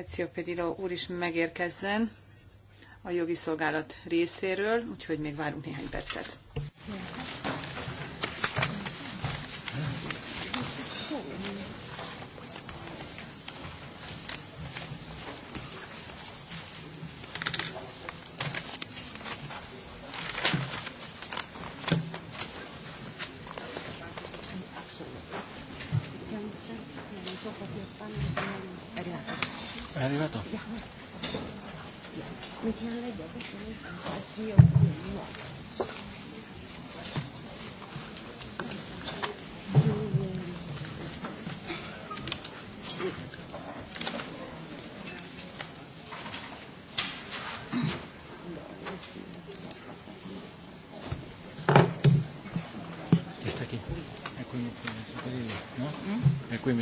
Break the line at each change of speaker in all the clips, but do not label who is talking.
Ezio Pedilo úr is megérkezzen a jogi szolgálat részéről, úgyhogy még várunk néhány percet.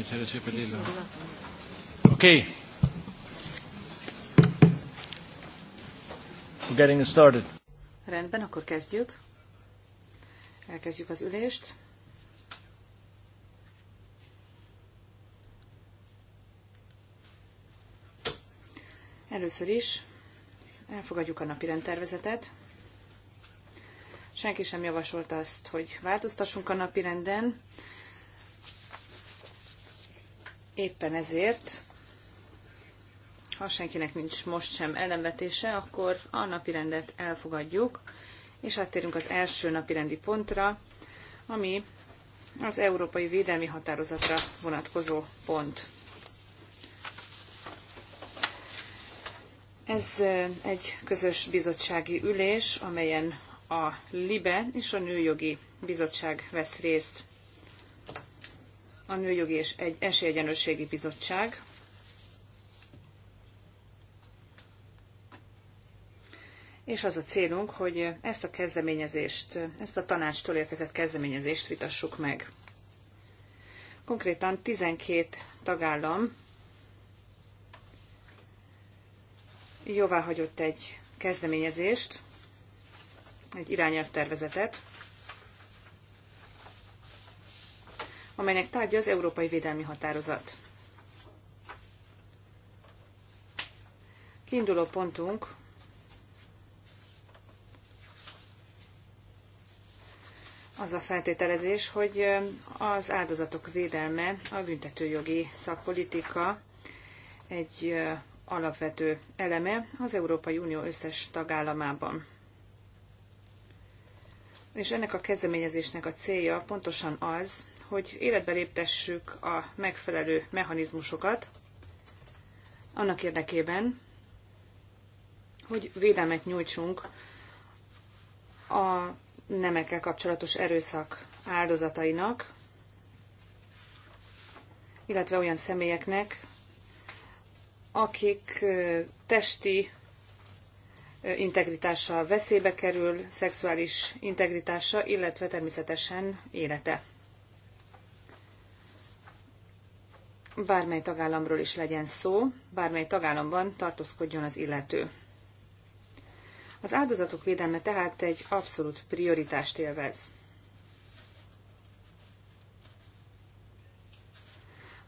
commissario Seppellillo.
Ok. We're getting started.
Rendben, akkor kezdjük. Elkezdjük az ülést. Először is elfogadjuk a napi rendtervezetet. Senki sem javasolt azt, hogy változtassunk a napi renden. Éppen ezért, ha senkinek nincs most sem ellenvetése, akkor a napirendet elfogadjuk, és áttérünk az első napirendi pontra, ami az Európai Védelmi Határozatra vonatkozó pont. Ez egy közös bizottsági ülés, amelyen a LIBE és a Nőjogi Bizottság vesz részt a Nőjogi és egy Esélyegyenlőségi Bizottság. És az a célunk, hogy ezt a kezdeményezést, ezt a tanácstól érkezett kezdeményezést vitassuk meg. Konkrétan 12 tagállam jóváhagyott egy kezdeményezést, egy irányelvtervezetet, amelynek tárgya az Európai Védelmi Határozat. Kiinduló pontunk az a feltételezés, hogy az áldozatok védelme a büntetőjogi szakpolitika egy alapvető eleme az Európai Unió összes tagállamában. És ennek a kezdeményezésnek a célja pontosan az, hogy életbe léptessük a megfelelő mechanizmusokat annak érdekében, hogy védelmet nyújtsunk a nemekkel kapcsolatos erőszak áldozatainak, illetve olyan személyeknek, akik testi integritása veszélybe kerül, szexuális integritása, illetve természetesen élete. bármely tagállamról is legyen szó, bármely tagállamban tartózkodjon az illető. Az áldozatok védelme tehát egy abszolút prioritást élvez.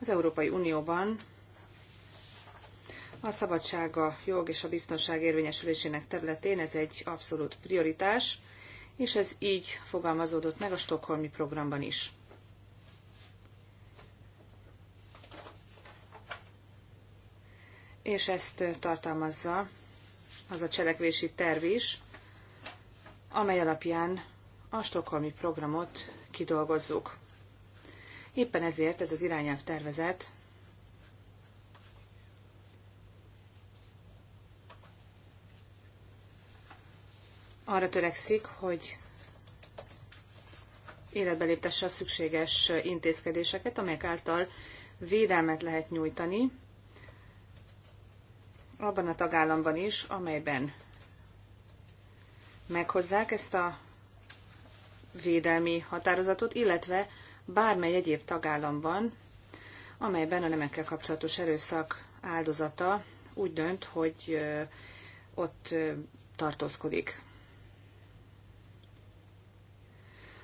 Az Európai Unióban a szabadság, a jog és a biztonság érvényesülésének területén ez egy abszolút prioritás, és ez így fogalmazódott meg a Stockholmi programban is. és ezt tartalmazza az a cselekvési terv is, amely alapján a stokholmi programot kidolgozzuk. Éppen ezért ez az irányelv tervezet arra törekszik, hogy életbe léptesse a szükséges intézkedéseket, amelyek által védelmet lehet nyújtani abban a tagállamban is, amelyben meghozzák ezt a védelmi határozatot, illetve bármely egyéb tagállamban, amelyben a nemekkel kapcsolatos erőszak áldozata úgy dönt, hogy ott tartózkodik.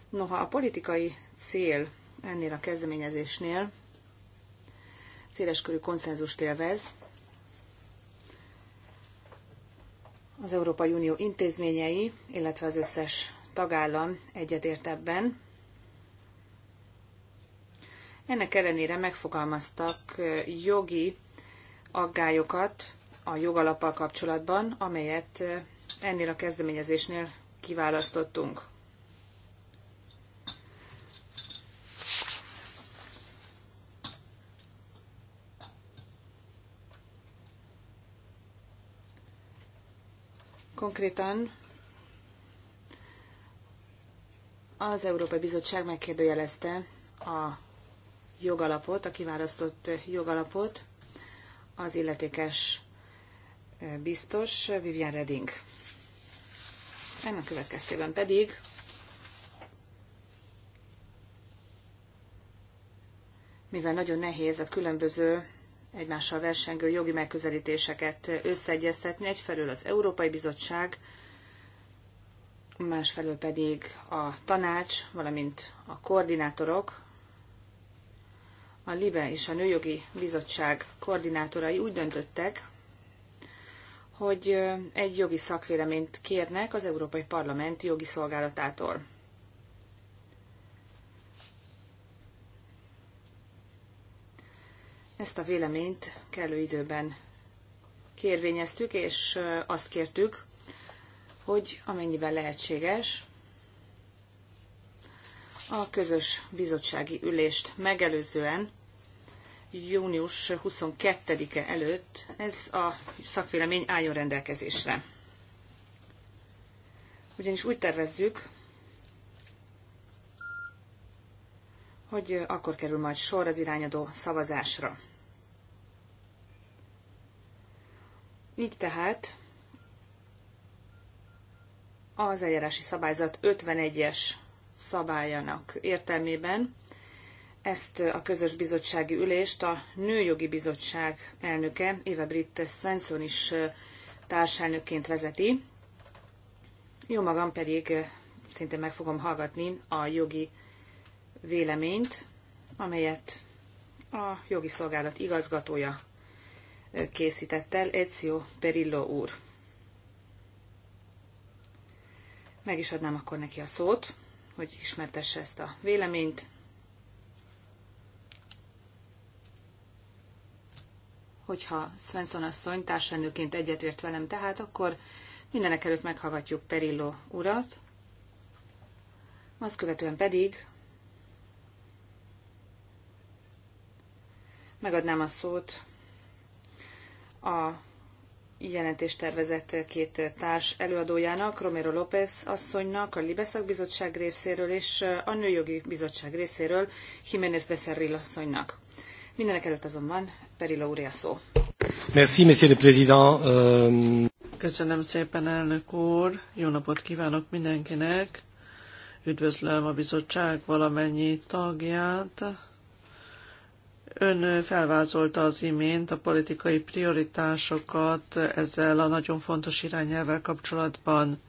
Noha a politikai cél ennél a kezdeményezésnél széleskörű konszenzust élvez, Az Európai Unió intézményei, illetve az összes tagállam egyetért ebben. Ennek ellenére megfogalmaztak jogi aggályokat a jogalappal kapcsolatban, amelyet ennél a kezdeményezésnél kiválasztottunk. Konkrétan az Európai Bizottság megkérdőjelezte a jogalapot, a kiválasztott jogalapot, az illetékes eh, biztos Vivian Reding. Ennek következtében pedig mivel nagyon nehéz a különböző egymással versengő jogi megközelítéseket összeegyeztetni. Egyfelől az Európai Bizottság, másfelől pedig a tanács, valamint a koordinátorok, a LIBE és a Nőjogi Bizottság koordinátorai úgy döntöttek, hogy egy jogi szakvéleményt kérnek az Európai Parlament jogi szolgálatától. Ezt a véleményt kellő időben kérvényeztük, és azt kértük, hogy amennyiben lehetséges, a közös bizottsági ülést megelőzően június 22-e előtt ez a szakvélemény álljon rendelkezésre. Ugyanis úgy tervezzük, hogy akkor kerül majd sor az irányadó szavazásra. Így tehát az eljárási szabályzat 51-es szabályának értelmében ezt a közös bizottsági ülést a Nőjogi Bizottság elnöke, Éva Britt Svensson is társelnökként vezeti. Jó magam pedig szintén meg fogom hallgatni a jogi véleményt, amelyet a jogi szolgálat igazgatója készített el, Ezio Perillo úr. Meg is adnám akkor neki a szót, hogy ismertesse ezt a véleményt. Hogyha Svensson asszony társadalműként egyetért velem, tehát akkor mindenek előtt meghallgatjuk Perillo urat, azt követően pedig Megadnám a szót a jelentéstervezet két társ előadójának, Romero López asszonynak, a Libeszak Bizottság részéről és a Nőjogi Bizottság részéről, Jiménez Becerril asszonynak. Mindenek előtt azonban Perilo úr a szó.
Merci, monsieur le président. Euh,
Köszönöm szépen, elnök úr. Jó napot
kívánok mindenkinek. Üdvözlöm a bizottság valamennyi tagját Ön felvázolta az imént a politikai prioritásokat ezzel a nagyon fontos irányelvel kapcsolatban.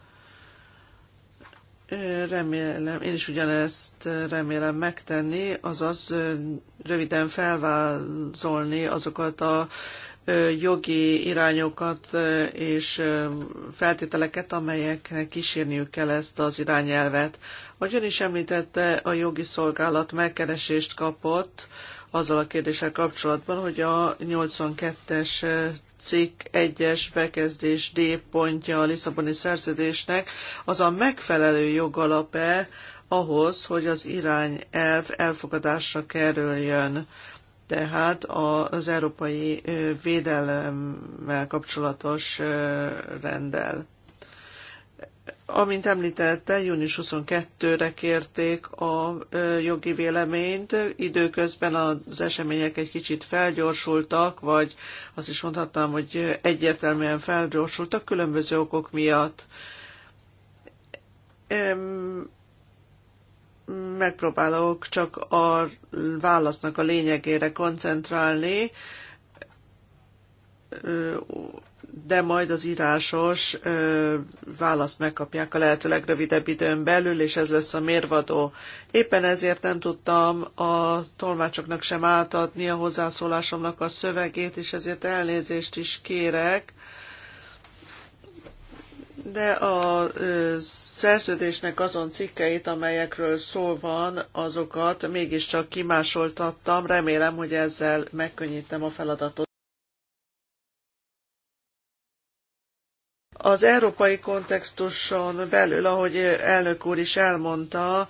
Remélem, én is ugyanezt remélem megtenni, azaz röviden felvázolni azokat a jogi irányokat és feltételeket, amelyeknek kísérniük kell ezt az irányelvet. Ahogy ön is említette, a jogi szolgálat megkeresést kapott, azzal a kérdéssel kapcsolatban, hogy a 82-es cikk 1-es bekezdés D pontja a Lisszaboni szerződésnek az a megfelelő jogalap e, ahhoz, hogy az irányelv elfogadásra kerüljön. Tehát az európai védelemmel kapcsolatos rendel. Amint említette, június 22-re kérték a jogi véleményt, időközben az események egy kicsit felgyorsultak, vagy azt is mondhatnám, hogy egyértelműen felgyorsultak különböző okok miatt. Megpróbálok csak a válasznak a lényegére koncentrálni de majd az írásos választ megkapják a lehető legrövidebb időn belül, és ez lesz a mérvadó. Éppen ezért nem tudtam a tolmácsoknak sem átadni a hozzászólásomnak a szövegét, és ezért elnézést is kérek de a szerződésnek azon cikkeit, amelyekről szó van, azokat mégiscsak kimásoltattam. Remélem, hogy ezzel megkönnyítem a feladatot. Az európai kontextuson belül, ahogy elnök úr is elmondta,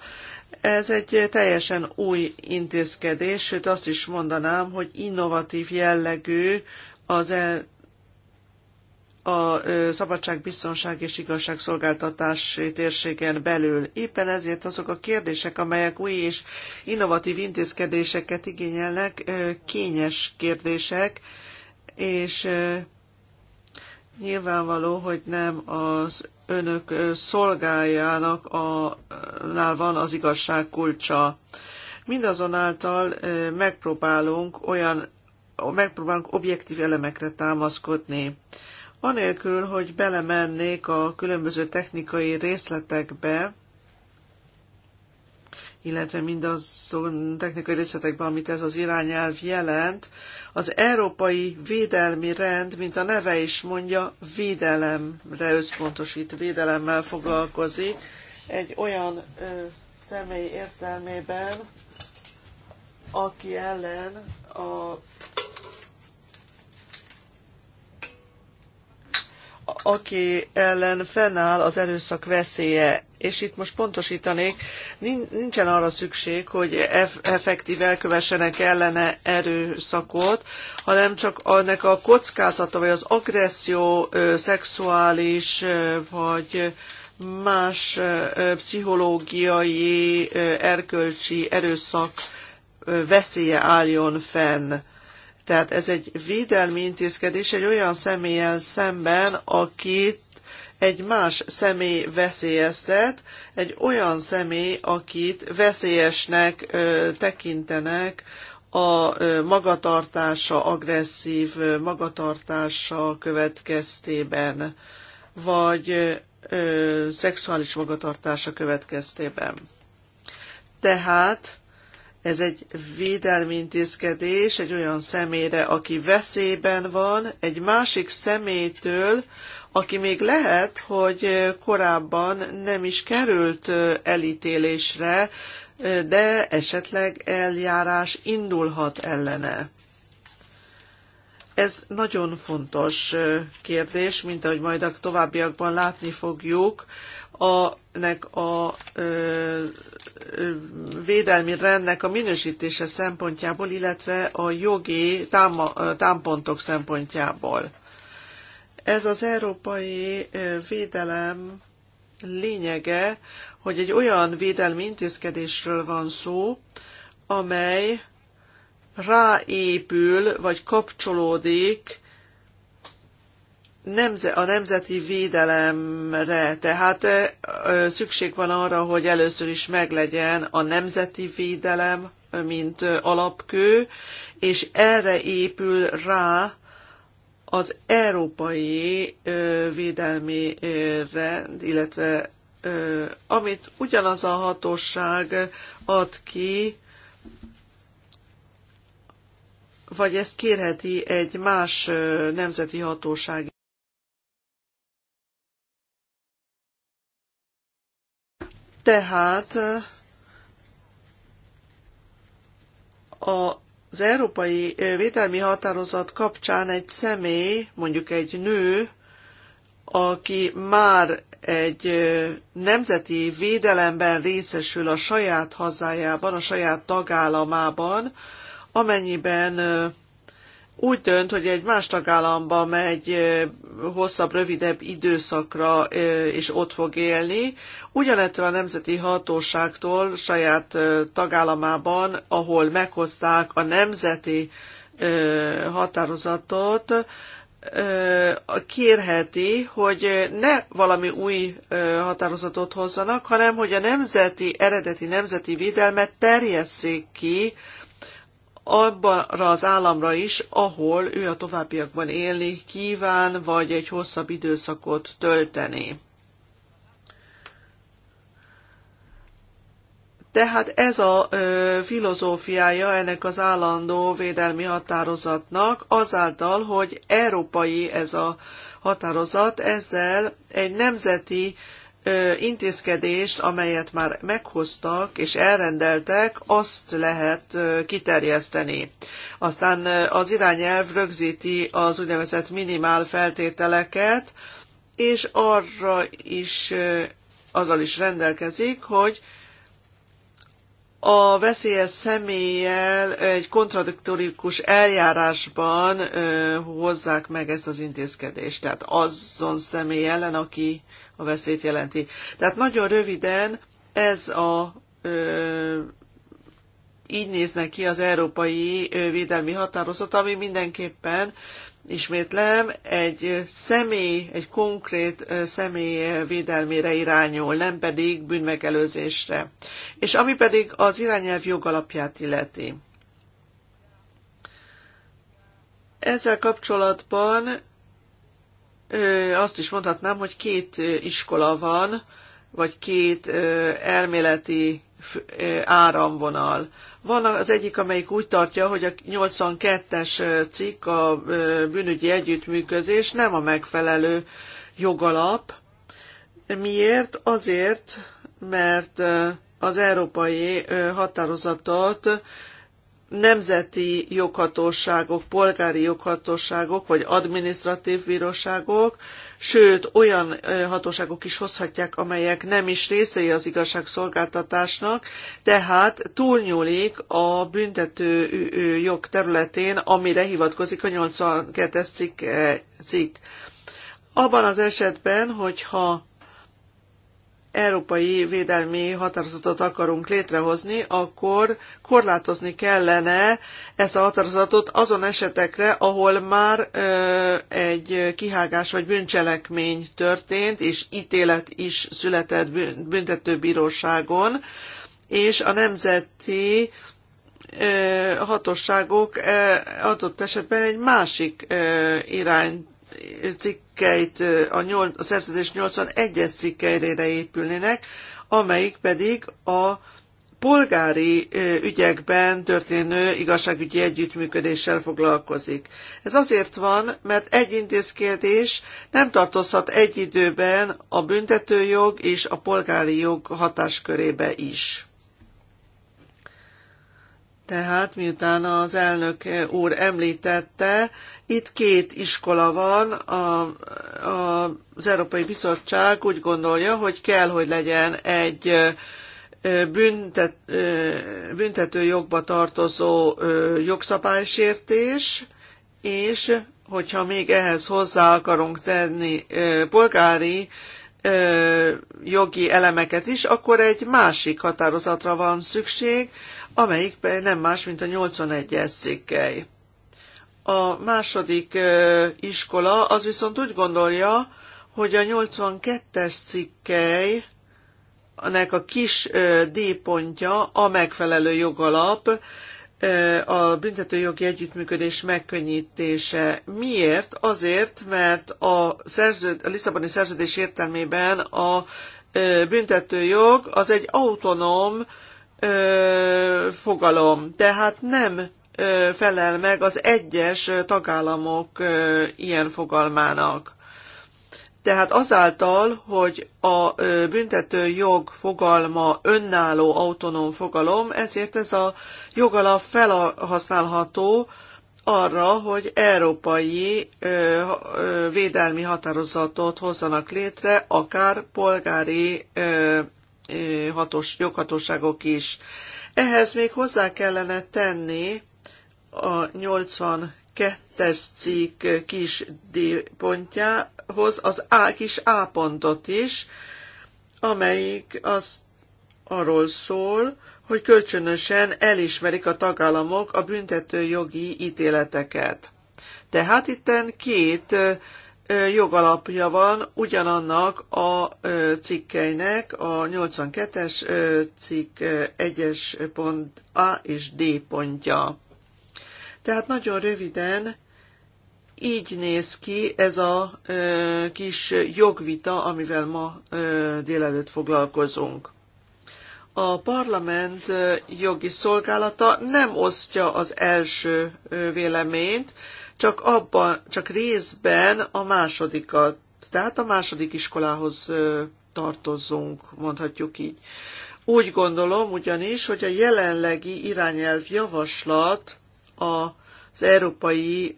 ez egy teljesen új intézkedés, sőt azt is mondanám, hogy innovatív jellegű az el, a biztonság és igazságszolgáltatás térségen belül. Éppen ezért azok a kérdések, amelyek új és innovatív intézkedéseket igényelnek, kényes kérdések, és Nyilvánvaló, hogy nem az önök szolgájának a, nál van az igazság kulcsa. Mindazonáltal megpróbálunk olyan, megpróbálunk objektív elemekre támaszkodni. Anélkül, hogy belemennék a különböző technikai részletekbe, illetve mindazon technikai részletekben, amit ez az irányelv jelent. Az európai védelmi rend, mint a neve is mondja, védelemre összpontosít, védelemmel foglalkozik. Egy olyan ö, személy értelmében, aki ellen a aki ellen fennáll az erőszak veszélye és itt most pontosítanék, nincsen arra szükség, hogy effektív elkövessenek ellene erőszakot, hanem csak ennek a kockázata, vagy az agresszió szexuális, vagy más pszichológiai, erkölcsi erőszak veszélye álljon fenn. Tehát ez egy védelmi intézkedés egy olyan személyen szemben, akit egy más személy veszélyeztet, egy olyan személy, akit veszélyesnek ö, tekintenek a ö, magatartása, agresszív ö, magatartása következtében, vagy ö, szexuális magatartása következtében. Tehát ez egy védelmi intézkedés egy olyan személyre, aki veszélyben van, egy másik személytől, aki még lehet, hogy korábban nem is került elítélésre, de esetleg eljárás indulhat ellene. Ez nagyon fontos kérdés, mint ahogy majd a továbbiakban látni fogjuk, a, nek a ö, védelmi rendnek a minősítése szempontjából, illetve a jogi támpontok szempontjából. Ez az európai védelem lényege, hogy egy olyan védelmi intézkedésről van szó, amely ráépül vagy kapcsolódik a nemzeti védelemre. Tehát szükség van arra, hogy először is meglegyen a nemzeti védelem, mint alapkő, és erre épül rá az európai védelmére, illetve amit ugyanaz a hatóság ad ki, vagy ezt kérheti egy más nemzeti hatóság. Tehát a az európai védelmi határozat kapcsán egy személy, mondjuk egy nő, aki már egy nemzeti védelemben részesül a saját hazájában, a saját tagállamában, amennyiben úgy dönt, hogy egy más tagállamba megy hosszabb, rövidebb időszakra, és ott fog élni, ugyanettől a nemzeti hatóságtól saját tagállamában, ahol meghozták a nemzeti határozatot, kérheti, hogy ne valami új határozatot hozzanak, hanem hogy a nemzeti, eredeti nemzeti védelmet terjesszék ki abbanra az államra is, ahol ő a továbbiakban élni kíván, vagy egy hosszabb időszakot tölteni. Tehát ez a ö, filozófiája ennek az állandó védelmi határozatnak azáltal, hogy európai ez a határozat, ezzel egy nemzeti intézkedést, amelyet már meghoztak és elrendeltek, azt lehet kiterjeszteni. Aztán az irányelv rögzíti az úgynevezett minimál feltételeket, és arra is azzal is rendelkezik, hogy a veszélyes személlyel egy kontradiktorikus eljárásban ö, hozzák meg ezt az intézkedést. Tehát azon személy ellen, aki a veszélyt jelenti. Tehát nagyon röviden ez a ö, így néznek ki az európai védelmi határozat, ami mindenképpen ismétlem, egy személy, egy konkrét személy védelmére irányul, nem pedig bűnmegelőzésre. És ami pedig az irányelv jogalapját illeti. Ezzel kapcsolatban azt is mondhatnám, hogy két iskola van, vagy két elméleti áramvonal. Van az egyik, amelyik úgy tartja, hogy a 82-es cikk a bűnügyi együttműködés nem a megfelelő jogalap. Miért? Azért, mert az európai határozatot nemzeti joghatóságok, polgári joghatóságok vagy adminisztratív bíróságok, sőt olyan hatóságok is hozhatják, amelyek nem is részei az igazságszolgáltatásnak, tehát túlnyúlik a büntető jog területén, amire hivatkozik a 82-es cikk. Abban az esetben, hogyha európai védelmi határozatot akarunk létrehozni, akkor korlátozni kellene ezt a határozatot azon esetekre, ahol már egy kihágás vagy bűncselekmény történt, és ítélet is született büntetőbíróságon, és a nemzeti hatóságok adott esetben egy másik irány cikk cikkeit, a, nyol a szerződés 81-es cikkeire épülnének, amelyik pedig a polgári ügyekben történő igazságügyi együttműködéssel foglalkozik. Ez azért van, mert egy intézkedés nem tartozhat egy időben a büntetőjog és a polgári jog hatáskörébe is. Tehát miután az elnök úr említette, itt két iskola van, a, a, az Európai Bizottság úgy gondolja, hogy kell, hogy legyen egy büntet, büntető jogba tartozó jogszabálysértés, és hogyha még ehhez hozzá akarunk tenni polgári jogi elemeket is, akkor egy másik határozatra van szükség, amelyik nem más, mint a 81-es cikkely. A második iskola az viszont úgy gondolja, hogy a 82-es cikkely ennek a kis D pontja a megfelelő jogalap, a büntetőjogi együttműködés megkönnyítése. Miért? Azért, mert a, szerződ, a Lisszaboni szerződés értelmében a büntetőjog az egy autonóm fogalom, tehát nem felel meg az egyes tagállamok ilyen fogalmának. Tehát azáltal, hogy a büntető jog fogalma önálló, autonóm fogalom, ezért ez a jogalap felhasználható arra, hogy európai védelmi határozatot hozzanak létre, akár polgári hatos, joghatóságok is. Ehhez még hozzá kellene tenni a kettes cikk kis D pontjához az A kis A pontot is, amelyik az arról szól, hogy kölcsönösen elismerik a tagállamok a büntető jogi ítéleteket. Tehát itten két jogalapja van ugyanannak a cikkeinek, a 82-es cikk 1-es pont A és D pontja. Tehát nagyon röviden így néz ki ez a ö, kis jogvita, amivel ma ö, délelőtt foglalkozunk. A parlament ö, jogi szolgálata nem osztja az első ö, véleményt, csak abban, csak részben a másodikat, tehát a második iskolához ö, tartozunk, mondhatjuk így. Úgy gondolom ugyanis, hogy a jelenlegi irányelv javaslat az európai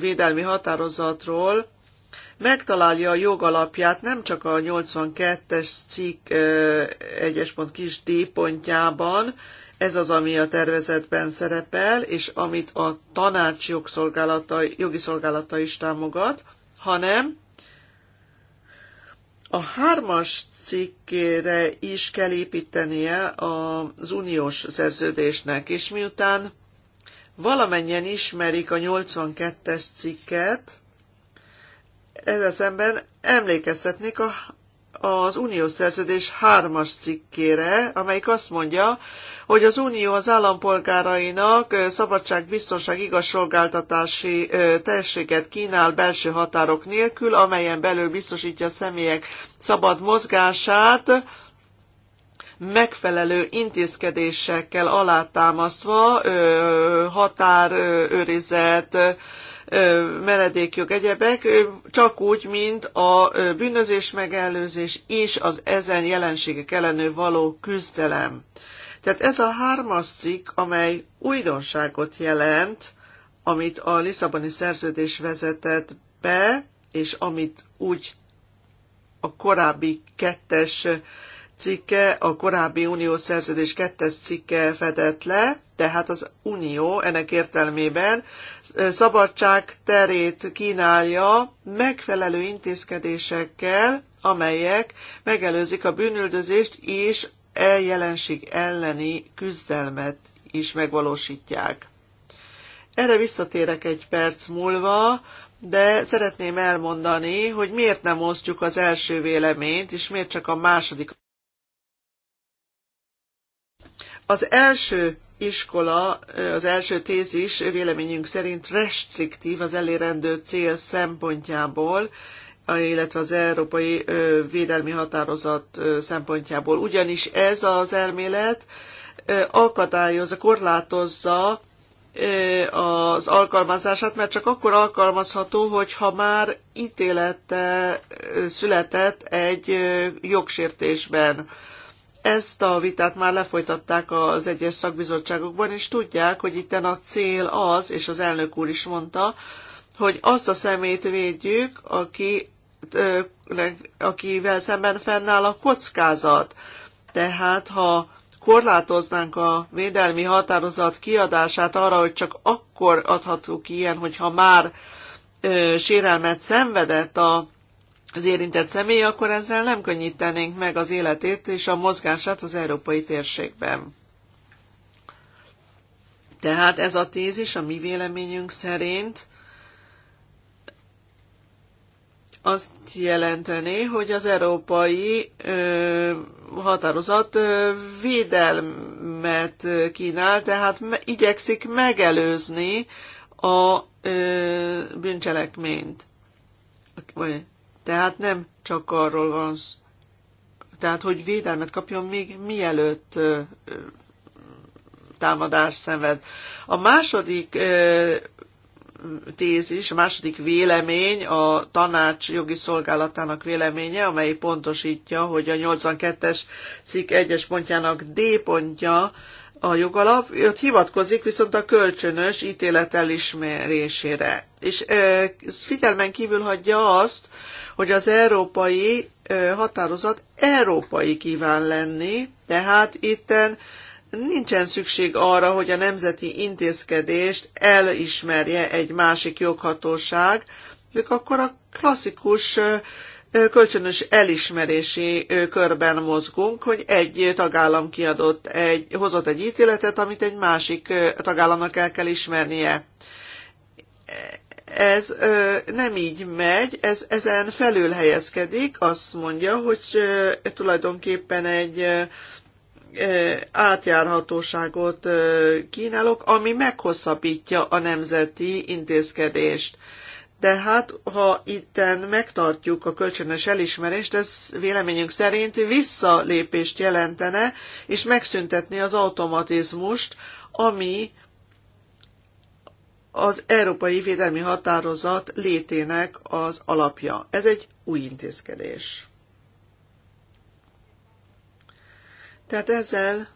védelmi határozatról megtalálja a jogalapját nem csak a 82-es cikk 1 pont kis D pontjában, ez az, ami a tervezetben szerepel, és amit a tanács jogszolgálata, jogi szolgálata is támogat, hanem a hármas cikkére is kell építenie az uniós szerződésnek, és miután Valamennyien ismerik a 82-es cikket, ezzel szemben emlékeztetnék a, az uniós szerződés hármas cikkére, amelyik azt mondja, hogy az unió az állampolgárainak szabadság, biztonság, igazságszolgáltatási tességet kínál belső határok nélkül, amelyen belül biztosítja a személyek szabad mozgását, megfelelő intézkedésekkel alátámasztva határőrizet, meredékjog, egyebek, csak úgy, mint a bűnözés megelőzés és az ezen jelenségek ellenő való küzdelem. Tehát ez a hármas cikk, amely újdonságot jelent, amit a Lisszaboni szerződés vezetett be, és amit úgy a korábbi kettes cikke, a korábbi uniós szerződés kettes cikke fedett le, tehát az unió ennek értelmében szabadság terét kínálja megfelelő intézkedésekkel, amelyek megelőzik a bűnüldözést és e jelenség elleni küzdelmet is megvalósítják. Erre visszatérek egy perc múlva, de szeretném elmondani, hogy miért nem osztjuk az első véleményt, és miért csak a második az első iskola, az első tézis véleményünk szerint restriktív az elérendő cél szempontjából, illetve az európai védelmi határozat szempontjából. Ugyanis ez az elmélet akadályozza, korlátozza az alkalmazását, mert csak akkor alkalmazható, hogyha már ítélete született egy jogsértésben. Ezt a vitát már lefolytatták az egyes szakbizottságokban, és tudják, hogy itt a cél az, és az elnök úr is mondta, hogy azt a szemét védjük, aki, akivel szemben fennáll a kockázat. Tehát, ha korlátoznánk a védelmi határozat kiadását arra, hogy csak akkor adhatunk ilyen, hogyha már ö, sérelmet szenvedett a az érintett személy, akkor ezzel nem könnyítenénk meg az életét és a mozgását az európai térségben. Tehát ez a tézis a mi véleményünk szerint azt jelenteni, hogy az európai ö, határozat ö, védelmet kínál, tehát me, igyekszik megelőzni a ö, bűncselekményt. Vagy tehát nem csak arról van szó, tehát hogy védelmet kapjon még mielőtt támadás szenved. A második tézis, a második vélemény, a tanács jogi szolgálatának véleménye, amely pontosítja, hogy a 82-es cikk 1-es pontjának D pontja a jogalap, ott hivatkozik viszont a kölcsönös ítélet elismerésére. És figyelmen kívül hagyja azt, hogy az európai határozat európai kíván lenni, tehát itten nincsen szükség arra, hogy a nemzeti intézkedést elismerje egy másik joghatóság, ők akkor a klasszikus kölcsönös elismerési körben mozgunk, hogy egy tagállam kiadott egy, hozott egy ítéletet, amit egy másik tagállamnak el kell ismernie. Ez nem így megy, ez ezen felül helyezkedik, azt mondja, hogy tulajdonképpen egy átjárhatóságot kínálok, ami meghosszabbítja a nemzeti intézkedést de hát ha itten megtartjuk a kölcsönös elismerést, ez véleményünk szerint visszalépést jelentene, és megszüntetni az automatizmust, ami az Európai Védelmi Határozat létének az alapja. Ez egy új intézkedés. Tehát ezzel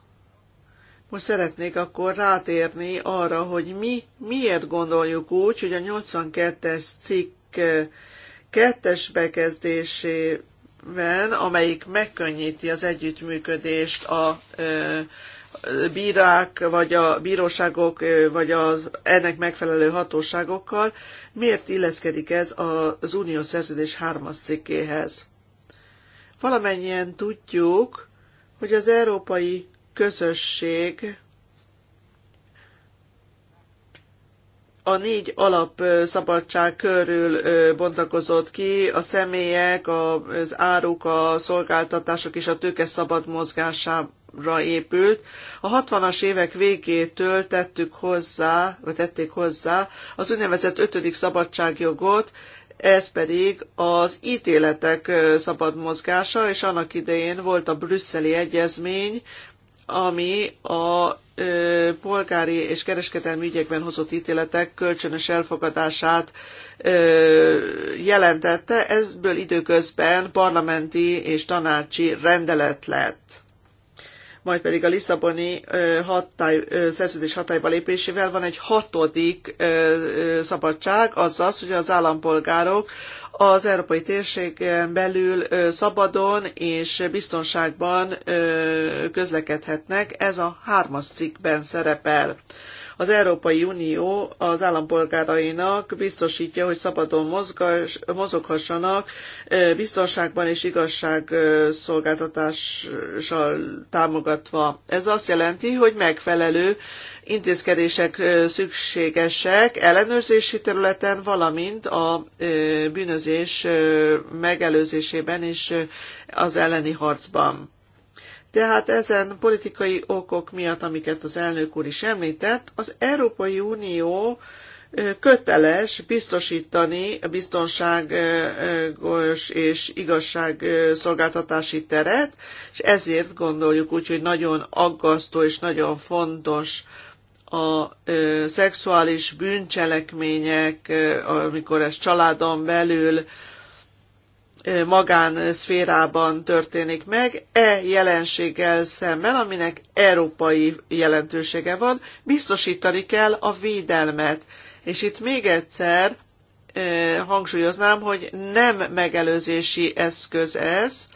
most szeretnék akkor rátérni arra, hogy mi miért gondoljuk úgy, hogy a 82-es cikk eh, kettes bekezdésében, amelyik megkönnyíti az együttműködést a eh, bírák, vagy a bíróságok, eh, vagy az ennek megfelelő hatóságokkal, miért illeszkedik ez az unió szerződés hármas cikkéhez. Valamennyien tudjuk, hogy az Európai közösség a négy alap szabadság körül bontakozott ki, a személyek, az áruk, a szolgáltatások és a tőke szabad mozgására épült. A 60-as évek végétől tettük hozzá, vagy tették hozzá az úgynevezett ötödik szabadságjogot, ez pedig az ítéletek szabad mozgása, és annak idején volt a brüsszeli egyezmény, ami a ö, polgári és kereskedelmi ügyekben hozott ítéletek kölcsönös elfogadását ö, jelentette. Ezből időközben parlamenti és tanácsi rendelet lett majd pedig a Lisszaboni hatály, szerződés hatályba lépésével van egy hatodik szabadság, azaz, hogy az állampolgárok az európai térségen belül szabadon és biztonságban közlekedhetnek. Ez a hármas cikkben szerepel. Az Európai Unió az állampolgárainak biztosítja, hogy szabadon mozgás, mozoghassanak biztonságban és igazságszolgáltatással támogatva. Ez azt jelenti, hogy megfelelő intézkedések szükségesek ellenőrzési területen, valamint a bűnözés megelőzésében és az elleni harcban. Tehát ezen politikai okok miatt, amiket az elnök úr is említett, az Európai Unió köteles biztosítani a biztonságos és igazságszolgáltatási teret, és ezért gondoljuk úgy, hogy nagyon aggasztó és nagyon fontos a szexuális bűncselekmények, amikor ez családon belül magánszférában történik meg, e jelenséggel szemben, aminek európai jelentősége van, biztosítani kell a védelmet. És itt még egyszer hangsúlyoznám, hogy nem megelőzési eszköz ez,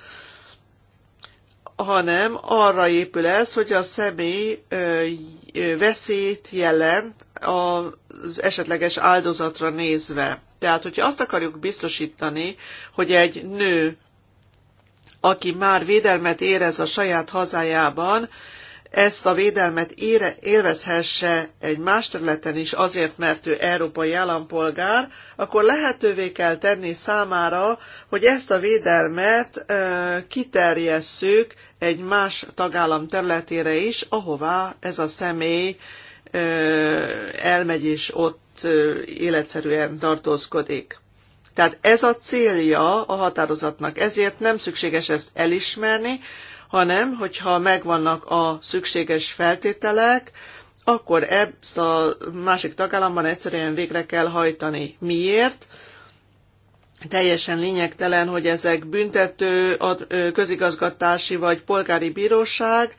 hanem arra épül ez, hogy a személy veszélyt jelent az esetleges áldozatra nézve. Tehát, hogyha azt akarjuk biztosítani, hogy egy nő, aki már védelmet érez a saját hazájában, ezt a védelmet ére, élvezhesse egy más területen is azért, mert ő európai állampolgár, akkor lehetővé kell tenni számára, hogy ezt a védelmet e, kiterjesszük egy más tagállam területére is, ahová ez a személy e, elmegy és ott életszerűen tartózkodik. Tehát ez a célja a határozatnak, ezért nem szükséges ezt elismerni, hanem hogyha megvannak a szükséges feltételek, akkor ezt a másik tagállamban egyszerűen végre kell hajtani. Miért? Teljesen lényegtelen, hogy ezek büntető, közigazgatási vagy polgári bíróság,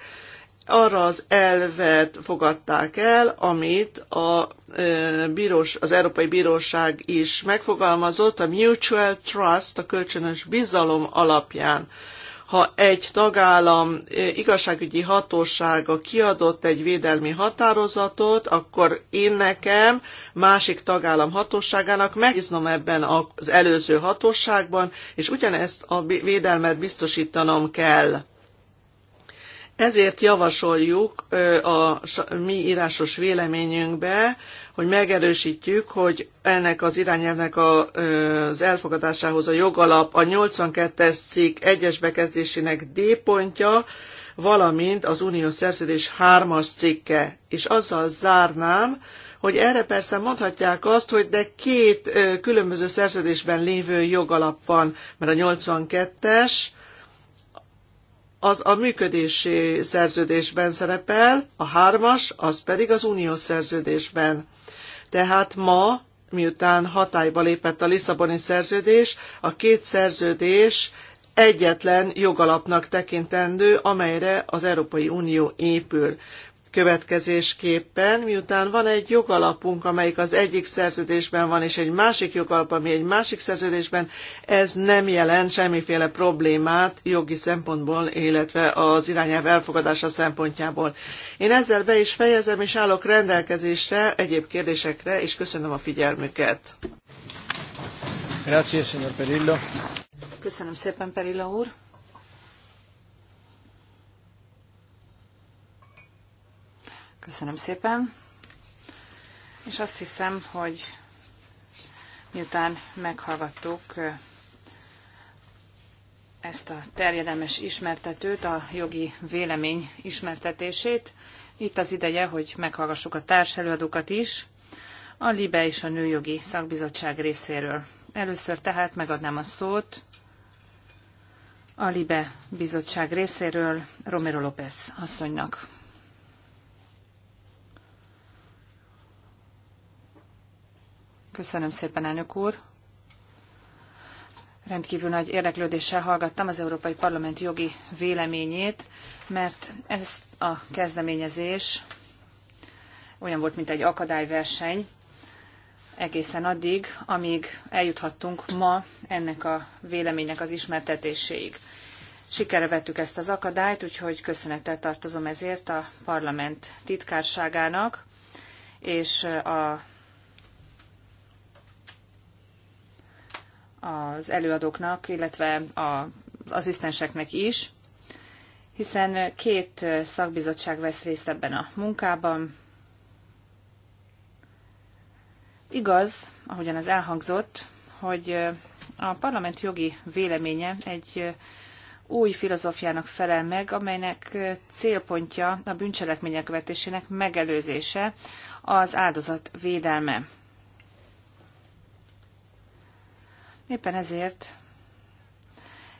arra az elvet fogadták el, amit a, bírós, az Európai Bíróság is megfogalmazott, a Mutual Trust, a kölcsönös bizalom alapján. Ha egy tagállam igazságügyi hatósága kiadott egy védelmi határozatot, akkor én nekem, másik tagállam hatóságának megbíznom ebben az előző hatóságban, és ugyanezt a védelmet biztosítanom kell ezért javasoljuk a mi írásos véleményünkbe, hogy megerősítjük, hogy ennek az irányelvnek az elfogadásához a jogalap a 82-es cikk egyes es bekezdésének D pontja, valamint az Unió szerződés 3-as cikke. És azzal zárnám, hogy erre persze mondhatják azt, hogy de két különböző szerződésben lévő jogalap van, mert a 82-es az a működési szerződésben szerepel, a hármas, az pedig az uniós szerződésben. Tehát ma, miután hatályba lépett a Lisszaboni szerződés, a két szerződés egyetlen jogalapnak tekintendő, amelyre az Európai Unió épül következésképpen, miután van egy jogalapunk, amelyik az egyik szerződésben van, és egy másik jogalap, ami egy másik szerződésben, ez nem jelent semmiféle problémát jogi szempontból, illetve az irányelv elfogadása szempontjából. Én ezzel be is fejezem, és állok rendelkezésre egyéb kérdésekre, és köszönöm a figyelmüket. Grazie, Perillo.
Köszönöm szépen, Perilla úr. Köszönöm szépen. És azt hiszem, hogy miután meghallgattuk ezt a terjedelmes ismertetőt, a jogi vélemény ismertetését, itt az ideje, hogy meghallgassuk a társelőadókat is, a LIBE és a Nőjogi Szakbizottság részéről. Először tehát megadnám a szót a LIBE bizottság részéről Romero López asszonynak. Köszönöm szépen, elnök úr. Rendkívül nagy érdeklődéssel hallgattam az Európai Parlament jogi véleményét, mert ez a kezdeményezés olyan volt, mint egy akadályverseny, egészen addig, amíg eljuthattunk ma ennek a véleménynek az ismertetéséig. Sikerre vettük ezt az akadályt, úgyhogy köszönettel tartozom ezért a parlament titkárságának és a az előadóknak, illetve az asszisztenseknek is, hiszen két szakbizottság vesz részt ebben a munkában. Igaz, ahogyan az elhangzott, hogy a parlament jogi véleménye egy új filozófiának felel meg, amelynek célpontja a bűncselekmények vetésének megelőzése, az áldozat védelme. Éppen ezért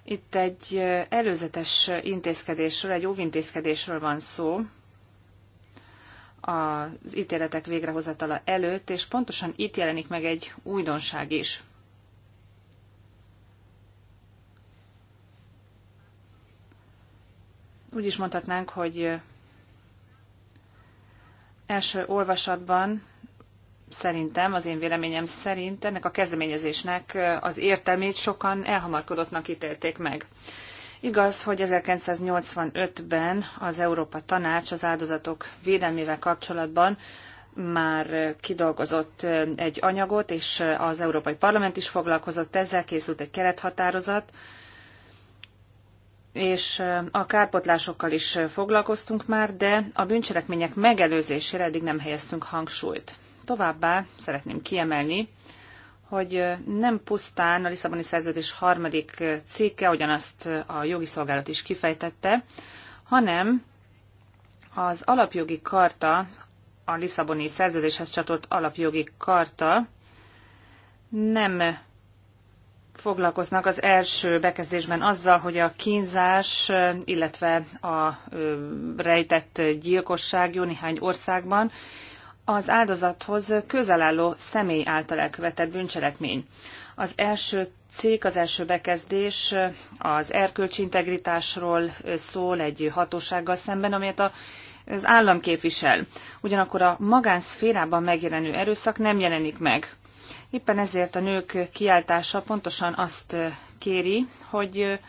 itt egy előzetes intézkedésről, egy óvintézkedésről van szó az ítéletek végrehozatala előtt, és pontosan itt jelenik meg egy újdonság is. Úgy is mondhatnánk, hogy első olvasatban szerintem, az én véleményem szerint ennek a kezdeményezésnek az értelmét sokan elhamarkodottnak ítélték meg. Igaz, hogy 1985-ben az Európa Tanács az áldozatok védelmével kapcsolatban már kidolgozott egy anyagot, és az Európai Parlament is foglalkozott ezzel, készült egy kerethatározat, és a kárpotlásokkal is foglalkoztunk már, de a bűncselekmények megelőzésére eddig nem helyeztünk hangsúlyt. Továbbá szeretném kiemelni, hogy nem pusztán a Lisszaboni Szerződés harmadik cikke, ugyanazt a jogi szolgálat is kifejtette, hanem az alapjogi karta, a Lisszaboni Szerződéshez csatolt alapjogi karta nem foglalkoznak az első bekezdésben azzal, hogy a kínzás, illetve a rejtett gyilkosság jó néhány országban az áldozathoz közel álló személy által elkövetett bűncselekmény. Az első cikk, az első bekezdés az erkölcsi integritásról szól egy hatósággal szemben, amelyet a az állam képvisel. Ugyanakkor a magánszférában megjelenő erőszak nem jelenik meg. Éppen ezért a nők kiáltása pontosan azt kéri, hogy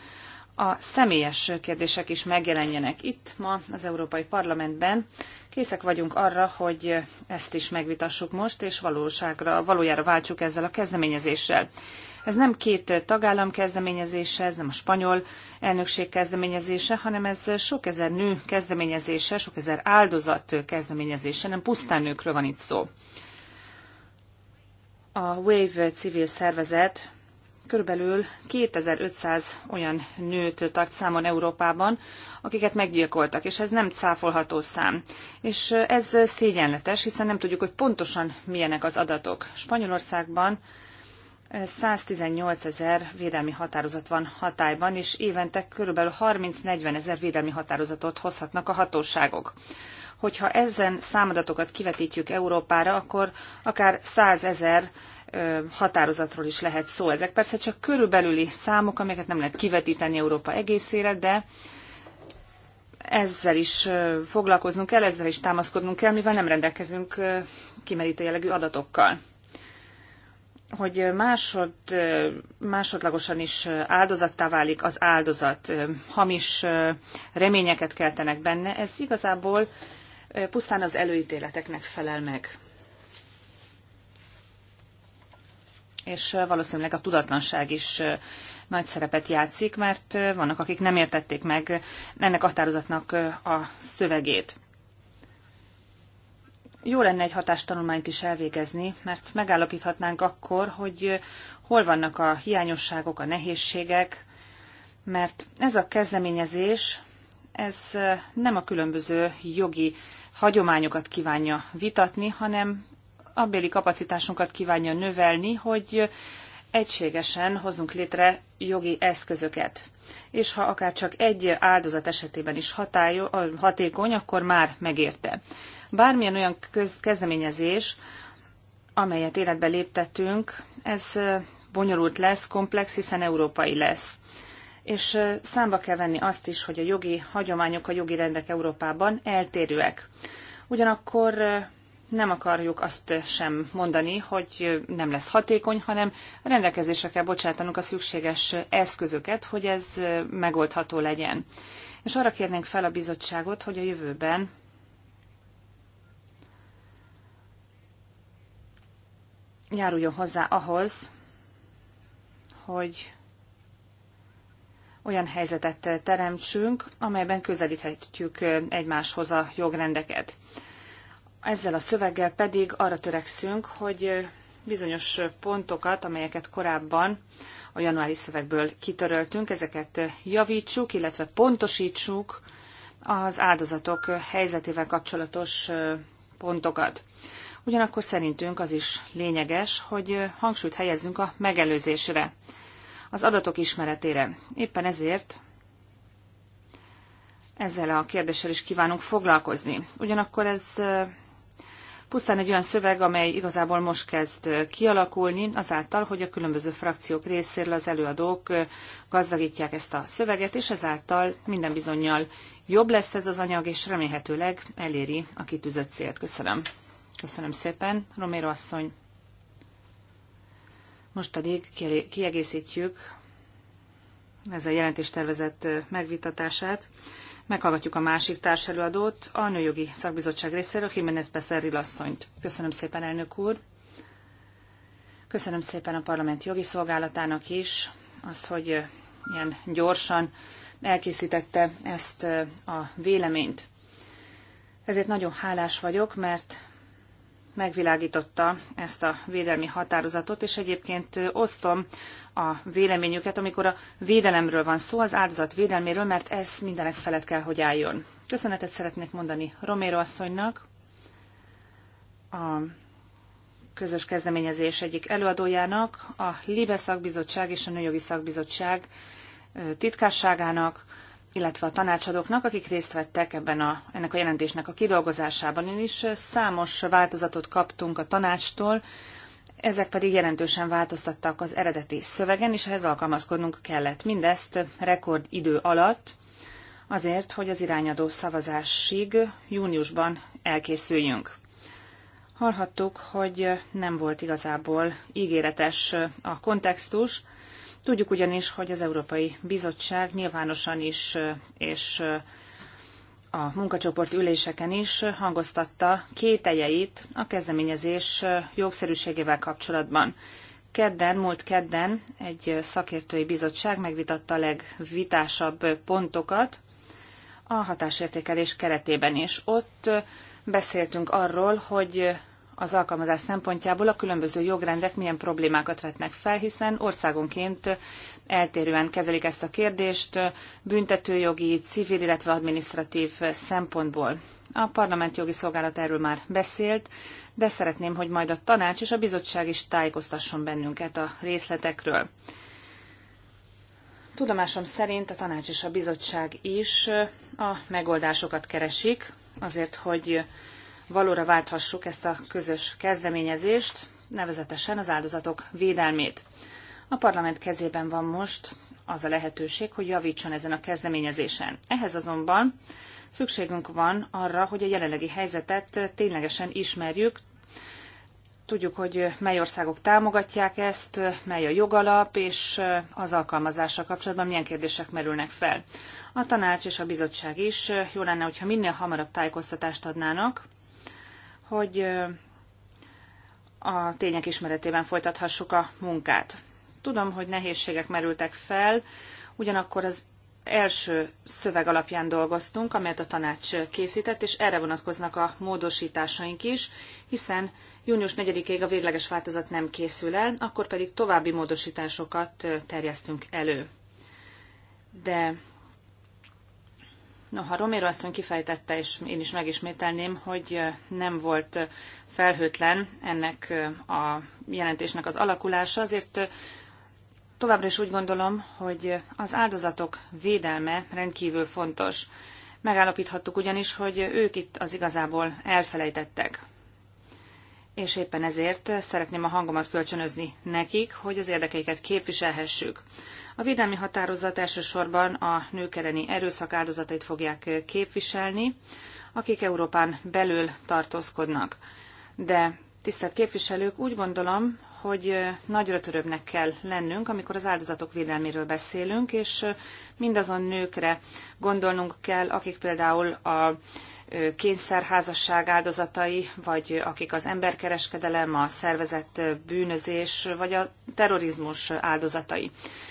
a személyes kérdések is megjelenjenek itt ma az Európai Parlamentben. Készek vagyunk arra, hogy ezt is megvitassuk most, és valóságra, valójára váltsuk ezzel a kezdeményezéssel. Ez nem két tagállam kezdeményezése, ez nem a spanyol elnökség kezdeményezése, hanem ez sok ezer nő kezdeményezése, sok ezer áldozat kezdeményezése, nem pusztán nőkről van itt szó. A WAVE civil szervezet körülbelül 2500 olyan nőt tart számon Európában, akiket meggyilkoltak, és ez nem cáfolható szám. És ez szégyenletes, hiszen nem tudjuk, hogy pontosan milyenek az adatok. Spanyolországban 118 eh, ezer védelmi határozat van hatályban, és évente körülbelül 30-40 ezer védelmi határozatot hozhatnak a hatóságok hogyha ezen számadatokat kivetítjük Európára, akkor akár ezer határozatról is lehet szó. Ezek persze csak körülbelüli számok, amiket nem lehet kivetíteni Európa egészére, de ezzel is foglalkoznunk kell, ezzel is támaszkodnunk kell, mivel nem rendelkezünk kimerítő jellegű adatokkal. Hogy másod, másodlagosan is áldozattá válik az áldozat, hamis reményeket keltenek benne, ez igazából pusztán az előítéleteknek felel meg. és valószínűleg a tudatlanság is nagy szerepet játszik, mert vannak, akik nem értették meg ennek a határozatnak a szövegét. Jó lenne egy hatástanulmányt is elvégezni, mert megállapíthatnánk akkor, hogy hol vannak a hiányosságok, a nehézségek, mert ez a kezdeményezés, ez nem a különböző jogi hagyományokat kívánja vitatni, hanem abbéli kapacitásunkat kívánja növelni, hogy egységesen hozzunk létre jogi eszközöket. És ha akár csak egy áldozat esetében is hatály, hatékony, akkor már megérte. Bármilyen olyan kezdeményezés, amelyet életbe léptettünk, ez bonyolult lesz, komplex, hiszen európai lesz. És számba kell venni azt is, hogy a jogi hagyományok, a jogi rendek Európában eltérőek. Ugyanakkor nem akarjuk azt sem mondani, hogy nem lesz hatékony, hanem rendelkezésre kell bocsátanunk a szükséges eszközöket, hogy ez megoldható legyen. És arra kérnénk fel a bizottságot, hogy a jövőben járuljon hozzá ahhoz, hogy olyan helyzetet teremtsünk, amelyben közelíthetjük egymáshoz a jogrendeket. Ezzel a szöveggel pedig arra törekszünk, hogy bizonyos pontokat, amelyeket korábban a januári szövegből kitöröltünk, ezeket javítsuk, illetve pontosítsuk az áldozatok helyzetével kapcsolatos pontokat. Ugyanakkor szerintünk az is lényeges, hogy hangsúlyt helyezzünk a megelőzésre, az adatok ismeretére. Éppen ezért ezzel a kérdéssel is kívánunk foglalkozni. Ugyanakkor ez pusztán egy olyan szöveg, amely igazából most kezd kialakulni, azáltal, hogy a különböző frakciók részéről az előadók gazdagítják ezt a szöveget, és ezáltal minden bizonyal jobb lesz ez az anyag, és remélhetőleg eléri a kitűzött célt. Köszönöm. Köszönöm szépen, Romero asszony. Most pedig kiegészítjük ez a jelentéstervezet megvitatását Meghallgatjuk a másik társelőadót, a Nőjogi Szakbizottság részéről, Jiménez Beszerril asszonyt. Köszönöm szépen, elnök úr! Köszönöm szépen a parlament jogi szolgálatának is azt, hogy ilyen gyorsan elkészítette ezt a véleményt. Ezért nagyon hálás vagyok, mert megvilágította ezt a védelmi határozatot, és egyébként osztom a véleményüket, amikor a védelemről van szó, az áldozat védelméről, mert ez mindenek felett kell, hogy álljon. Köszönetet szeretnék mondani Romero asszonynak, a közös kezdeményezés egyik előadójának, a Libe szakbizottság és a Nőjogi szakbizottság titkárságának, illetve a tanácsadóknak, akik részt vettek ebben a, ennek a jelentésnek a kidolgozásában. Én is számos változatot kaptunk a tanácstól, ezek pedig jelentősen változtattak az eredeti szövegen, és ehhez alkalmazkodnunk kellett. Mindezt rekordidő alatt, azért, hogy az irányadó szavazásig júniusban elkészüljünk. Hallhattuk, hogy nem volt igazából ígéretes a kontextus, Tudjuk ugyanis, hogy az Európai Bizottság nyilvánosan is és a munkacsoport üléseken is hangoztatta kételjeit a kezdeményezés jogszerűségével kapcsolatban. Kedden, múlt kedden egy szakértői bizottság megvitatta a legvitásabb pontokat a hatásértékelés keretében, és ott beszéltünk arról, hogy az alkalmazás szempontjából a különböző jogrendek milyen problémákat vetnek fel, hiszen országonként eltérően kezelik ezt a kérdést büntetőjogi, civil, illetve adminisztratív szempontból. A parlament jogi szolgálat erről már beszélt, de szeretném, hogy majd a tanács és a bizottság is tájékoztasson bennünket a részletekről. Tudomásom szerint a tanács és a bizottság is a megoldásokat keresik, azért, hogy valóra válthassuk ezt a közös kezdeményezést, nevezetesen az áldozatok védelmét. A parlament kezében van most az a lehetőség, hogy javítson ezen a kezdeményezésen. Ehhez azonban szükségünk van arra, hogy a jelenlegi helyzetet ténylegesen ismerjük, tudjuk, hogy mely országok támogatják ezt, mely a jogalap, és az alkalmazással kapcsolatban milyen kérdések merülnek fel. A tanács és a bizottság is jó lenne, hogyha minél hamarabb tájékoztatást adnának hogy a tények ismeretében folytathassuk a munkát. Tudom, hogy nehézségek merültek fel, ugyanakkor az első szöveg alapján dolgoztunk, amelyet a tanács készített, és erre vonatkoznak a módosításaink is, hiszen június 4-ig a végleges változat nem készül el, akkor pedig további módosításokat terjesztünk elő. De No, Noha Romero asszony kifejtette, és én is megismételném, hogy nem volt felhőtlen ennek a jelentésnek az alakulása, azért továbbra is úgy gondolom, hogy az áldozatok védelme rendkívül fontos. Megállapíthattuk ugyanis, hogy ők itt az igazából elfelejtettek és éppen ezért szeretném a hangomat kölcsönözni nekik, hogy az érdekeiket képviselhessük. A védelmi határozat elsősorban a nők elleni erőszak áldozatait fogják képviselni, akik Európán belül tartózkodnak. De tisztelt képviselők, úgy gondolom, hogy nagyra törőbbnek kell lennünk, amikor az áldozatok védelméről beszélünk, és mindazon nőkre gondolnunk kell, akik például a kényszerházasság áldozatai, vagy akik az emberkereskedelem, a szervezett bűnözés, vagy a terrorizmus áldozatai.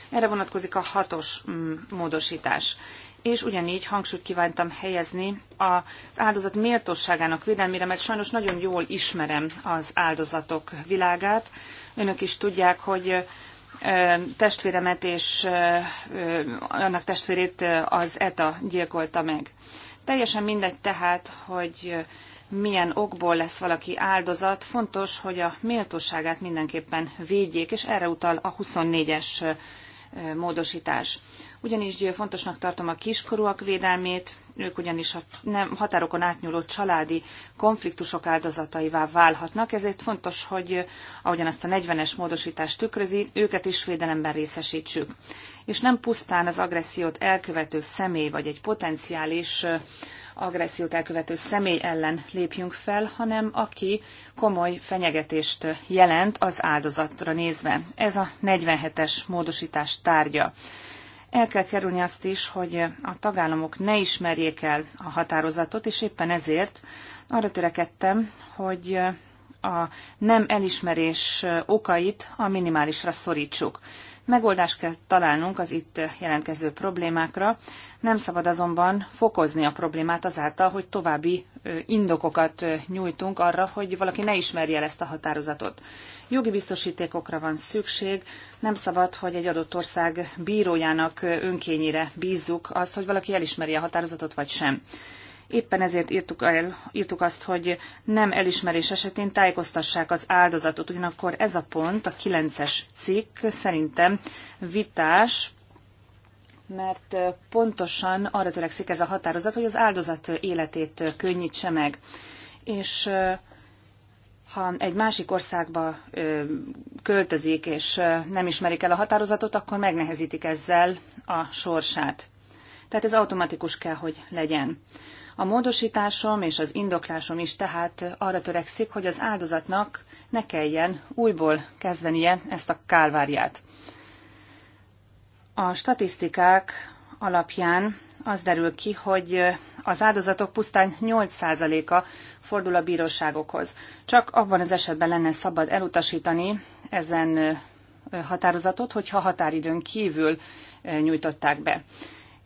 Erre vonatkozik a hatos mm, módosítás. És ugyanígy hangsúlyt kívántam helyezni az áldozat méltóságának védelmére, mert sajnos nagyon jól ismerem az áldozatok világát. Önök is tudják, hogy testvéremet és annak testvérét az ETA gyilkolta meg. Teljesen mindegy tehát, hogy milyen okból lesz valaki áldozat, fontos, hogy a méltóságát mindenképpen védjék, és erre utal a 24-es módosítás. Ugyanis fontosnak tartom a kiskorúak védelmét, nők ugyanis a nem, határokon átnyúló családi konfliktusok áldozataivá válhatnak, ezért fontos, hogy eh, ahogyan azt a 40-es módosítást tükrözi, őket is védelemben részesítsük. És nem pusztán az agressziót elkövető személy vagy egy potenciális eh, agressziót elkövető személy ellen lépjünk fel, hanem aki komoly fenyegetést eh, jelent az áldozatra nézve. Ez a 47-es módosítás tárgya. El kell kerülni azt is, hogy a tagállamok ne ismerjék el a határozatot, és éppen ezért arra törekedtem, hogy a nem elismerés okait a minimálisra szorítsuk. Megoldást kell találnunk az itt jelentkező problémákra, nem szabad azonban fokozni a problémát azáltal, hogy további indokokat nyújtunk arra, hogy valaki ne ismerje el ezt a határozatot. Jogi biztosítékokra van szükség, nem szabad, hogy egy adott ország bírójának önkényére bízzuk azt, hogy valaki elismeri a határozatot vagy sem. Éppen ezért írtuk, el, írtuk azt, hogy nem elismerés esetén tájékoztassák az áldozatot. Ugyanakkor ez a pont, a 9-es cikk szerintem vitás, mert pontosan arra törekszik ez a határozat, hogy az áldozat életét könnyítse meg. És ha egy másik országba költözik, és nem ismerik el a határozatot, akkor megnehezítik ezzel a sorsát. Tehát ez automatikus kell, hogy legyen. A módosításom és az indoklásom is tehát arra törekszik, hogy az áldozatnak ne kelljen újból kezdenie ezt a kálváriát. A statisztikák alapján az derül ki, hogy az áldozatok pusztán 8%-a fordul a bíróságokhoz. Csak abban az esetben lenne szabad elutasítani ezen határozatot, hogyha határidőn kívül nyújtották be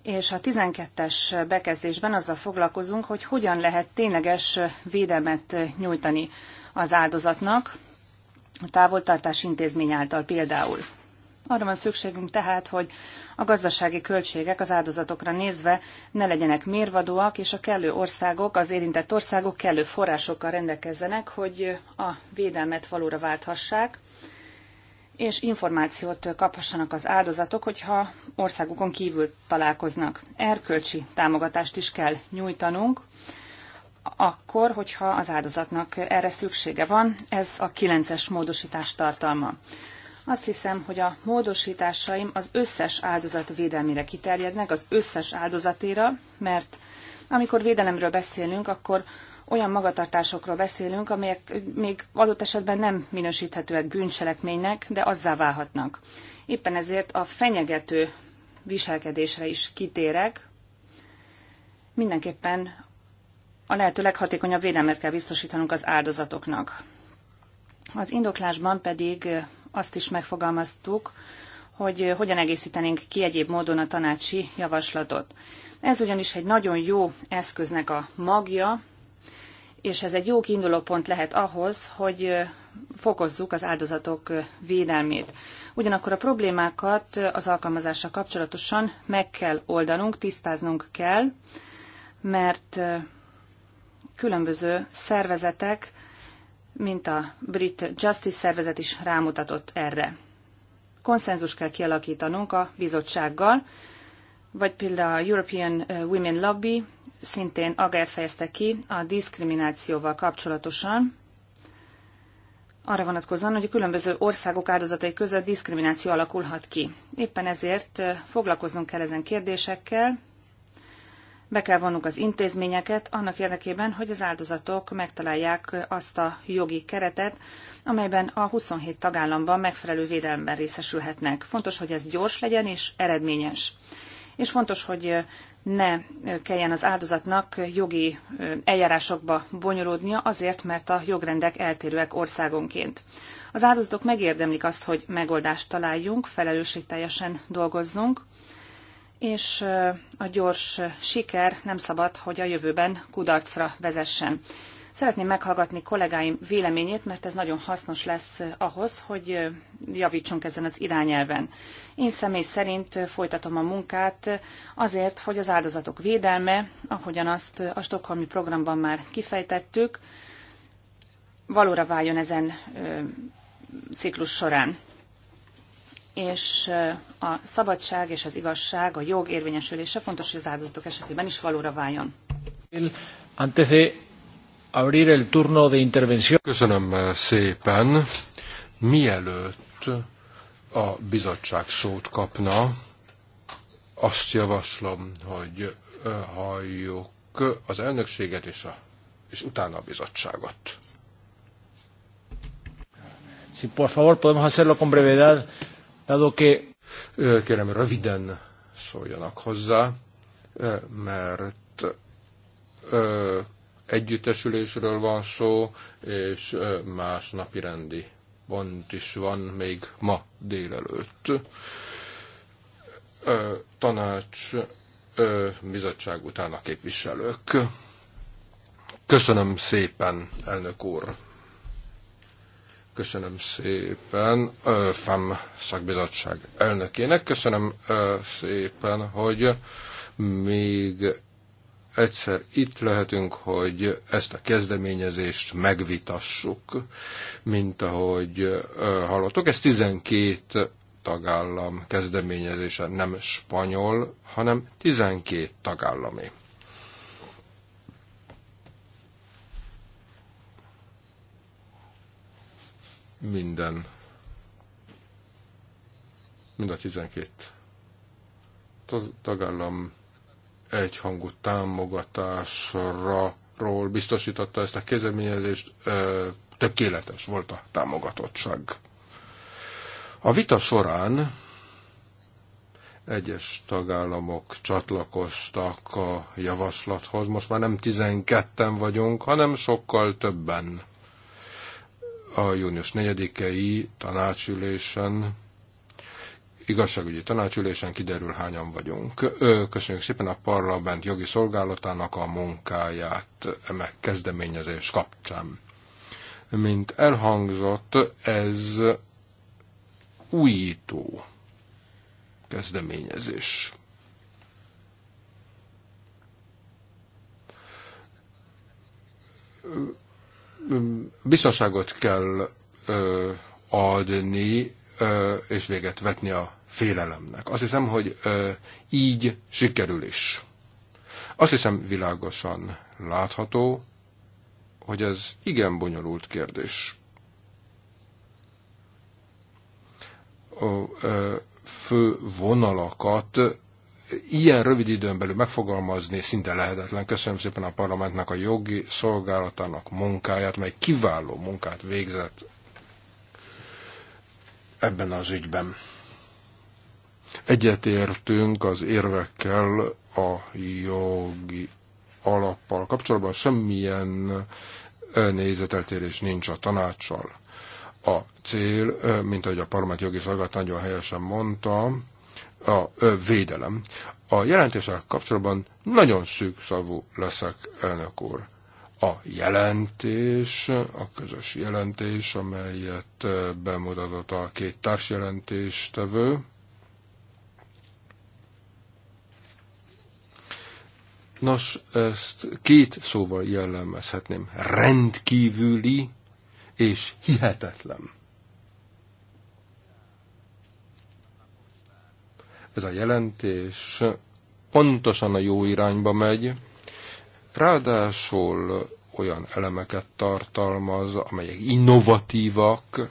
és a 12-es bekezdésben azzal foglalkozunk, hogy hogyan lehet tényleges védelmet nyújtani az áldozatnak, a távoltartás intézmény által például. Arra van szükségünk tehát, hogy a gazdasági költségek az áldozatokra nézve ne legyenek mérvadóak, és a kellő országok, az érintett országok kellő forrásokkal rendelkezzenek, hogy a védelmet valóra válthassák, és információt kaphassanak az áldozatok, hogyha országukon kívül találkoznak. Erkölcsi támogatást is kell nyújtanunk, akkor, hogyha az áldozatnak erre szüksége van. Ez a 9-es módosítás tartalma. Azt hiszem, hogy a módosításaim az összes áldozat védelmére kiterjednek, az összes áldozatéra, mert amikor védelemről beszélünk, akkor olyan magatartásokról beszélünk, amelyek még adott esetben nem minősíthetőek bűncselekménynek, de azzá válhatnak. Éppen ezért a fenyegető viselkedésre is kitérek. Mindenképpen a lehető leghatékonyabb védelmet kell biztosítanunk az áldozatoknak. Az indoklásban pedig azt is megfogalmaztuk, hogy hogyan egészítenénk ki egyéb módon a tanácsi javaslatot. Ez ugyanis egy nagyon jó eszköznek a magja, és ez egy jó kiindulópont lehet ahhoz, hogy fokozzuk az áldozatok védelmét. Ugyanakkor a problémákat az alkalmazással kapcsolatosan meg kell oldanunk, tisztáznunk kell, mert különböző szervezetek, mint a brit Justice szervezet is rámutatott erre. Konszenzus kell kialakítanunk a bizottsággal, vagy például a European Women Lobby, szintén agályt fejezte ki a diszkriminációval kapcsolatosan, arra vonatkozóan, hogy a különböző országok áldozatai között diszkrimináció alakulhat ki. Éppen ezért foglalkoznunk kell ezen kérdésekkel, be kell vonnunk az intézményeket annak érdekében, hogy az áldozatok megtalálják azt a jogi keretet, amelyben a 27 tagállamban megfelelő védelemben részesülhetnek. Fontos, hogy ez gyors legyen és eredményes. És fontos, hogy ne kelljen az áldozatnak jogi eljárásokba bonyolódnia, azért, mert a jogrendek eltérőek országonként. Az áldozatok megérdemlik azt, hogy megoldást találjunk, felelősségteljesen dolgozzunk, és a gyors siker nem szabad, hogy a jövőben kudarcra vezessen. Szeretném meghallgatni kollégáim véleményét, mert ez nagyon hasznos lesz eh, ahhoz, hogy eh, javítsunk ezen az irányelven. Én személy szerint eh, folytatom a munkát azért, hogy az áldozatok védelme, ahogyan azt a Stockholmi programban már kifejtettük, valóra váljon ezen ciklus során és a szabadság és az igazság, a jog érvényesülése fontos, hogy az áldozatok esetében is valóra váljon.
Antes de abrir el turno de intervención. Köszönöm eh, szépen. Mielőtt a bizottság szót kapna, azt javaslom, hogy eh, halljuk az elnökséget és, a, és utána a bizottságot. Si por favor podemos hacerlo con brevedad, dado que... Eh, kérem, röviden szóljanak hozzá, mert együttesülésről van szó, és más napi rendi pont is van még ma délelőtt. Tanács, bizottság után a képviselők. Köszönöm szépen, elnök úr! Köszönöm szépen FEM szakbizottság elnökének, köszönöm szépen, hogy még egyszer itt lehetünk, hogy ezt a kezdeményezést megvitassuk, mint ahogy hallottok. Ez 12 tagállam kezdeményezése, nem spanyol, hanem 12 tagállami. Minden. Mind a 12 tagállam egyhangú támogatásra ról biztosította ezt a kezdeményezést, tökéletes volt a támogatottság. A vita során egyes tagállamok csatlakoztak a javaslathoz. Most már nem 12-en vagyunk, hanem sokkal többen. A június 4-i tanácsülésen igazságügyi tanácsülésen kiderül, hányan vagyunk. Köszönjük szépen a parlament jogi szolgálatának a munkáját meg kezdeményezés kapcsán. Mint elhangzott, ez újító kezdeményezés. Biztonságot kell adni és véget vetni a félelemnek. Azt hiszem, hogy így sikerül is. Azt hiszem világosan látható, hogy ez igen bonyolult kérdés. A fő vonalakat ilyen rövid időn belül megfogalmazni szinte lehetetlen. Köszönöm szépen a parlamentnek, a jogi szolgálatának munkáját, mely kiváló munkát végzett ebben az ügyben. Egyetértünk az érvekkel a jogi alappal kapcsolatban, semmilyen nézeteltérés nincs a tanácssal. A cél, mint ahogy a parlament jogi szolgálat nagyon helyesen mondta, a védelem. A jelentéssel kapcsolatban nagyon szavú leszek, elnök úr a jelentés, a közös jelentés, amelyet bemutatott a két társjelentéstevő, Nos, ezt két szóval jellemezhetném. Rendkívüli és hihetetlen. Ez a jelentés pontosan a jó irányba megy, Ráadásul olyan elemeket tartalmaz, amelyek innovatívak,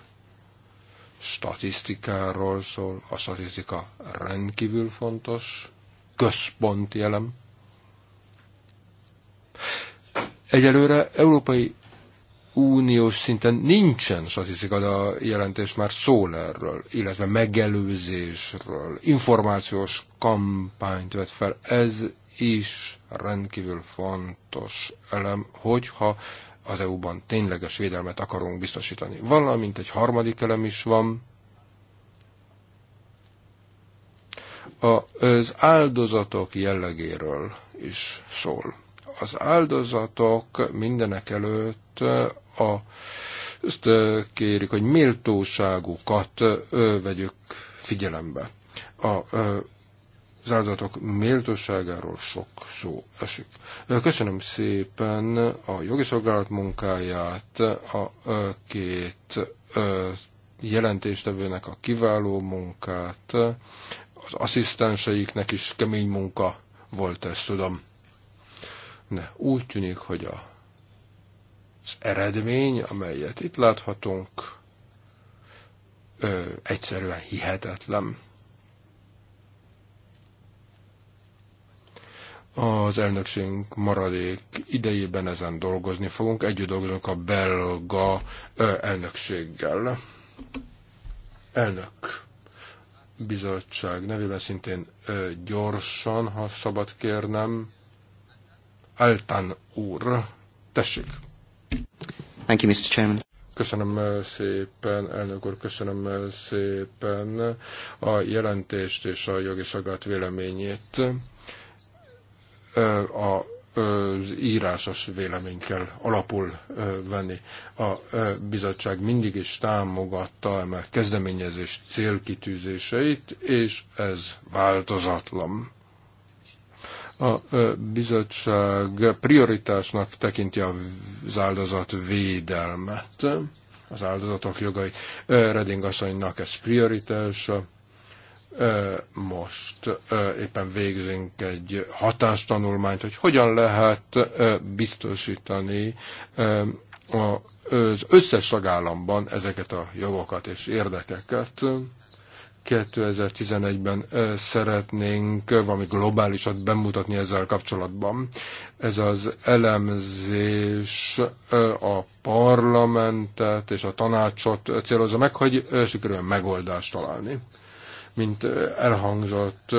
statisztikáról szól, a statisztika rendkívül fontos, központi elem. Egyelőre Európai Uniós szinten nincsen statisztika, de a jelentés már szól erről, illetve megelőzésről, információs kampányt vett fel. Ez is rendkívül fontos elem, hogyha az EU-ban tényleges védelmet akarunk biztosítani. Valamint egy harmadik elem is van, az áldozatok jellegéről is szól. Az áldozatok mindenek előtt a, azt kérik, hogy méltóságukat vegyük figyelembe. A az áldozatok méltóságáról sok szó esik. Köszönöm szépen a jogi szolgálat munkáját, a két jelentéstevőnek a kiváló munkát, az asszisztenseiknek is kemény munka volt, ezt tudom. Ne, úgy tűnik, hogy a, az eredmény, amelyet itt láthatunk, ö, egyszerűen hihetetlen. Az elnökségünk maradék idejében ezen dolgozni fogunk. Együtt dolgozunk a belga elnökséggel. Elnök bizottság nevében szintén gyorsan, ha szabad kérnem, Altán úr. Tessék!
Thank you, Mr. Chairman.
Köszönöm szépen, elnök úr, köszönöm szépen a jelentést és a jogi szagát véleményét a az írásos vélemény kell alapul venni. A bizottság mindig is támogatta a kezdeményezés célkitűzéseit, és ez változatlan. A bizottság prioritásnak tekinti az áldozat védelmet, az áldozatok jogai. Reding asszonynak ez prioritása, most éppen végzünk egy hatástanulmányt, hogy hogyan lehet biztosítani az összes tagállamban ezeket a jogokat és érdekeket. 2011-ben szeretnénk valami globálisat bemutatni ezzel kapcsolatban. Ez az elemzés a parlamentet és a tanácsot célozza meg, hogy sikerül megoldást találni mint elhangzott,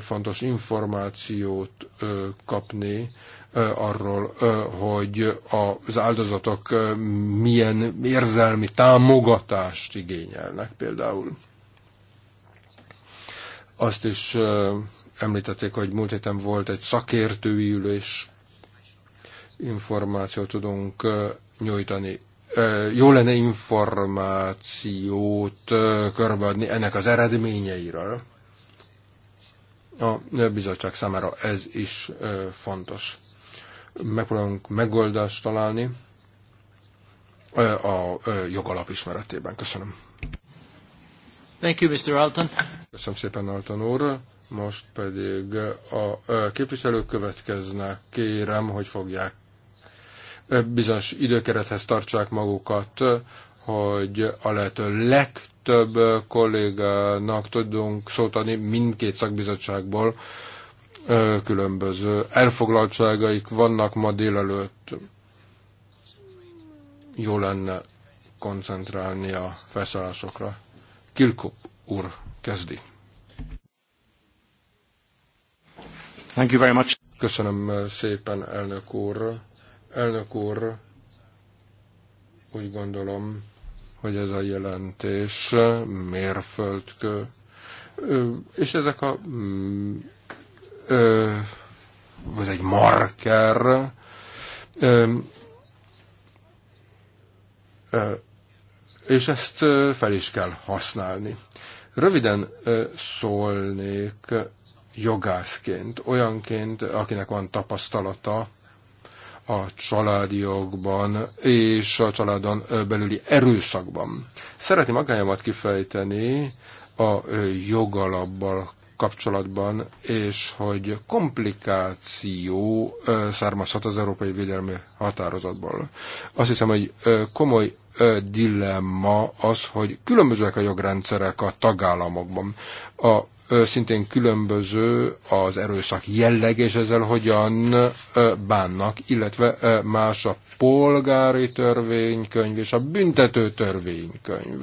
fontos információt kapni arról, hogy az áldozatok milyen érzelmi támogatást igényelnek például. Azt is említették, hogy múlt héten volt egy szakértői ülés, információt tudunk nyújtani jó lenne információt körbeadni ennek az eredményeiről. A bizottság számára ez is fontos. Megpróbálunk megoldást találni a jogalap ismeretében. Köszönöm. Thank you, Mr. Alton. Köszönöm szépen, Alton úr. Most pedig a képviselők következnek. Kérem, hogy fogják bizonyos időkerethez tartsák magukat, hogy a lehető legtöbb kollégának tudunk szót adni mindkét szakbizottságból, különböző elfoglaltságaik vannak ma délelőtt. Jó lenne koncentrálni a felszállásokra. Kilko úr kezdi. Thank you very much. Köszönöm szépen, elnök úr. Elnök úr, úgy gondolom, hogy ez a jelentés mérföldkő. És ezek a... Mm, ez egy marker. És ezt fel is kell használni. Röviden szólnék jogászként, olyanként, akinek van tapasztalata a jogban és a családon belüli erőszakban. Szeretném agályomat kifejteni a jogalabbal kapcsolatban, és hogy komplikáció származhat az Európai Védelmi Határozatból. Azt hiszem, hogy komoly dilemma az, hogy különbözőek a jogrendszerek a tagállamokban. A szintén különböző az erőszak jelleg, és ezzel hogyan bánnak, illetve más a polgári törvénykönyv és a büntető törvénykönyv.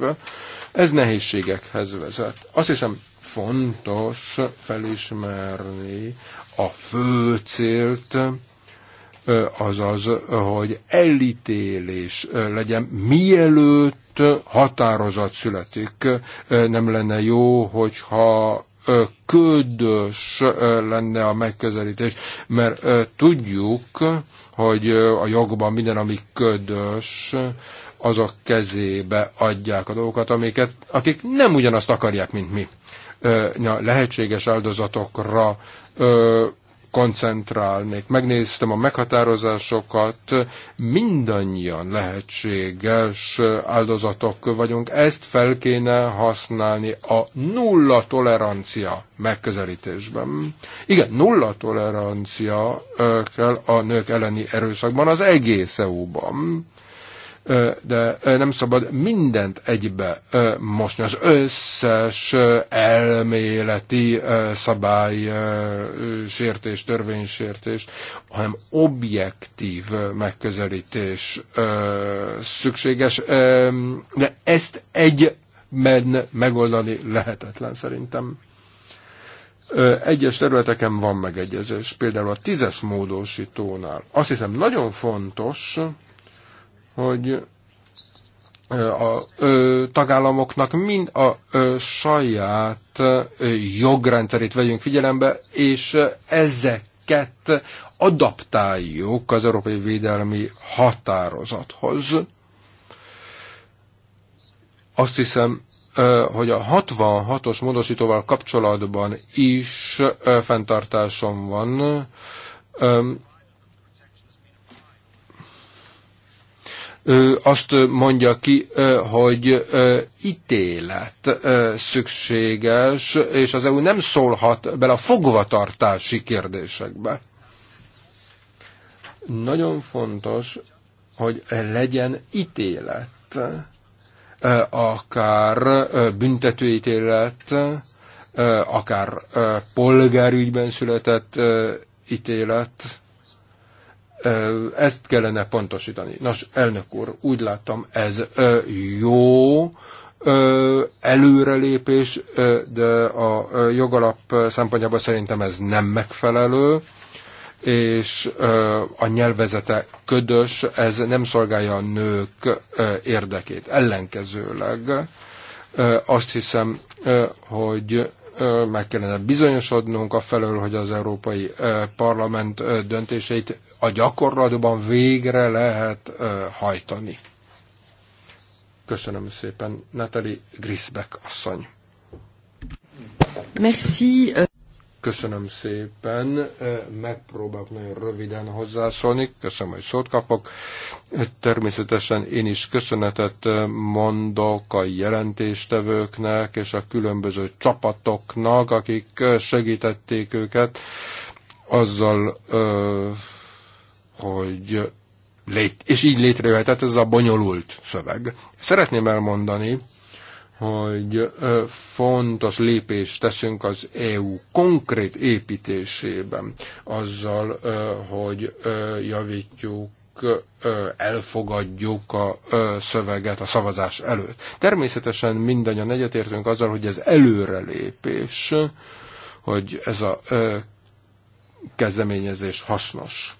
Ez nehézségekhez vezet. Azt hiszem fontos felismerni a fő célt, azaz, hogy elítélés legyen, mielőtt határozat születik. Nem lenne jó, hogyha ködös lenne a megközelítés, mert tudjuk, hogy a jogban minden, ami ködös, azok kezébe adják a dolgokat, amiket, akik nem ugyanazt akarják, mint mi. Lehetséges áldozatokra koncentrálnék. Megnéztem a meghatározásokat, mindannyian lehetséges áldozatok vagyunk. Ezt fel kéne használni a nulla tolerancia megközelítésben. Igen, nulla tolerancia kell a nők elleni erőszakban az egész EU-ban de nem szabad mindent egybe mosni. Az összes elméleti szabály sértés, törvénysértés, hanem objektív megközelítés szükséges, de ezt egyben megoldani lehetetlen szerintem. Egyes területeken van megegyezés, például a tízes módosítónál. Azt hiszem nagyon fontos, hogy a tagállamoknak mind a saját jogrendszerét vegyünk figyelembe, és ezeket adaptáljuk az Európai Védelmi Határozathoz. Azt hiszem, hogy a 66-os módosítóval kapcsolatban is fenntartásom van, azt mondja ki, hogy ítélet szükséges, és az EU nem szólhat bele a fogvatartási kérdésekbe. Nagyon fontos, hogy legyen ítélet, akár büntetőítélet, akár polgárügyben született ítélet, ezt kellene pontosítani. Nos, elnök úr, úgy láttam, ez jó előrelépés, de a jogalap szempontjából szerintem ez nem megfelelő és a nyelvezete ködös, ez nem szolgálja a nők érdekét. Ellenkezőleg azt hiszem, hogy meg kellene bizonyosodnunk a felől, hogy az Európai Parlament döntéseit a gyakorlatban végre lehet hajtani. Köszönöm szépen, Natali Grisbeck asszony. Merci. Köszönöm szépen, megpróbálok nagyon röviden hozzászólni, köszönöm, hogy szót kapok. Természetesen én is köszönetet mondok a jelentéstevőknek és a különböző csapatoknak, akik segítették őket azzal, hogy lét, és így létrejöhetett ez a bonyolult szöveg. Szeretném elmondani, hogy fontos lépést teszünk az EU konkrét építésében, azzal, hogy javítjuk elfogadjuk a szöveget a szavazás előtt. Természetesen mindannyian egyetértünk azzal, hogy ez előrelépés, hogy ez a kezdeményezés hasznos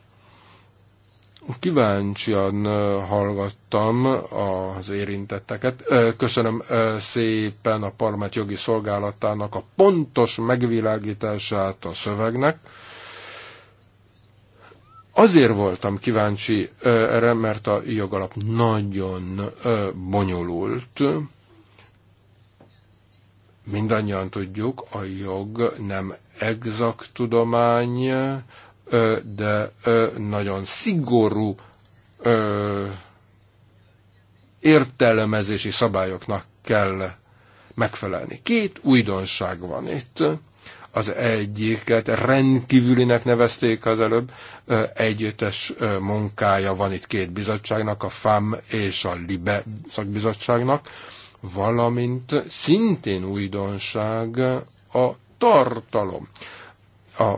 kíváncsian hallgattam az érintetteket. Köszönöm szépen a parlament jogi szolgálatának a pontos megvilágítását a szövegnek. Azért voltam kíváncsi erre, mert a jogalap nagyon bonyolult. Mindannyian tudjuk, a jog nem exakt tudomány, de nagyon szigorú értelmezési szabályoknak kell megfelelni. Két újdonság van itt. Az egyiket rendkívülinek nevezték az előbb. Együttes munkája van itt két bizottságnak, a FAM és a LIBE szakbizottságnak, valamint szintén újdonság a tartalom. A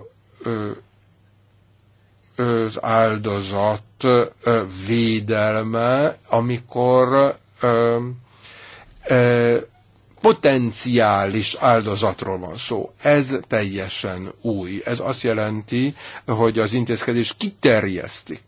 az áldozat védelme, amikor potenciális áldozatról van szó. Ez teljesen új. Ez azt jelenti, hogy az intézkedés kiterjesztik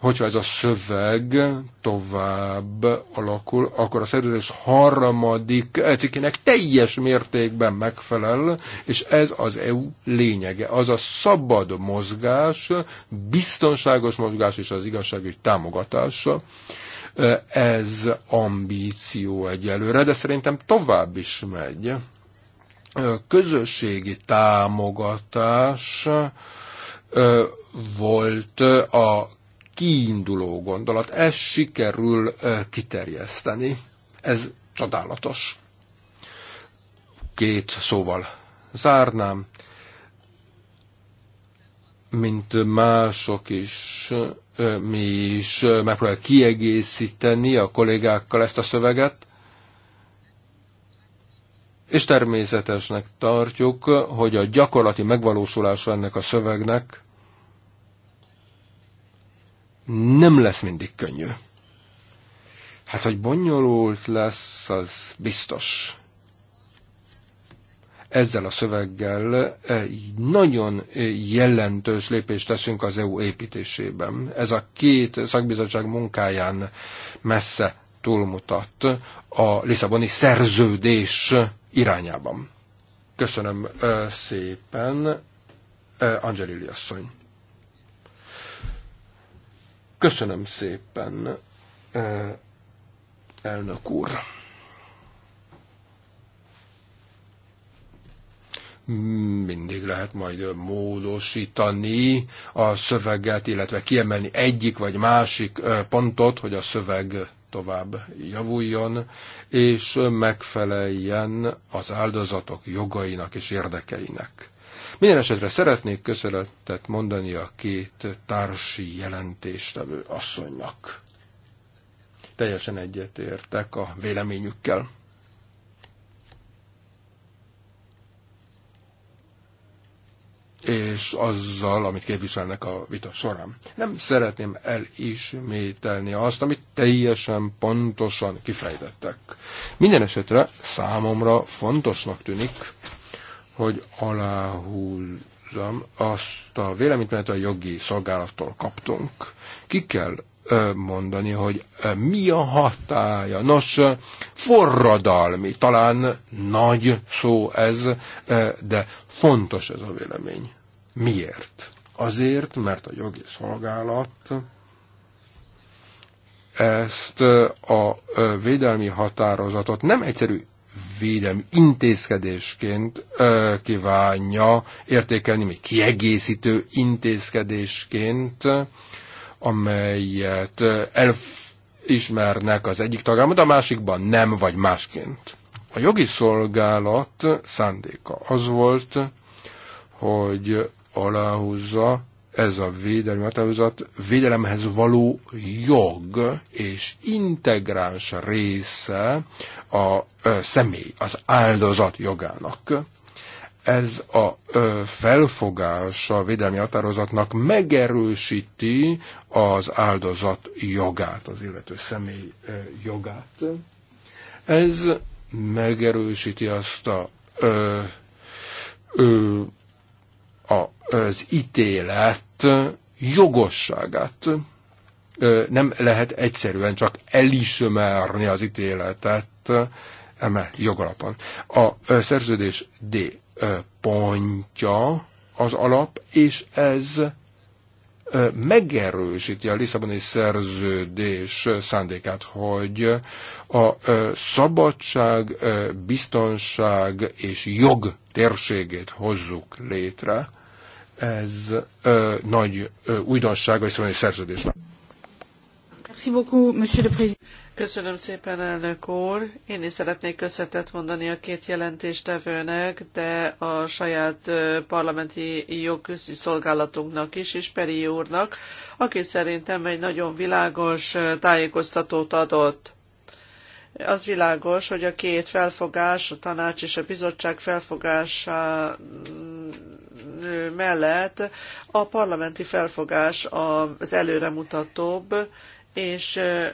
Hogyha ez a szöveg tovább alakul, akkor a szerződés harmadik cikkének teljes mértékben megfelel, és ez az EU lényege. Az a szabad mozgás, biztonságos mozgás és az igazságügy támogatása ez ambíció egyelőre, de szerintem tovább is megy. Közösségi támogatás volt a kiinduló gondolat. Ezt sikerül kiterjeszteni. Ez csodálatos. Két szóval zárnám. Mint mások is, mi is megpróbáljuk kiegészíteni a kollégákkal ezt a szöveget, és természetesnek tartjuk, hogy a gyakorlati megvalósulása ennek a szövegnek nem lesz mindig könnyű. Hát, hogy bonyolult lesz, az biztos. Ezzel a szöveggel egy nagyon jelentős lépést teszünk az EU építésében. Ez a két szakbizottság munkáján messze túlmutat a Lisszaboni szerződés irányában. Köszönöm szépen, Angelili asszony. Köszönöm szépen, eh, elnök úr. mindig lehet majd módosítani a szöveget, illetve kiemelni egyik vagy másik eh, pontot, hogy a szöveg tovább javuljon, és megfeleljen az áldozatok jogainak és érdekeinek. Minden esetre szeretnék köszönetet mondani a két társi jelentéstevő asszonynak. Teljesen egyetértek a véleményükkel. és azzal, amit képviselnek a vita során. Nem szeretném elismételni azt, amit teljesen pontosan kifejtettek. Minden esetre számomra fontosnak tűnik, hogy aláhúzom azt a véleményt, mert a jogi szolgálattól kaptunk. Ki kell mondani, hogy mi a hatája. Nos, forradalmi, talán nagy szó ez, de fontos ez a vélemény. Miért? Azért, mert a jogi szolgálat ezt a védelmi határozatot nem egyszerű védelmi intézkedésként ö, kívánja értékelni, még kiegészítő intézkedésként, amelyet elismernek az egyik tagállamot, a másikban nem, vagy másként. A jogi szolgálat szándéka az volt, hogy aláhúzza, ez a védelmi határozat védelemhez való jog és integráns része a személy, az áldozat jogának. Ez a felfogása a védelmi határozatnak megerősíti az áldozat jogát, az illető személy jogát. Ez megerősíti azt a ö, ö, a, az ítélet jogosságát. Nem lehet egyszerűen csak elismerni az ítéletet eme jogalapon. A szerződés D pontja az alap, és ez megerősíti a Lisszaboni szerződés szándékát, hogy a szabadság, biztonság és jog térségét hozzuk létre, ez ö, nagy ö, újdonsága, hiszen egy szerződés van.
Köszönöm szépen, elnök úr. Én is szeretnék köszönetet mondani a két jelentéstevőnek, de a saját parlamenti jogközi szolgálatunknak is, és Peri úrnak, aki szerintem egy nagyon világos tájékoztatót adott. Az világos, hogy a két felfogás, a tanács és a bizottság felfogása mellett a parlamenti felfogás az előremutatóbb, és eh,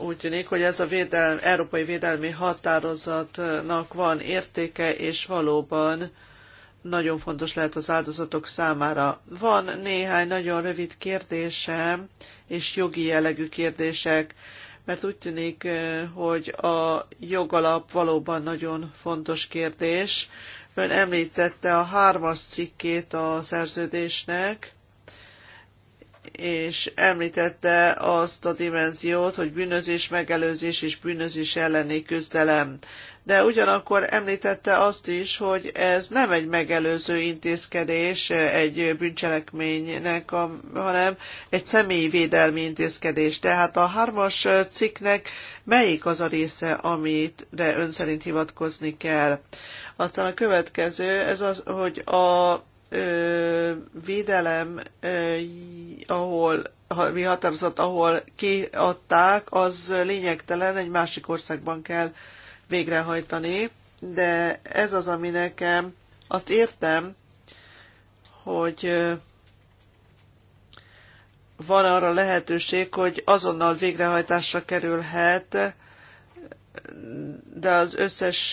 úgy tűnik, hogy ez a védelmi, európai védelmi határozatnak van értéke, és valóban nagyon fontos lehet az áldozatok számára. Van néhány nagyon rövid kérdésem, és jogi jellegű kérdések, mert úgy tűnik, eh, hogy a jogalap valóban nagyon fontos kérdés, Ön említette a hármas cikkét a szerződésnek, és említette azt a dimenziót, hogy bűnözés megelőzés és bűnözés elleni küzdelem. De ugyanakkor említette azt is, hogy ez nem egy megelőző intézkedés egy bűncselekménynek, hanem egy személyvédelmi intézkedés. Tehát a hármas cikknek melyik az a része, amit ön szerint hivatkozni kell? Aztán a következő, ez az, hogy a védelem, ahol mi határozott, ahol kiadták, az lényegtelen, egy másik országban kell végrehajtani, de ez az, ami nekem azt értem, hogy van arra lehetőség, hogy azonnal végrehajtásra kerülhet, de az összes,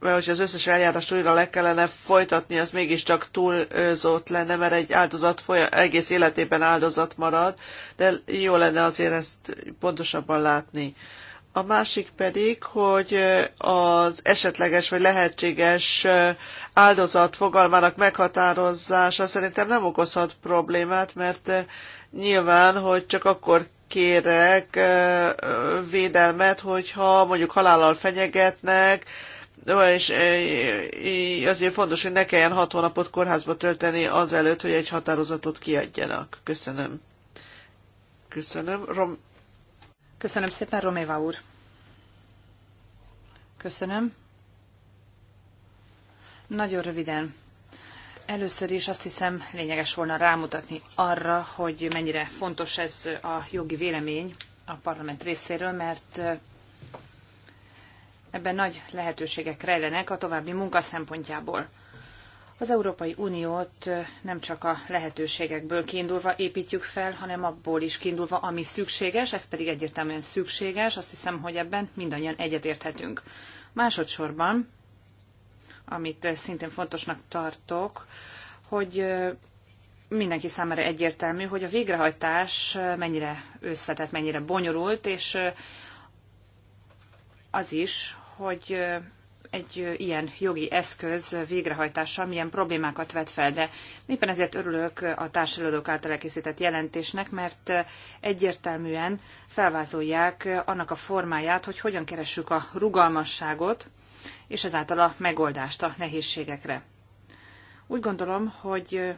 mert hogyha az összes eljárást újra le kellene folytatni, az mégiscsak túlzott lenne, mert egy áldozat folya, egész életében áldozat marad, de jó lenne azért ezt pontosabban látni. A másik pedig, hogy az esetleges vagy lehetséges áldozat fogalmának meghatározása szerintem nem okozhat problémát, mert nyilván, hogy csak akkor kérek védelmet, hogyha mondjuk halállal fenyegetnek, és azért fontos, hogy ne kelljen hat hónapot kórházba tölteni azelőtt, hogy egy határozatot kiadjanak. Köszönöm. Köszönöm. Rom...
Köszönöm szépen, Roméva úr. Köszönöm. Nagyon röviden. Először is azt hiszem lényeges volna rámutatni arra, hogy mennyire fontos ez a jogi vélemény a parlament részéről, mert ebben nagy lehetőségek rejlenek a további munka szempontjából. Az Európai Uniót nem csak a lehetőségekből kiindulva építjük fel, hanem abból is kiindulva, ami szükséges, ez pedig egyértelműen szükséges, azt hiszem, hogy ebben mindannyian egyetérthetünk. Másodszorban amit eh, szintén fontosnak tartok, hogy eh, mindenki számára egyértelmű, hogy a végrehajtás eh, mennyire összetett, mennyire bonyolult, és az is, hogy egy ilyen jogi eszköz végrehajtása milyen problémákat vet fel, de éppen ezért örülök a társadalmak által elkészített jelentésnek, mert egyértelműen felvázolják annak a formáját, hogy hogyan keressük a rugalmasságot, és ezáltal a megoldást a nehézségekre. Úgy gondolom, hogy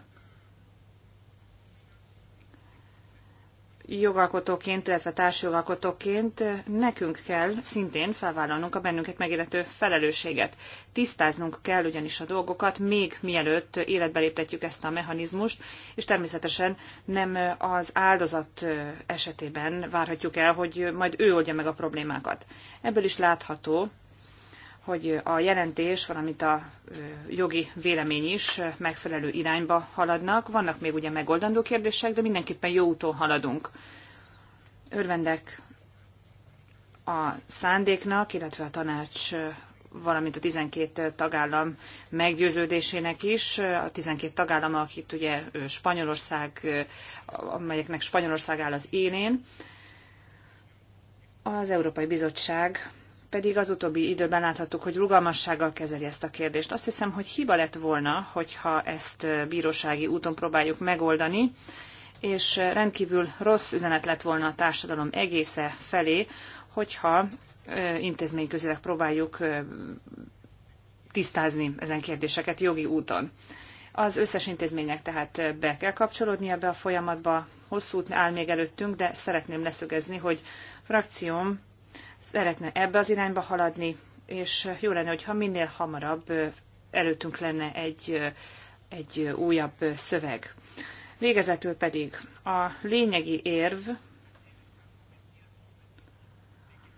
jogalkotóként, illetve társjogalkotóként nekünk kell szintén felvállalnunk a bennünket megillető felelősséget. Tisztáznunk kell ugyanis a dolgokat, még mielőtt életbe léptetjük ezt a mechanizmust, és természetesen nem az áldozat esetében várhatjuk el, hogy majd ő oldja meg a problémákat. Ebből is látható, hogy a jelentés, valamint a jogi vélemény is megfelelő irányba haladnak. Vannak még ugye megoldandó kérdések, de mindenképpen jó úton haladunk. Örvendek a szándéknak, illetve a tanács valamint a 12 tagállam meggyőződésének is. A 12 tagállam, akit ugye Spanyolország, amelyeknek Spanyolország áll az élén. Az Európai Bizottság pedig az utóbbi időben láthattuk, hogy rugalmassággal kezeli ezt a kérdést. Azt hiszem, hogy hiba lett volna, hogyha ezt bírósági úton próbáljuk megoldani, és rendkívül rossz üzenet lett volna a társadalom egésze felé, hogyha intézményközileg próbáljuk tisztázni ezen kérdéseket jogi úton. Az összes intézménynek tehát be kell kapcsolódni ebbe a folyamatba, hosszú út áll még előttünk, de szeretném leszögezni, hogy frakcióm szeretne ebbe az irányba haladni, és jó lenne, hogyha minél hamarabb előttünk lenne egy, egy újabb szöveg. Végezetül pedig a lényegi érv,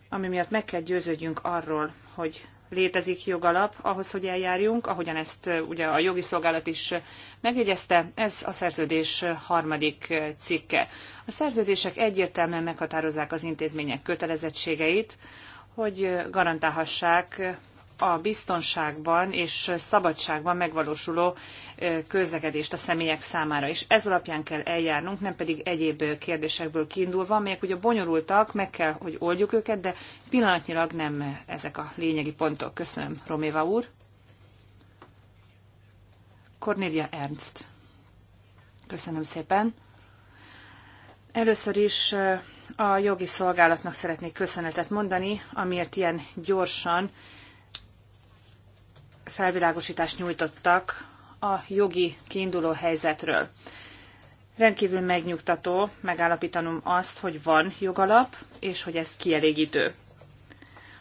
ami miatt meg kell győződjünk arról, hogy létezik jogalap ahhoz, hogy eljárjunk, ahogyan ezt uh, ugye a jogi szolgálat is uh, megjegyezte, ez a szerződés uh, harmadik cikke. A szerződések egyértelműen meghatározzák az intézmények kötelezettségeit, hogy garantálhassák a biztonságban és szabadságban megvalósuló közlekedést a személyek számára. És ez alapján kell eljárnunk, nem pedig egyéb kérdésekből kiindulva, amelyek ugye bonyolultak, meg kell, hogy oldjuk őket, de pillanatnyilag nem ezek a lényegi pontok. Köszönöm, Roméva úr. Cornelia Ernst. Köszönöm szépen. Először is a jogi szolgálatnak szeretnék köszönetet mondani, amiért ilyen gyorsan felvilágosítást nyújtottak a jogi kiinduló helyzetről. Rendkívül megnyugtató megállapítanom azt, hogy van jogalap, és hogy ez kielégítő.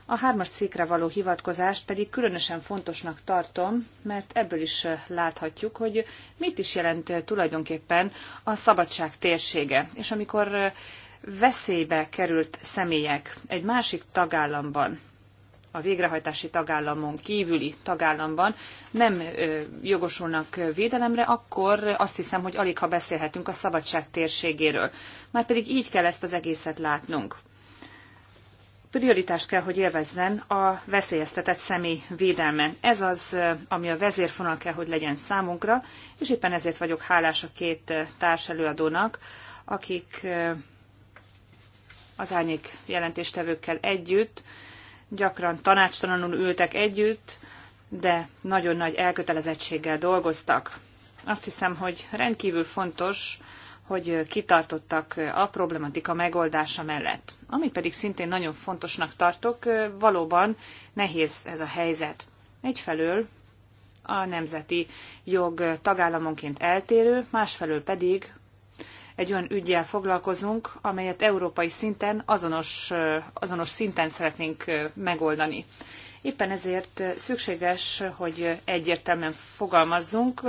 A hármas cikkre való hivatkozást pedig különösen fontosnak tartom, mert ebből is láthatjuk, hogy mit is jelent tulajdonképpen a szabadság térsége. És amikor veszélybe került személyek egy másik tagállamban a végrehajtási tagállamon kívüli tagállamban nem jogosulnak védelemre, akkor azt hiszem, hogy alig ha beszélhetünk a szabadság térségéről. Márpedig így kell ezt az egészet látnunk prioritást kell, hogy élvezzen a veszélyeztetett személy védelme. Ez az, ami a vezérfonal kell, hogy legyen számunkra, és éppen ezért vagyok hálás a két társelőadónak, akik az árnyék jelentéstevőkkel együtt gyakran tanácstalanul ültek együtt, de nagyon nagy elkötelezettséggel dolgoztak. Azt hiszem, hogy rendkívül fontos, hogy kitartottak a problematika megoldása mellett. Amit pedig szintén nagyon fontosnak tartok, valóban nehéz ez a helyzet. Egyfelől a nemzeti jog tagállamonként eltérő, másfelől pedig egy olyan ügyjel foglalkozunk, amelyet európai szinten, azonos, azonos szinten szeretnénk megoldani. Éppen ezért szükséges, hogy egyértelműen fogalmazzunk,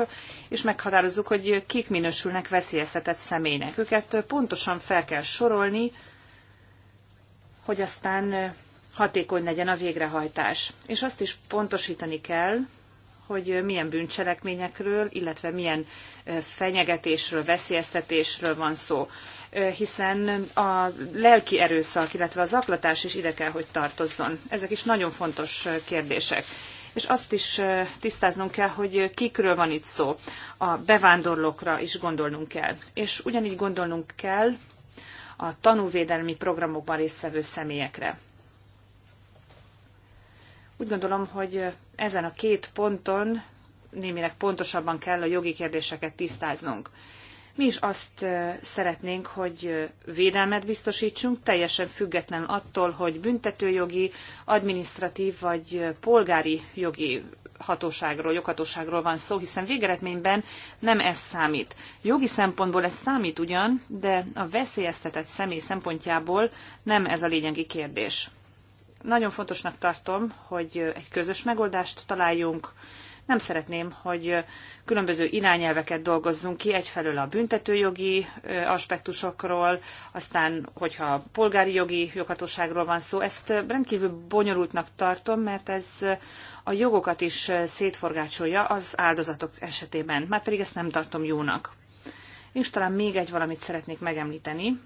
és meghatározzuk, hogy kik minősülnek veszélyeztetett személynek. Őket pontosan fel kell sorolni, hogy aztán hatékony legyen a végrehajtás. És azt is pontosítani kell, hogy milyen bűncselekményekről, illetve milyen fenyegetésről, veszélyeztetésről van szó. Hiszen a lelki erőszak, illetve a zaklatás is ide kell, hogy tartozzon. Ezek is nagyon fontos kérdések. És azt is tisztáznunk kell, hogy kikről van itt szó. A bevándorlókra is gondolnunk kell. És ugyanígy gondolnunk kell a tanúvédelmi programokban résztvevő személyekre. Úgy gondolom, hogy ezen a két ponton némileg pontosabban kell a jogi kérdéseket tisztáznunk. Mi is azt szeretnénk, hogy védelmet biztosítsunk, teljesen független attól, hogy büntetőjogi, administratív vagy polgári jogi hatóságról, joghatóságról van szó, hiszen végeredményben nem ez számít. Jogi szempontból ez számít ugyan, de a veszélyeztetett személy szempontjából nem ez a lényegi kérdés. Nagyon fontosnak tartom, hogy egy közös megoldást találjunk. Nem szeretném, hogy különböző irányelveket dolgozzunk ki, egyfelől a büntetőjogi aspektusokról, aztán, hogyha polgári jogi joghatóságról van szó, ezt rendkívül bonyolultnak tartom, mert ez a jogokat is szétforgácsolja az áldozatok esetében, már pedig ezt nem tartom jónak. És talán még egy valamit szeretnék megemlíteni,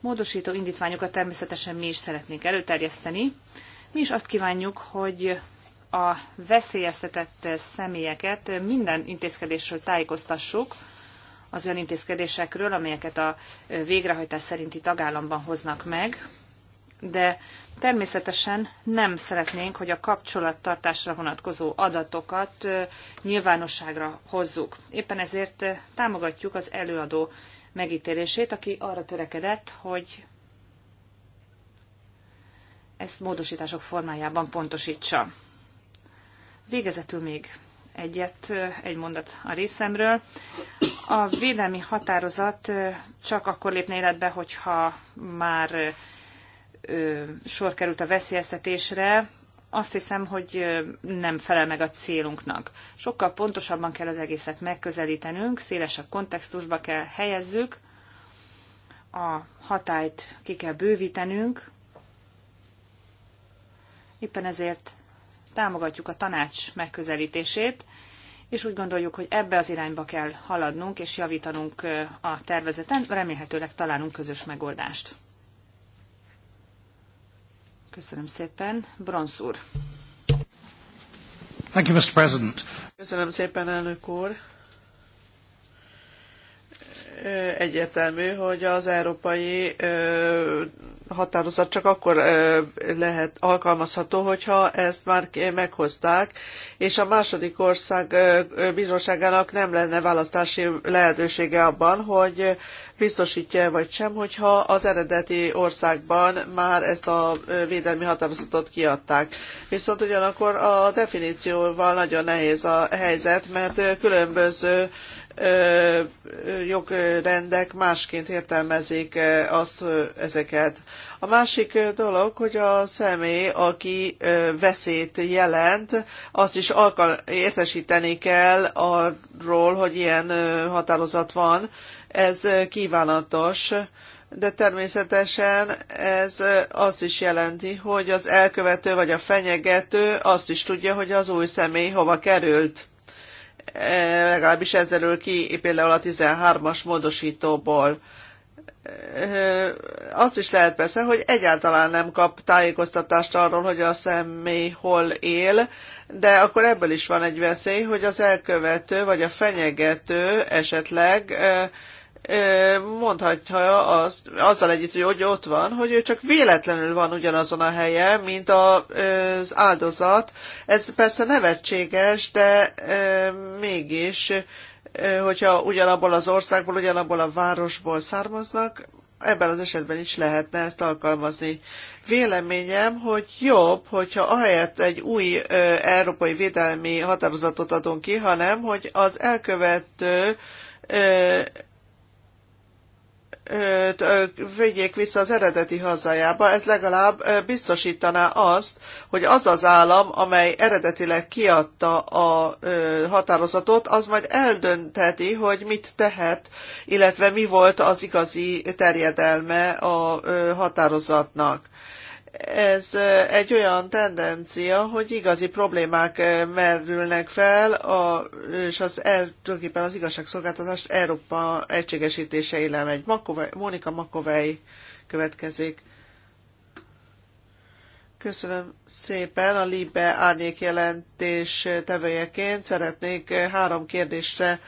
Módosító indítványokat természetesen mi is szeretnénk előterjeszteni. Mi is azt kívánjuk, hogy a veszélyeztetett személyeket minden intézkedésről tájékoztassuk, az olyan intézkedésekről, amelyeket a végrehajtás szerinti tagállamban hoznak meg, de természetesen nem szeretnénk, hogy a kapcsolattartásra vonatkozó adatokat nyilvánosságra hozzuk. Éppen ezért támogatjuk az előadó megítélését, aki arra törekedett, hogy ezt módosítások formájában pontosítsa. Végezetül még egyet, egy mondat a részemről. A védelmi határozat csak akkor lépne életbe, hogyha már sor került a veszélyeztetésre, azt hiszem, hogy nem felel meg a célunknak. Sokkal pontosabban kell az egészet megközelítenünk, szélesebb kontextusba kell helyezzük, a hatályt ki kell bővítenünk. Éppen ezért támogatjuk a tanács megközelítését, és úgy gondoljuk, hogy ebbe az irányba kell haladnunk és javítanunk a tervezeten, remélhetőleg találunk közös megoldást. Köszönöm szépen. Bronsz úr.
Thank you, Mr. President.
Köszönöm szépen, elnök úr egyértelmű, hogy az európai határozat csak akkor lehet alkalmazható, hogyha ezt már meghozták, és a második ország bizottságának nem lenne választási lehetősége abban, hogy biztosítja vagy sem, hogyha az eredeti országban már ezt a védelmi határozatot kiadták. Viszont ugyanakkor a definícióval nagyon nehéz a helyzet, mert különböző jogrendek másként értelmezik azt ezeket. A másik dolog, hogy a személy, aki veszélyt jelent, azt is alkal- értesíteni kell arról, hogy ilyen határozat van. Ez kívánatos de természetesen ez azt is jelenti, hogy az elkövető vagy a fenyegető azt is tudja, hogy az új személy hova került legalábbis ez derül ki például a 13-as módosítóból. Azt is lehet persze, hogy egyáltalán nem kap tájékoztatást arról, hogy a személy hol él, de akkor ebből is van egy veszély, hogy az elkövető vagy a fenyegető esetleg mondhatja azt, azzal együtt, hogy, hogy ott van, hogy ő csak véletlenül van ugyanazon a helyen, mint az áldozat. Ez persze nevetséges, de mégis, hogyha ugyanabból az országból, ugyanabból a városból származnak, ebben az esetben is lehetne ezt alkalmazni. Véleményem, hogy jobb, hogyha ahelyett egy új ö, európai védelmi határozatot adunk ki, hanem hogy az elkövető ö, vegyék vissza az eredeti hazájába, ez legalább biztosítaná azt, hogy az az állam, amely eredetileg kiadta a határozatot, az majd eldöntheti, hogy mit tehet, illetve mi volt az igazi terjedelme a határozatnak ez egy olyan tendencia, hogy igazi problémák merülnek fel, a, és az el, tulajdonképpen az igazságszolgáltatást Európa egységesítése megy. Makovej, Mónika Makovei következik. Köszönöm szépen. A LIBE árnyék jelentés tevőjeként szeretnék három kérdésre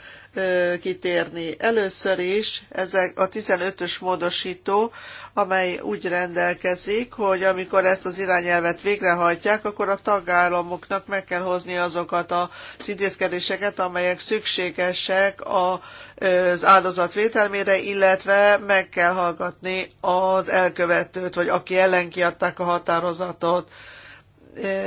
kitérni. Először is ezek a 15-ös módosító, amely úgy rendelkezik, hogy amikor ezt az irányelvet végrehajtják, akkor a tagállamoknak meg kell hozni azokat az intézkedéseket, amelyek szükségesek az áldozat védelmére, illetve meg kell hallgatni az elkövetőt, vagy aki ellen kiadták a határozatot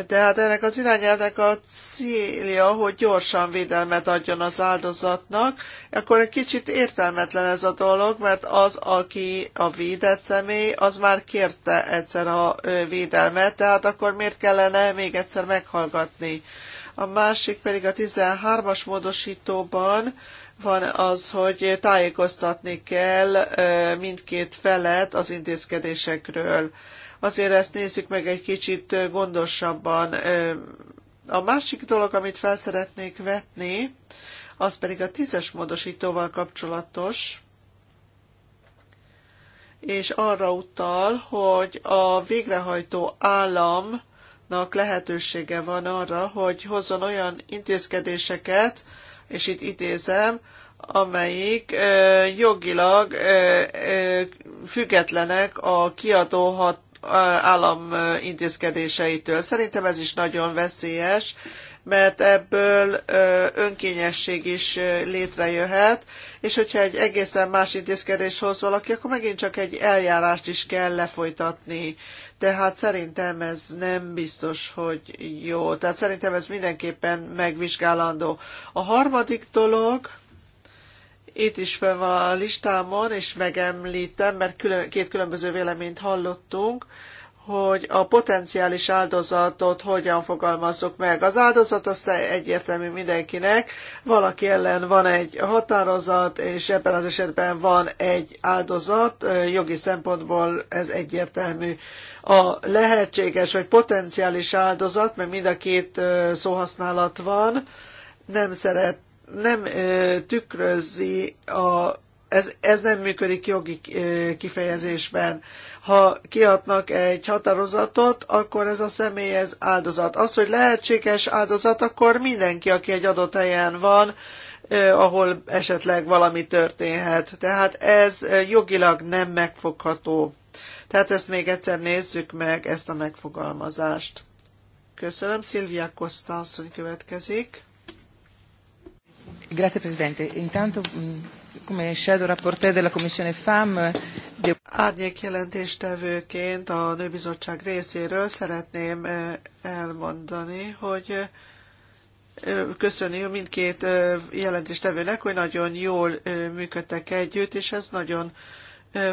tehát ennek az irányelvnek a célja, hogy gyorsan védelmet adjon az áldozatnak, akkor egy kicsit értelmetlen ez a dolog, mert az, aki a védett személy, az már kérte egyszer a védelmet, tehát akkor miért kellene még egyszer meghallgatni. A másik pedig a 13-as módosítóban van az, hogy tájékoztatni kell mindkét felet az intézkedésekről. Azért ezt nézzük meg egy kicsit gondosabban. A másik dolog, amit fel szeretnék vetni, az pedig a tízes módosítóval kapcsolatos, és arra utal, hogy a végrehajtó államnak lehetősége van arra, hogy hozzon olyan intézkedéseket, és itt idézem, amelyik jogilag függetlenek a kiadóhat állam intézkedéseitől. Szerintem ez is nagyon veszélyes, mert ebből önkényesség is létrejöhet, és hogyha egy egészen más intézkedés hoz valaki, akkor megint csak egy eljárást is kell lefolytatni. Tehát szerintem ez nem biztos, hogy jó. Tehát szerintem ez mindenképpen megvizsgálandó. A harmadik dolog, itt is fel van a listámon, és megemlítem, mert külön, két különböző véleményt hallottunk, hogy a potenciális áldozatot hogyan fogalmazzuk meg. Az áldozat aztán egyértelmű mindenkinek, valaki ellen van egy határozat, és ebben az esetben van egy áldozat, jogi szempontból ez egyértelmű. A lehetséges vagy potenciális áldozat, mert mind a két szóhasználat van, nem szeret nem tükrözi a ez, ez nem működik jogi kifejezésben. Ha kiadnak egy határozatot, akkor ez a személy ez áldozat. Az, hogy lehetséges áldozat, akkor mindenki, aki egy adott helyen van, ahol esetleg valami történhet. Tehát ez jogilag nem megfogható. Tehát ezt még egyszer nézzük meg, ezt a megfogalmazást. Köszönöm, Szilvia Koszta asszony következik.
Grazie Presidente. Intanto, mm, come Shadow Rapporteur della Commissione FAM...
De... Árnyék jelentéstevőként a Nőbizottság részéről szeretném eh, elmondani, hogy eh, köszönjük mindkét eh, jelentéstevőnek, hogy nagyon jól működtek együtt, és ez nagyon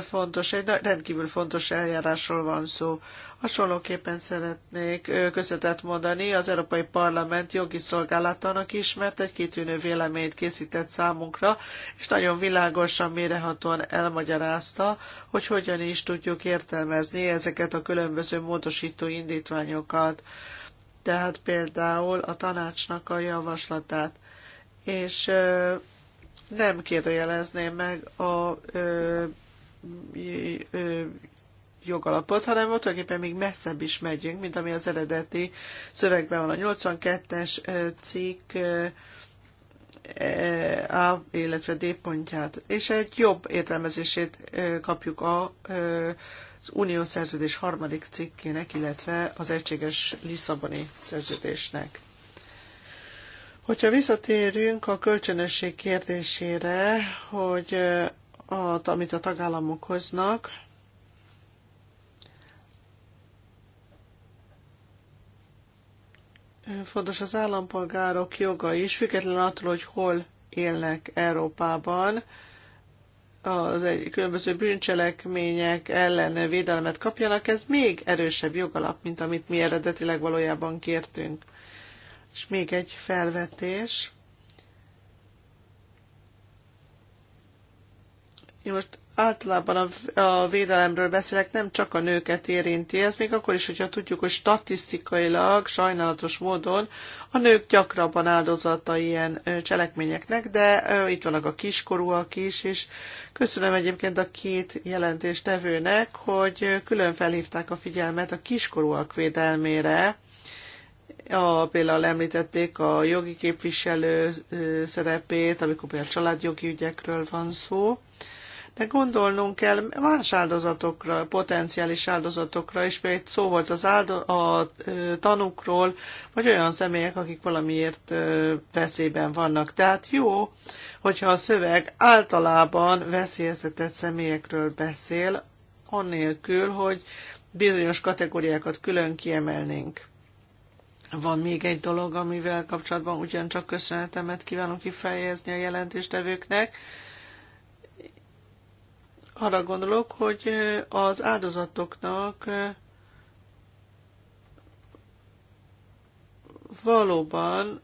fontos, egy rendkívül fontos eljárásról van szó. Hasonlóképpen szeretnék köszönetet mondani az Európai Parlament jogi szolgálatának is, mert egy kitűnő véleményt készített számunkra, és nagyon világosan, mérehatóan elmagyarázta, hogy hogyan is tudjuk értelmezni ezeket a különböző módosító indítványokat. Tehát például a tanácsnak a javaslatát. És nem kérdőjelezném meg a ö, ö, jogalapot, hanem tulajdonképpen még messzebb is megyünk, mint ami az eredeti szövegben van. A 82-es cikk A, illetve D pontját, és egy jobb értelmezését kapjuk a az Unió szerződés harmadik cikkének, illetve az egységes Lisszaboni szerződésnek. Hogyha visszatérünk a kölcsönösség kérdésére, hogy a, amit a tagállamok hoznak, Fontos az állampolgárok joga is, függetlenül attól, hogy hol élnek Európában. Az egy különböző bűncselekmények ellen védelmet kapjanak, ez még erősebb jogalap, mint amit mi eredetileg valójában kértünk. És még egy felvetés. Én most általában a, a védelemről beszélek, nem csak a nőket érinti ez, még akkor is, hogyha tudjuk, hogy statisztikailag, sajnálatos módon a nők gyakrabban áldozata ilyen cselekményeknek, de itt vannak a kiskorúak is, és köszönöm egyébként a két jelentéstevőnek, hogy külön felhívták a figyelmet a kiskorúak védelmére, a, például említették a jogi képviselő szerepét, amikor például családjogi ügyekről van szó, de gondolnunk kell más áldozatokra, potenciális áldozatokra is, például szó volt az áldo- a tanukról, vagy olyan személyek, akik valamiért veszélyben vannak. Tehát jó, hogyha a szöveg általában veszélyeztetett személyekről beszél, annélkül, hogy bizonyos kategóriákat külön kiemelnénk. Van még egy dolog, amivel kapcsolatban ugyancsak köszönetemet kívánok kifejezni a jelentéstevőknek, arra gondolok, hogy az áldozatoknak valóban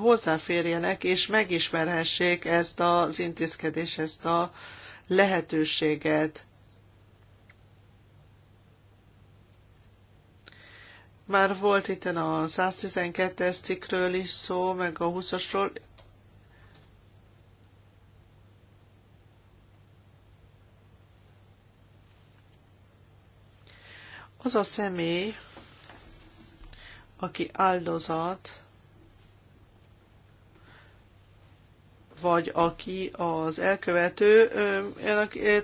hozzáférjenek és megismerhessék ezt az intézkedést, ezt a lehetőséget. Már volt itt a 112-es cikkről is szó, meg a 20-asról. Az a személy, aki áldozat, vagy aki az elkövető,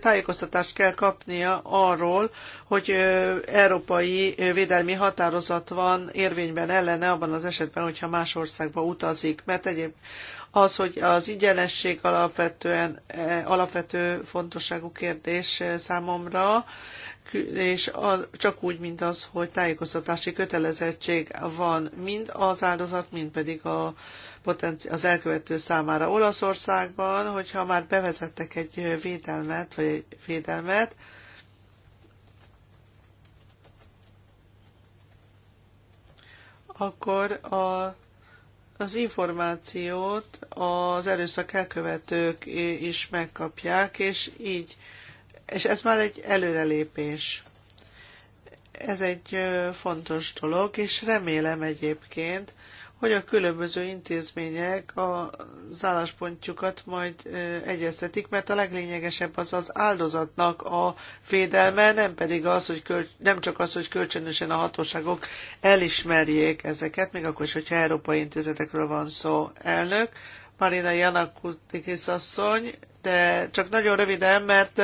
tájékoztatást kell kapnia arról, hogy európai védelmi határozat van érvényben ellene abban az esetben, hogyha más országba utazik, mert egyéb az, hogy az ingyenesség alapvetően e, alapvető fontosságú kérdés számomra, és az, csak úgy, mint az, hogy tájékoztatási kötelezettség van mind az áldozat, mind pedig a potenci- az elkövető számára. Olaszországban, hogyha már bevezettek egy védelmet, vagy egy védelmet, akkor a, az információt az erőszak elkövetők is megkapják, és így és ez már egy előrelépés. Ez egy fontos dolog, és remélem egyébként, hogy a különböző intézmények az álláspontjukat majd egyeztetik, mert a leglényegesebb az az áldozatnak a védelme, nem pedig az, hogy köl, nem csak az, hogy kölcsönösen a hatóságok elismerjék ezeket, még akkor is, hogyha európai intézetekről van szó. Elnök, Marina Janakutikis asszony, de csak nagyon röviden, mert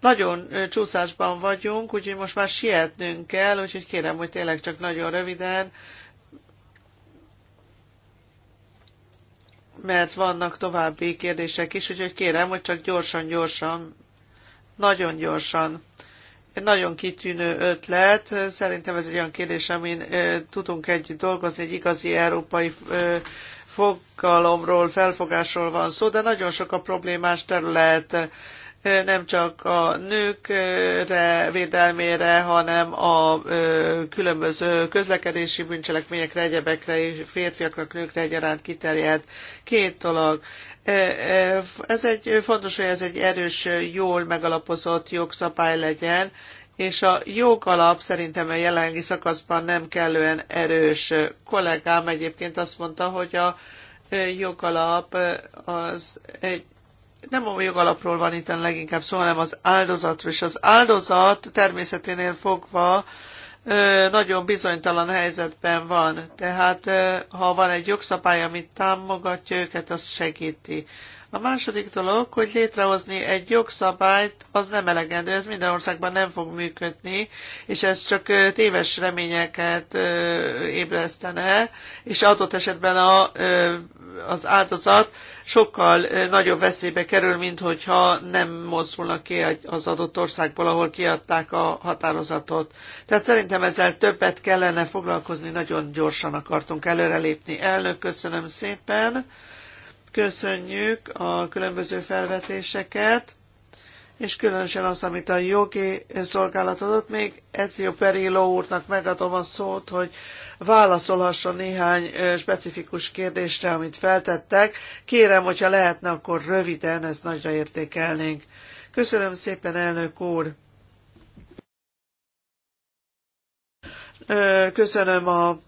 nagyon csúszásban vagyunk, úgyhogy most már sietnünk kell, úgyhogy kérem, hogy tényleg csak nagyon röviden, mert vannak további kérdések is, úgyhogy kérem, hogy csak gyorsan, gyorsan, nagyon gyorsan. Egy nagyon kitűnő ötlet. Szerintem ez egy olyan kérdés, amin tudunk együtt dolgozni, egy igazi európai fogalomról, felfogásról van szó, de nagyon sok a problémás terület nem csak a nőkre védelmére, hanem a különböző közlekedési bűncselekményekre, egyebekre és férfiakra, nőkre egyaránt kiterjed. Két dolog. Ez egy fontos, hogy ez egy erős, jól megalapozott jogszabály legyen, és a jogalap szerintem a jelenlegi szakaszban nem kellően erős. Kollégám egyébként azt mondta, hogy a jogalap az egy nem a jogalapról van itt leginkább szó, hanem az áldozatról, és az áldozat természeténél fogva nagyon bizonytalan helyzetben van. Tehát ha van egy jogszabály, amit támogatja őket, az segíti. A második dolog, hogy létrehozni egy jogszabályt, az nem elegendő, ez minden országban nem fog működni, és ez csak téves reményeket ébresztene, és adott esetben a, az áldozat sokkal nagyobb veszélybe kerül, mint hogyha nem mozdulnak ki az adott országból, ahol kiadták a határozatot. Tehát szerintem ezzel többet kellene foglalkozni, nagyon gyorsan akartunk előrelépni. Elnök, köszönöm szépen! Köszönjük a különböző felvetéseket, és különösen azt, amit a jogi szolgálat adott. Még Ezio Perillo úrnak megadom a szót, hogy válaszolhasson néhány specifikus kérdésre, amit feltettek. Kérem, hogyha lehetne, akkor röviden, ezt nagyra értékelnénk. Köszönöm szépen, elnök úr! Köszönöm a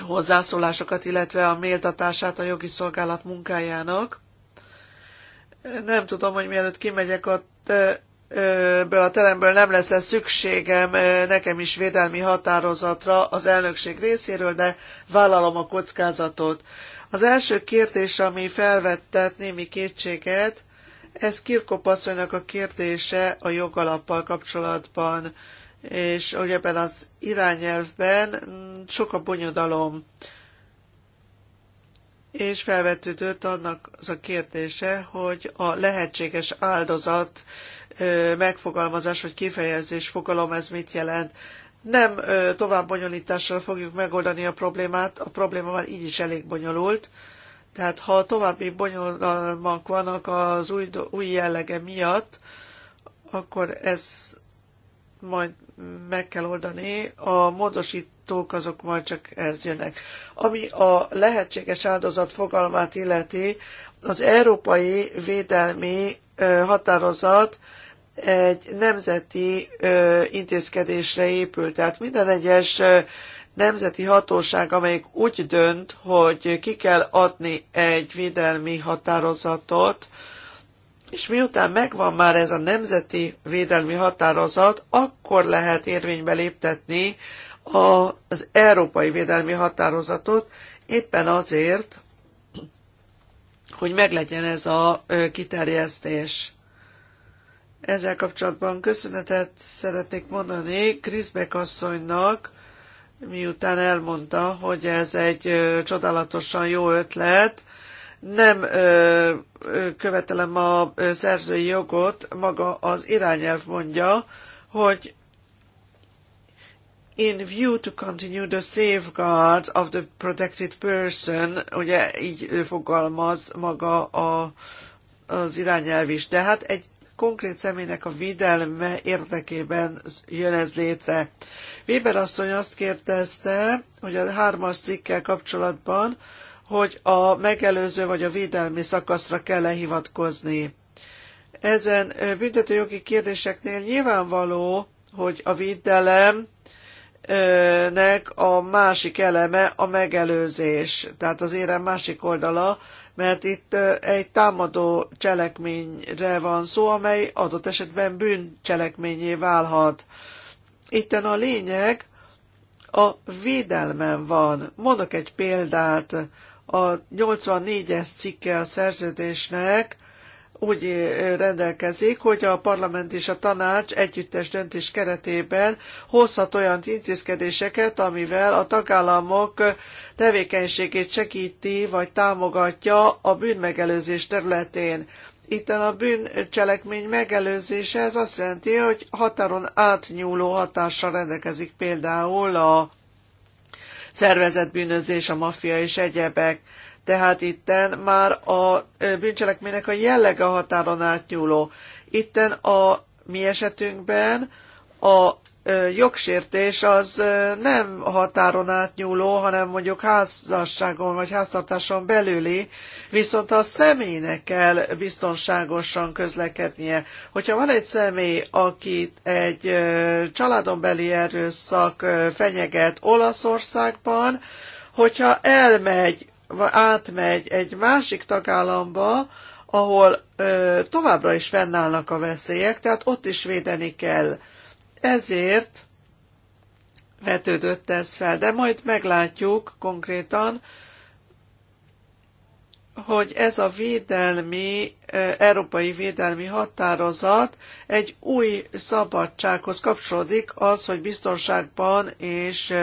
hozzászólásokat, illetve a méltatását a jogi szolgálat munkájának. Nem tudom, hogy mielőtt kimegyek a ebből a teremből nem lesz -e szükségem nekem is védelmi határozatra az elnökség részéről, de vállalom a kockázatot. Az első kérdés, ami felvettett némi kétséget, ez Kirkop asszonynak a kérdése a jogalappal kapcsolatban és hogy ebben az irányelvben sok a bonyodalom, és felvetődött annak az a kérdése, hogy a lehetséges áldozat megfogalmazás vagy kifejezés fogalom ez mit jelent. Nem tovább bonyolítással fogjuk megoldani a problémát, a probléma már így is elég bonyolult, tehát ha további bonyolulmak vannak az új, új jellege miatt, akkor ez majd meg kell oldani. A módosítók azok majd csak ez jönnek. Ami a lehetséges áldozat fogalmát illeti, az Európai Védelmi Határozat egy nemzeti intézkedésre épül. Tehát minden egyes nemzeti hatóság, amelyik úgy dönt, hogy ki kell adni egy védelmi határozatot, és miután megvan már ez a nemzeti védelmi határozat, akkor lehet érvénybe léptetni az európai védelmi határozatot, éppen azért, hogy meglegyen ez a kiterjesztés. Ezzel kapcsolatban köszönetet szeretnék mondani Kriszbek asszonynak, miután elmondta, hogy ez egy csodálatosan jó ötlet, nem ö, követelem a szerzői jogot, maga az irányelv mondja, hogy in view to continue the safeguards of the protected person, ugye így fogalmaz maga a, az irányelv is, de hát egy konkrét személynek a védelme érdekében jön ez létre. Weber asszony azt kérdezte, hogy a hármas cikkel kapcsolatban, hogy a megelőző vagy a védelmi szakaszra kell-e hivatkozni. Ezen büntetőjogi kérdéseknél nyilvánvaló, hogy a védelem a másik eleme a megelőzés, tehát az érem másik oldala, mert itt egy támadó cselekményre van szó, amely adott esetben bűncselekményé válhat. Itten a lényeg a védelmen van. Mondok egy példát. A 84-es cikke a szerződésnek úgy rendelkezik, hogy a parlament és a tanács együttes döntés keretében hozhat olyan intézkedéseket, amivel a tagállamok tevékenységét segíti vagy támogatja a bűnmegelőzés területén. Itt a bűncselekmény megelőzése ez azt jelenti, hogy határon átnyúló hatással rendelkezik például a szervezetbűnözés, a maffia és egyebek. Tehát itten már a bűncselekménynek a jellege a határon átnyúló. Itten a mi esetünkben a jogsértés az nem határon átnyúló, hanem mondjuk házasságon vagy háztartáson belüli, viszont a személynek kell biztonságosan közlekednie. Hogyha van egy személy, akit egy családon beli erőszak fenyeget Olaszországban, hogyha elmegy, vagy átmegy egy másik tagállamba, ahol ö, továbbra is fennállnak a veszélyek, tehát ott is védeni kell ezért vetődött ez fel, de majd meglátjuk konkrétan, hogy ez a védelmi, európai védelmi határozat egy új szabadsághoz kapcsolódik, az, hogy biztonságban és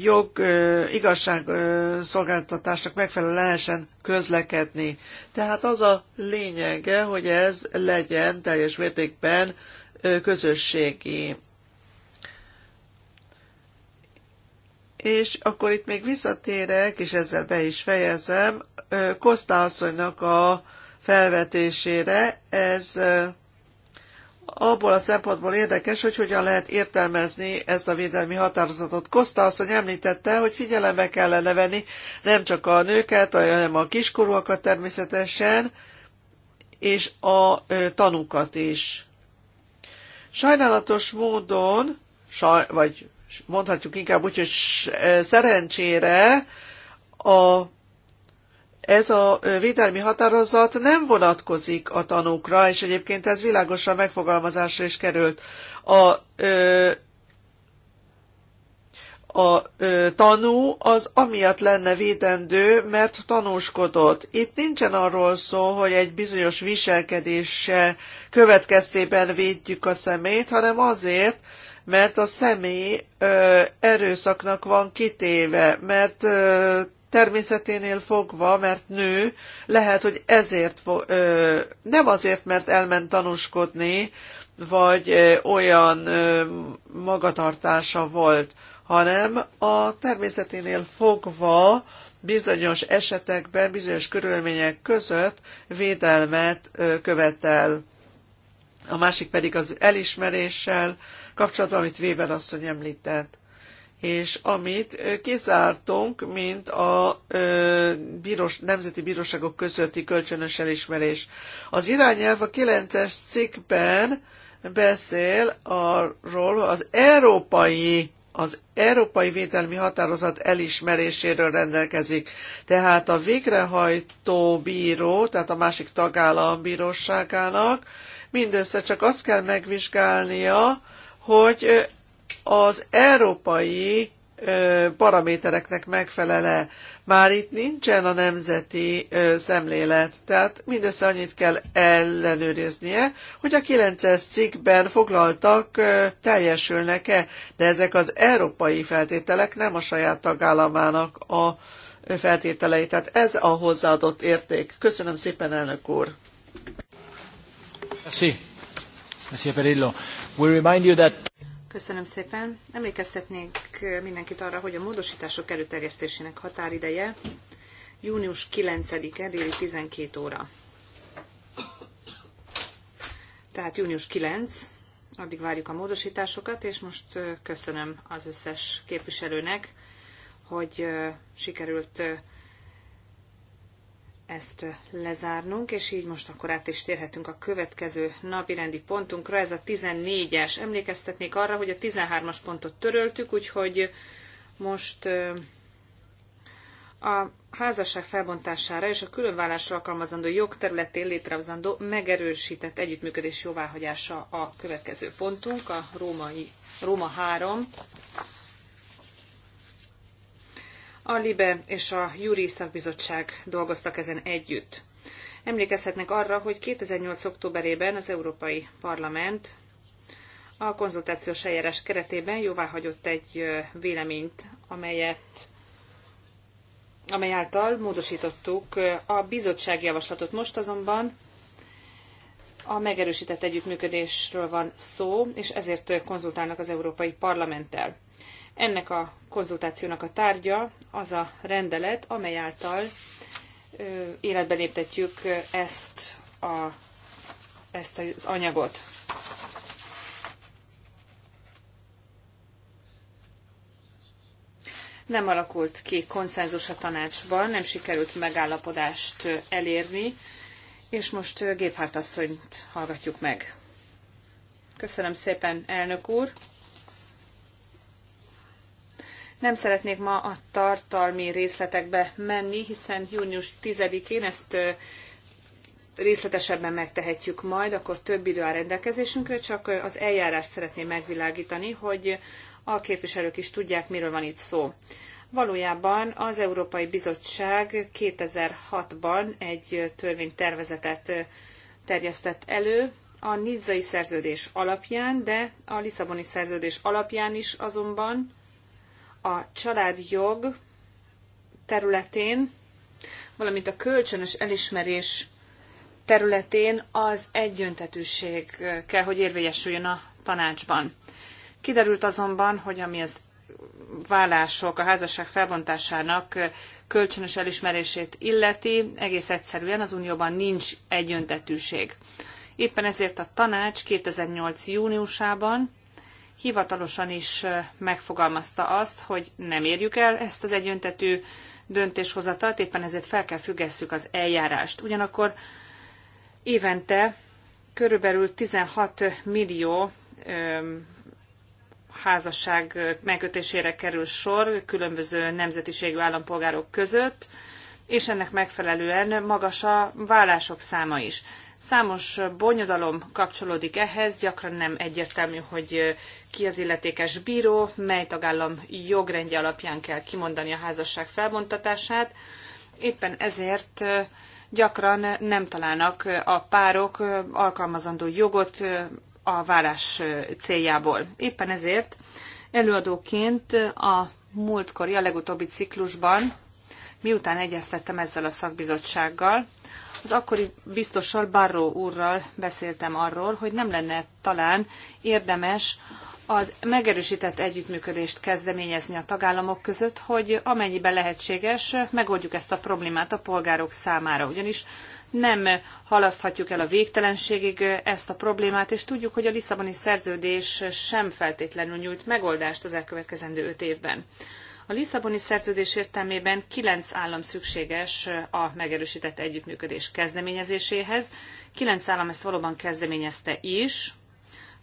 jog igazságszolgáltatásnak megfelelően lehessen közlekedni. Tehát az a lényege, hogy ez legyen teljes mértékben közösségi. És akkor itt még visszatérek, és ezzel be is fejezem, Kosztászonynak a felvetésére, ez abból a szempontból érdekes, hogy hogyan lehet értelmezni ezt a védelmi határozatot. Kosta asszony említette, hogy figyelembe kellene venni nem csak a nőket, hanem a kiskorúakat természetesen, és a tanúkat is. Sajnálatos módon, saj, vagy mondhatjuk inkább úgy, hogy szerencsére a ez a védelmi határozat nem vonatkozik a tanúkra, és egyébként ez világosan megfogalmazásra is került. A, a tanú az amiatt lenne védendő, mert tanúskodott. Itt nincsen arról szó, hogy egy bizonyos viselkedése következtében védjük a szemét, hanem azért, mert a személy ö, erőszaknak van kitéve, mert ö, természeténél fogva, mert nő, lehet, hogy ezért, nem azért, mert elment tanúskodni, vagy olyan magatartása volt, hanem a természeténél fogva bizonyos esetekben, bizonyos körülmények között védelmet követel. A másik pedig az elismeréssel kapcsolatban, amit Weber asszony említett és amit kizártunk, mint a bíros, nemzeti bíróságok közötti kölcsönös elismerés. Az irányelv a 9-es cikkben beszél arról az európai az Európai Védelmi Határozat elismeréséről rendelkezik. Tehát a végrehajtó bíró, tehát a másik tagállam bíróságának mindössze csak azt kell megvizsgálnia, hogy az európai paramétereknek megfelele. Már itt nincsen a nemzeti szemlélet, tehát mindössze annyit kell ellenőriznie, hogy a 9-es cikkben foglaltak teljesülnek-e, de ezek az európai feltételek nem a saját tagállamának a feltételei. Tehát ez a hozzáadott érték. Köszönöm szépen, elnök úr!
Sí. Monsieur Perillo, we remind you that
Köszönöm szépen. Emlékeztetnék mindenkit arra, hogy a módosítások előterjesztésének határideje június 9-e déli 12 óra. Tehát június 9, addig várjuk a módosításokat, és most köszönöm az összes képviselőnek, hogy sikerült ezt lezárnunk, és így most akkor át is térhetünk a következő napi rendi pontunkra. Ez a 14-es. Emlékeztetnék arra, hogy a 13-as pontot töröltük, úgyhogy most a házasság felbontására és a különvállásra alkalmazandó jogterületén létrehozandó megerősített együttműködés jóváhagyása a következő pontunk, a Római, Róma 3 a LIBE és a Júri Szakbizottság dolgoztak ezen együtt. Emlékezhetnek arra, hogy 2008. októberében az Európai Parlament a konzultációs eljárás keretében jóváhagyott egy véleményt, amelyet amely által módosítottuk a bizottság javaslatot. Most azonban a megerősített együttműködésről van szó, és ezért konzultálnak az Európai Parlamenttel. Ennek a konzultációnak a tárgya az a rendelet, amely által életbe léptetjük ezt, a, ezt az anyagot. Nem alakult ki konszenzus a tanácsban, nem sikerült megállapodást elérni, és most Géphárt asszonyt hallgatjuk meg. Köszönöm szépen, elnök úr! Nem szeretnék ma a tartalmi részletekbe menni, hiszen június 10-én ezt részletesebben megtehetjük majd, akkor több idő áll rendelkezésünkre, csak az eljárást szeretném megvilágítani, hogy a képviselők is tudják, miről van itt szó. Valójában az Európai Bizottság 2006-ban egy törvénytervezetet terjesztett elő, a Nizzai szerződés alapján, de a Lisszaboni szerződés alapján is azonban a családjog területén, valamint a kölcsönös elismerés területén az egyöntetűség kell, hogy érvényesüljön a tanácsban. Kiderült azonban, hogy ami az vállások a házasság felbontásának kölcsönös elismerését illeti, egész egyszerűen az Unióban nincs egyöntetűség. Éppen ezért a tanács 2008. júniusában hivatalosan is megfogalmazta azt, hogy nem érjük el ezt az egyöntetű döntéshozatalt, éppen ezért fel kell függesszük az eljárást. Ugyanakkor évente körülbelül 16 millió házasság megkötésére kerül sor különböző nemzetiségű állampolgárok között, és ennek megfelelően magas a vállások száma is. Számos bonyodalom kapcsolódik ehhez, gyakran nem egyértelmű, hogy ki az illetékes bíró, mely tagállam jogrendje alapján kell kimondani a házasság felbontatását. Éppen ezért gyakran nem találnak a párok alkalmazandó jogot a vállás céljából. Éppen ezért előadóként a múltkori, a legutóbbi ciklusban, miután egyeztettem ezzel a szakbizottsággal, az akkori biztossal, Barró úrral beszéltem arról, hogy nem lenne talán érdemes az megerősített együttműködést kezdeményezni a tagállamok között, hogy amennyiben lehetséges, megoldjuk ezt a problémát a polgárok számára. Ugyanis nem halaszthatjuk el a végtelenségig ezt a problémát, és tudjuk, hogy a Lisszaboni szerződés sem feltétlenül nyújt megoldást az elkövetkezendő öt évben. A Lisszaboni szerződés értelmében kilenc állam szükséges a megerősített együttműködés kezdeményezéséhez. Kilenc állam ezt valóban kezdeményezte is.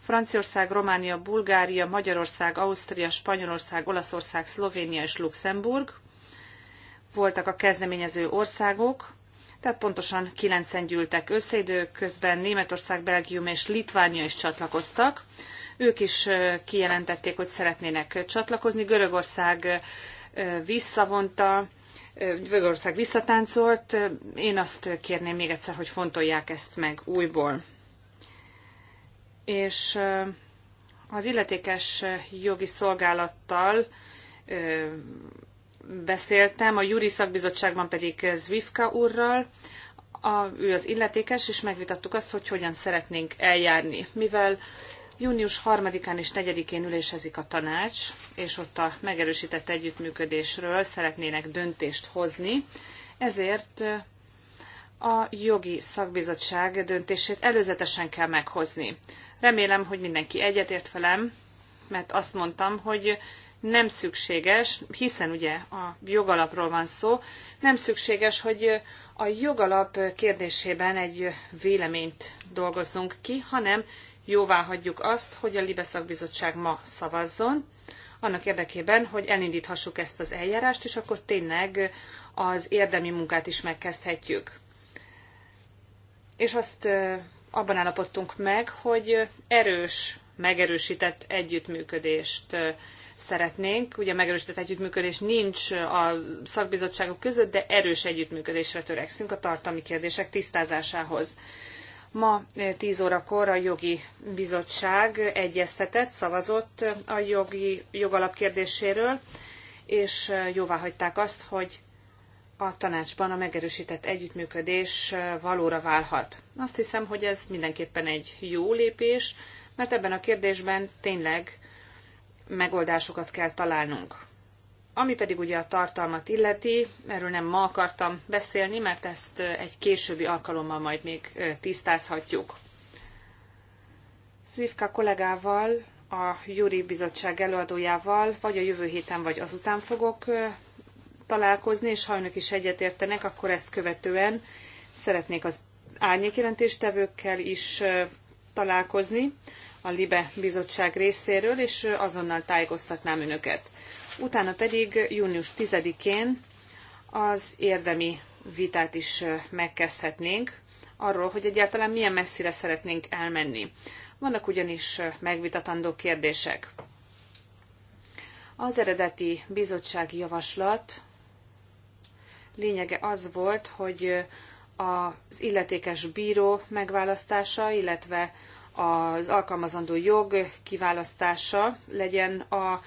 Franciaország, Románia, Bulgária, Magyarország, Ausztria, Spanyolország, Olaszország, Szlovénia és Luxemburg voltak a kezdeményező országok, tehát pontosan kilencen gyűltek össze, időközben Németország, Belgium és Litvánia is csatlakoztak. Ők is kijelentették, hogy szeretnének csatlakozni. Görögország visszavonta, Görögország visszatáncolt. Én azt kérném még egyszer, hogy fontolják ezt meg újból. És az illetékes jogi szolgálattal beszéltem, a Juri Szakbizottságban pedig Zvivka úrral, a, ő az illetékes, és megvitattuk azt, hogy hogyan szeretnénk eljárni. Mivel Június 3-án és 4-én ülésezik a tanács, és ott a megerősített együttműködésről szeretnének döntést hozni, ezért a jogi szakbizottság döntését előzetesen kell meghozni. Remélem, hogy mindenki egyetért velem, mert azt mondtam, hogy nem szükséges, hiszen ugye a jogalapról van szó, nem szükséges, hogy a jogalap kérdésében egy véleményt dolgozzunk ki, hanem jóvá hagyjuk azt, hogy a Libe szakbizottság ma szavazzon, annak érdekében, hogy elindíthassuk ezt az eljárást, és akkor tényleg az érdemi munkát is megkezdhetjük. És azt abban állapodtunk meg, hogy erős, megerősített együttműködést szeretnénk. Ugye megerősített együttműködés nincs a szakbizottságok között, de erős együttműködésre törekszünk a tartalmi kérdések tisztázásához. Ma 10 eh, órakor a jogi bizottság egyeztetett, szavazott eh, a jogi jogalap kérdéséről, és eh, jóváhagyták azt, hogy a tanácsban a megerősített együttműködés valóra válhat. Azt hiszem, hogy ez mindenképpen egy jó lépés, mert ebben a kérdésben tényleg megoldásokat kell találnunk. Ami pedig ugye a tartalmat illeti, erről nem ma akartam beszélni, mert ezt egy későbbi alkalommal majd még tisztázhatjuk. Szvivka kollégával, a Júri Bizottság előadójával vagy a jövő héten, vagy azután fogok találkozni, és ha önök is egyetértenek, akkor ezt követően szeretnék az árnyékjelentéstevőkkel is találkozni a LIBE bizottság részéről, és azonnal tájékoztatnám önöket utána pedig június 10-én az érdemi vitát is megkezdhetnénk arról, hogy egyáltalán milyen messzire szeretnénk elmenni. Vannak ugyanis megvitatandó kérdések. Az eredeti bizottsági javaslat lényege az volt, hogy az illetékes bíró megválasztása, illetve az alkalmazandó jog kiválasztása legyen a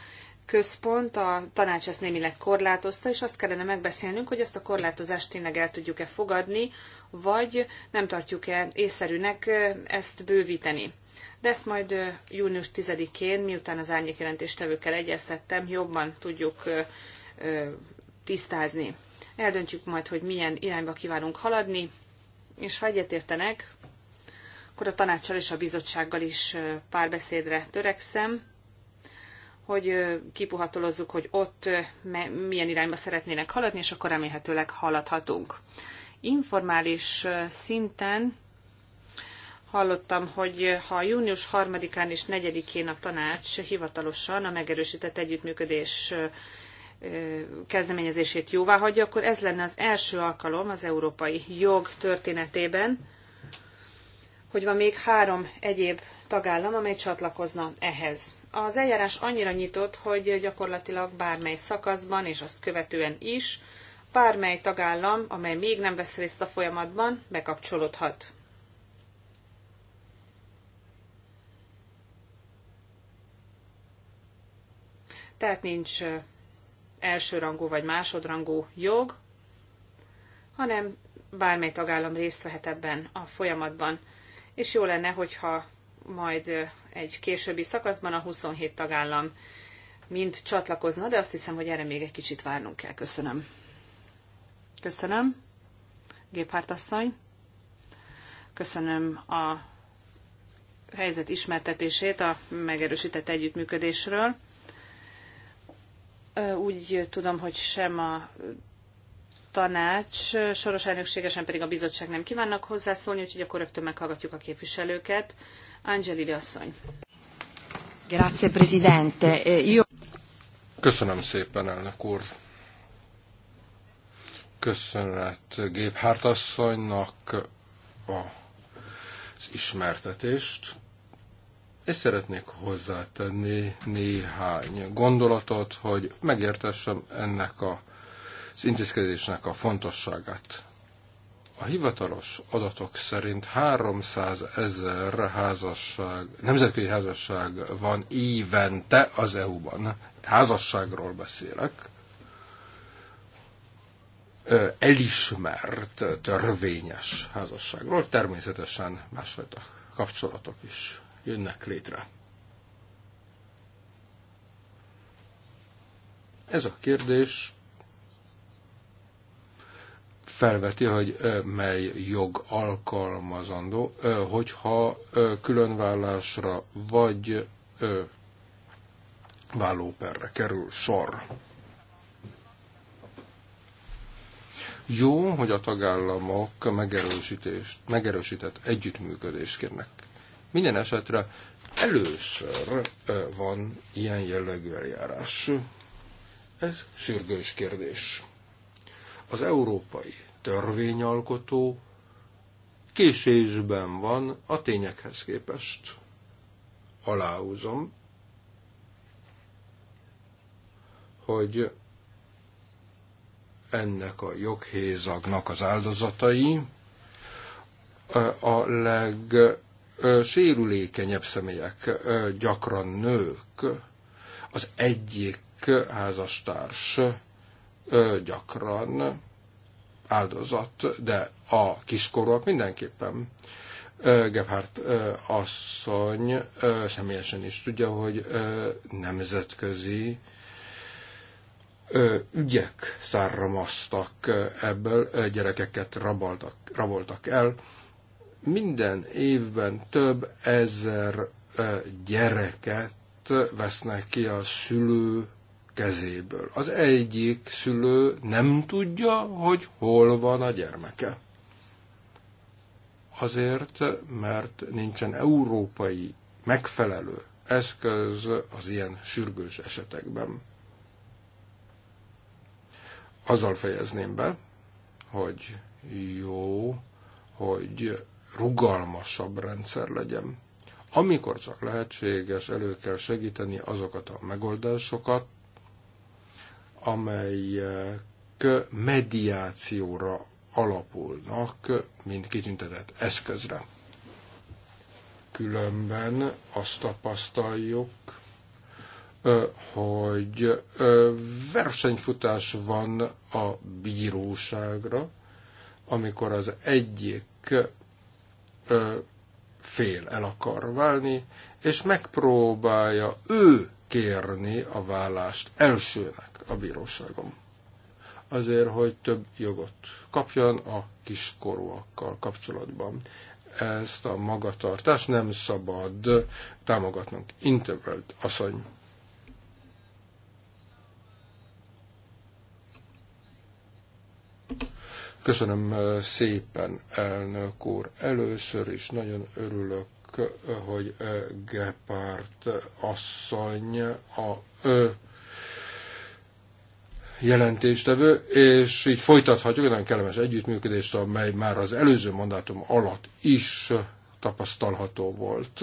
központ, a tanács ezt némileg korlátozta, és azt kellene megbeszélnünk, hogy ezt a korlátozást tényleg el tudjuk-e fogadni, vagy nem tartjuk-e észszerűnek ezt bővíteni. De ezt majd június 10-én, miután az árnyékjelentéstevőkkel egyeztettem, jobban tudjuk tisztázni. Eldöntjük majd, hogy milyen irányba kívánunk haladni, és ha egyetértenek, akkor a tanácssal és a bizottsággal is párbeszédre törekszem, hogy kipuhatolozzuk, hogy ott milyen irányba szeretnének haladni, és akkor remélhetőleg haladhatunk. Informális szinten hallottam, hogy ha június 3-án és 4-én a tanács hivatalosan a megerősített együttműködés kezdeményezését jóvá hagyja, akkor ez lenne az első alkalom az európai jog történetében, hogy van még három egyéb tagállam, amely csatlakozna ehhez az eljárás annyira nyitott, hogy gyakorlatilag bármely szakaszban, és azt követően is, bármely tagállam, amely még nem vesz részt a folyamatban, bekapcsolódhat. Tehát nincs elsőrangú vagy másodrangú jog, hanem bármely tagállam részt vehet ebben a folyamatban. És jó lenne, hogyha majd egy későbbi szakaszban a 27 tagállam mind csatlakozna, de azt hiszem, hogy erre még egy kicsit várnunk kell. Köszönöm. Köszönöm, Géphárt asszony. Köszönöm a helyzet ismertetését a megerősített együttműködésről. Úgy tudom, hogy sem a tanács, soros elnökségesen pedig a bizottság nem kívánnak hozzászólni, úgyhogy akkor rögtön meghallgatjuk a képviselőket. Angelili asszony. Grazie, Presidente. Eh, io...
Köszönöm szépen, elnök úr. Köszönet Géphárt asszonynak az ismertetést, és szeretnék hozzátenni néhány gondolatot, hogy megértessem ennek a, az intézkedésnek a fontosságát. A hivatalos adatok szerint 300 ezer házasság, nemzetközi házasság van évente az EU-ban. Házasságról beszélek. Elismert, törvényes házasságról. Természetesen másfajta kapcsolatok is jönnek létre. Ez a kérdés felveti, hogy mely jog alkalmazandó, hogyha különvállásra vagy vállóperre kerül sor. Jó, hogy a tagállamok megerősítést, megerősített együttműködést kérnek. Minden esetre először van ilyen jellegű eljárás. Ez sürgős kérdés. Az európai törvényalkotó késésben van a tényekhez képest. Aláhúzom, hogy ennek a joghézagnak az áldozatai a legsérülékenyebb személyek, gyakran nők, az egyik házastárs gyakran áldozat, de a kiskorúak mindenképpen. Gebhardt asszony személyesen is tudja, hogy nemzetközi ügyek származtak ebből, gyerekeket raboltak, raboltak el. Minden évben több ezer gyereket vesznek ki a szülő kezéből. Az egyik szülő nem tudja, hogy hol van a gyermeke. Azért, mert nincsen európai megfelelő eszköz az ilyen sürgős esetekben. Azzal fejezném be, hogy jó, hogy rugalmasabb rendszer legyen. Amikor csak lehetséges, elő kell segíteni azokat a megoldásokat, amelyek eh, mediációra alapulnak, mint kitüntetett eszközre. Különben azt tapasztaljuk, eh, hogy eh, versenyfutás van a bíróságra, amikor az egyik fél el akar válni, és megpróbálja ő kérni a vállást elsőnek a bíróságon. Azért, hogy több jogot kapjon a kiskorúakkal kapcsolatban. Ezt a magatartást nem szabad támogatnunk. Intervelt asszony. Köszönöm szépen, elnök úr. Először is nagyon örülök hogy Gepárt asszony a ö, jelentéstevő, és így folytathatjuk egy nagyon kellemes együttműködést, amely már az előző mandátum alatt is tapasztalható volt.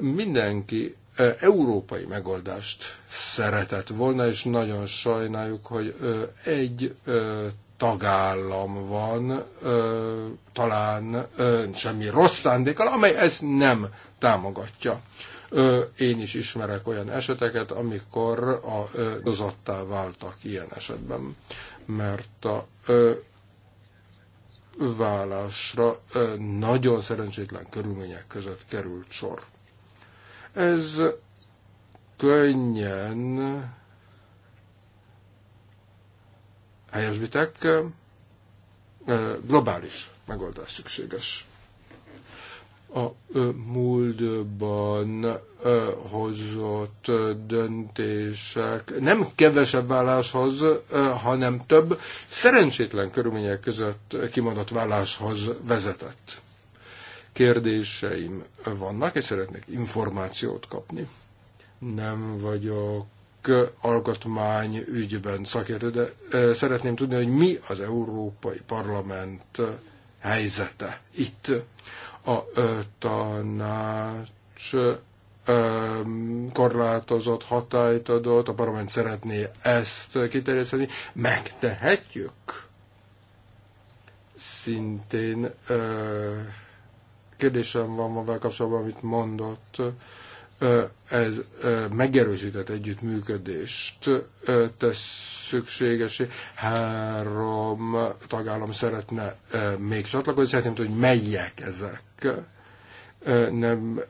Mindenki európai megoldást szeretett volna, és nagyon sajnáljuk, hogy egy tagállam van, ö, talán ö, semmi rossz szándékkal, amely ezt nem támogatja. Ö, én is ismerek olyan eseteket, amikor a dozottá váltak ilyen esetben, mert a ö, vállásra ö, nagyon szerencsétlen körülmények között került sor. Ez könnyen helyesbitek, globális megoldás szükséges. A múltban hozott döntések nem kevesebb válláshoz, hanem több szerencsétlen körülmények között kimondott válláshoz vezetett. Kérdéseim vannak, és szeretnék információt kapni. Nem vagyok alkotmány ügyben szakértő, de szeretném tudni, hogy mi az Európai Parlament helyzete itt. A tanács korlátozott hatályt adott, a parlament szeretné ezt kiterjeszteni, megtehetjük. Szintén kérdésem van vele kapcsolatban, amit mondott ez megerősített együttműködést tesz szükségesé. Három tagállam szeretne még csatlakozni, szeretném tudni, hogy melyek ezek. Nem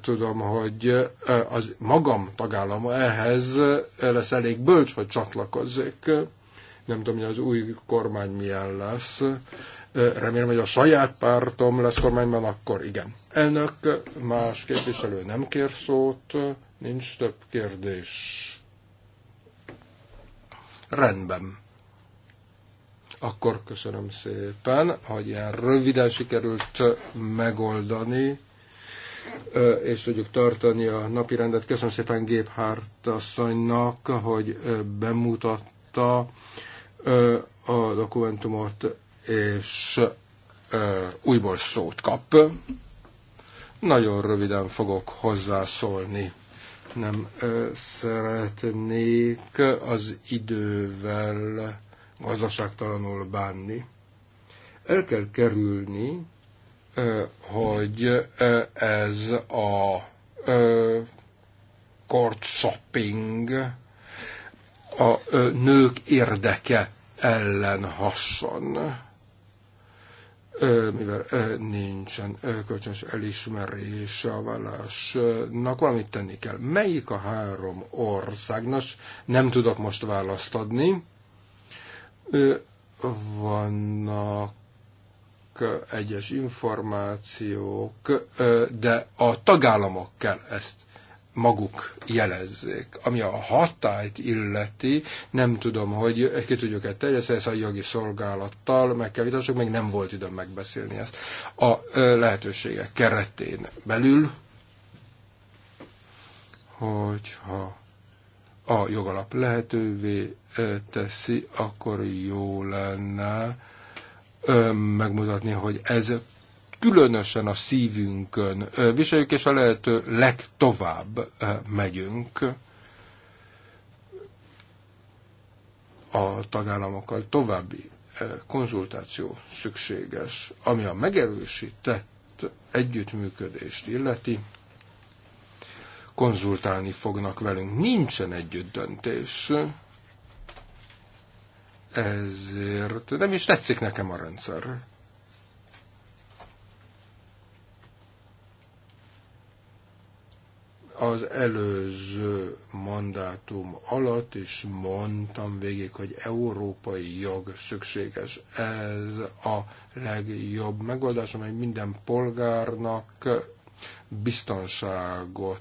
tudom, hogy az magam tagállama ehhez lesz elég bölcs, hogy csatlakozzék. Nem tudom, hogy az új kormány milyen lesz. Remélem, hogy a saját pártom lesz kormányban, akkor igen. Elnök, más képviselő nem kér szót, nincs több kérdés. Rendben. Akkor köszönöm szépen, hogy ilyen röviden sikerült megoldani és tudjuk tartani a napi rendet. Köszönöm szépen Géphárt asszonynak, hogy bemutatta a dokumentumot és újból szót kap. Nagyon röviden fogok hozzászólni. Nem szeretnék az idővel gazdaságtalanul bánni. El kell kerülni, hogy ez a court shopping a nők érdeke ellen hasson mivel nincsen kölcsönös elismerés a vallásnak, valamit tenni kell. Melyik a három ország? Nos, nem tudok most választ adni. Vannak egyes információk, de a tagállamok kell ezt maguk jelezzék. Ami a hatályt illeti, nem tudom, hogy ki tudjuk-e terjeszteni, ezt a jogi szolgálattal meg kell vitassuk, még nem volt időm megbeszélni ezt. A lehetőségek keretén belül, hogyha a jogalap lehetővé teszi, akkor jó lenne megmutatni, hogy ez különösen a szívünkön viseljük, és a lehető legtovább megyünk a tagállamokkal. További konzultáció szükséges, ami a megerősített együttműködést illeti, konzultálni fognak velünk. Nincsen együtt döntés. Ezért nem is tetszik nekem a rendszer. az előző mandátum alatt is mondtam végig, hogy európai jog szükséges. Ez a legjobb megoldás, amely minden polgárnak biztonságot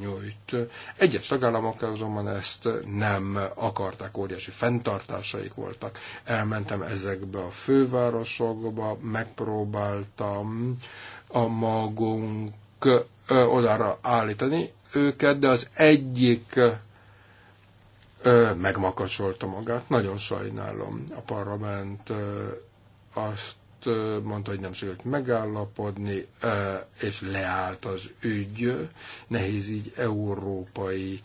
nyújt. Egyes tagállamok azonban ezt nem akarták, óriási fenntartásaik voltak. Elmentem ezekbe a fővárosokba, megpróbáltam a magunk odára állítani őket, de az egyik megmakacsolta magát. Nagyon sajnálom. A parlament azt mondta, hogy nem sikerült megállapodni, és leállt az ügy. Nehéz így európai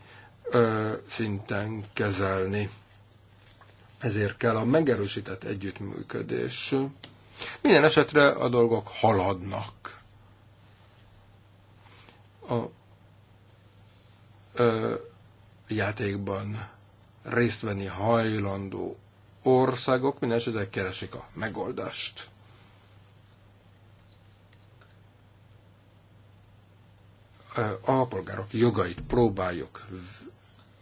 szinten kezelni. Ezért kell a megerősített együttműködés. Minden esetre a dolgok haladnak a ö, játékban részt venni hajlandó országok minden esetre keresik a megoldást. A polgárok jogait próbáljuk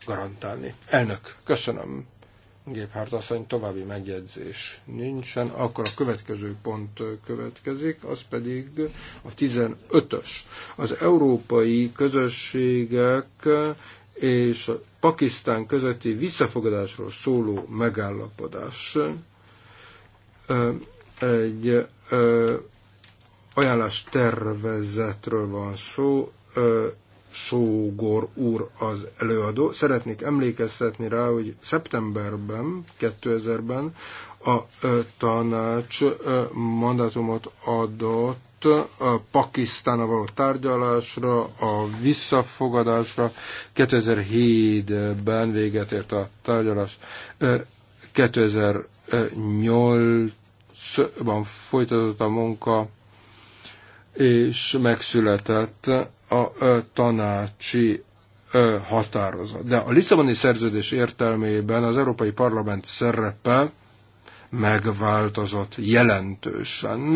garantálni. Elnök, köszönöm. Géphárt asszony további megjegyzés nincsen, akkor a következő pont következik, az pedig a 15-ös. Az európai közösségek és a Pakisztán közötti visszafogadásról szóló megállapodás egy ajánlás tervezetről van szó, Sógor úr az előadó. Szeretnék emlékeztetni rá, hogy szeptemberben, 2000-ben a tanács mandátumot adott a Pakisztána való tárgyalásra, a visszafogadásra. 2007-ben véget ért a tárgyalás. 2008-ban folytatott a munka, és megszületett a tanácsi határozat. De a Lisszaboni szerződés értelmében az Európai Parlament szerepe megváltozott jelentősen.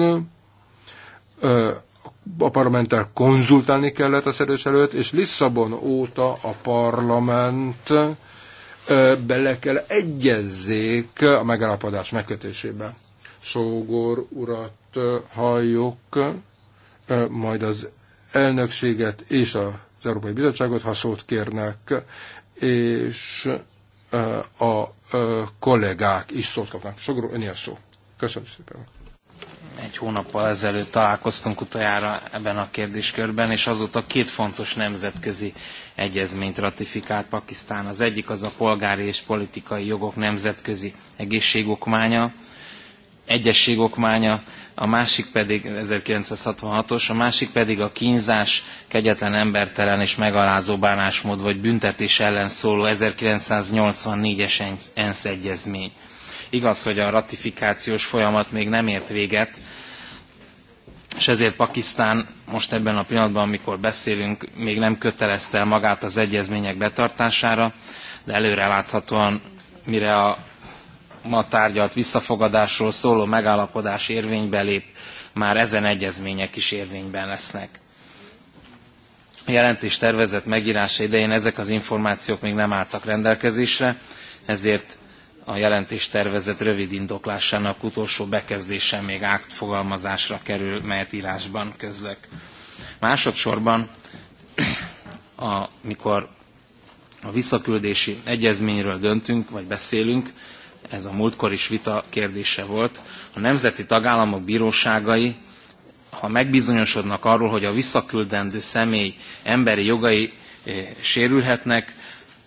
A parlamenttel konzultálni kellett a szerződés előtt, és Lisszabon óta a parlament bele kell egyezzék a megállapodás megkötésébe. Sógor urat halljuk, majd az elnökséget és az Európai Bizottságot, ha szót kérnek, és eh, a eh,
kollégák is szót kapnak. Sogró, öné a szó. Köszönöm szépen. Egy hónappal ezelőtt találkoztunk utoljára ebben a kérdéskörben, és azóta két fontos nemzetközi egyezményt ratifikált Pakisztán. Az egyik az a polgári és politikai jogok nemzetközi egészségokmánya, egyességokmánya, a másik pedig 1966-os, a másik pedig a kínzás, kegyetlen embertelen és megalázó bánásmód vagy büntetés ellen szóló 1984-es ENSZ egyezmény. Igaz, hogy a ratifikációs folyamat még nem ért véget, és ezért Pakisztán most ebben a pillanatban, amikor beszélünk, még nem kötelezte magát az egyezmények betartására, de előreláthatóan, mire a ma tárgyalt visszafogadásról szóló megállapodás érvénybe lép, már ezen egyezmények is érvényben lesznek. A jelentés tervezett megírása idején ezek az információk még nem álltak rendelkezésre, ezért a jelentés tervezett rövid indoklásának utolsó bekezdése még átfogalmazásra kerül, melyet írásban közlök. Másodszorban, amikor a visszaküldési egyezményről döntünk, vagy beszélünk, ez a múltkor is vita kérdése volt, a nemzeti tagállamok bíróságai, ha megbizonyosodnak arról, hogy a visszaküldendő személy emberi jogai eh, sérülhetnek,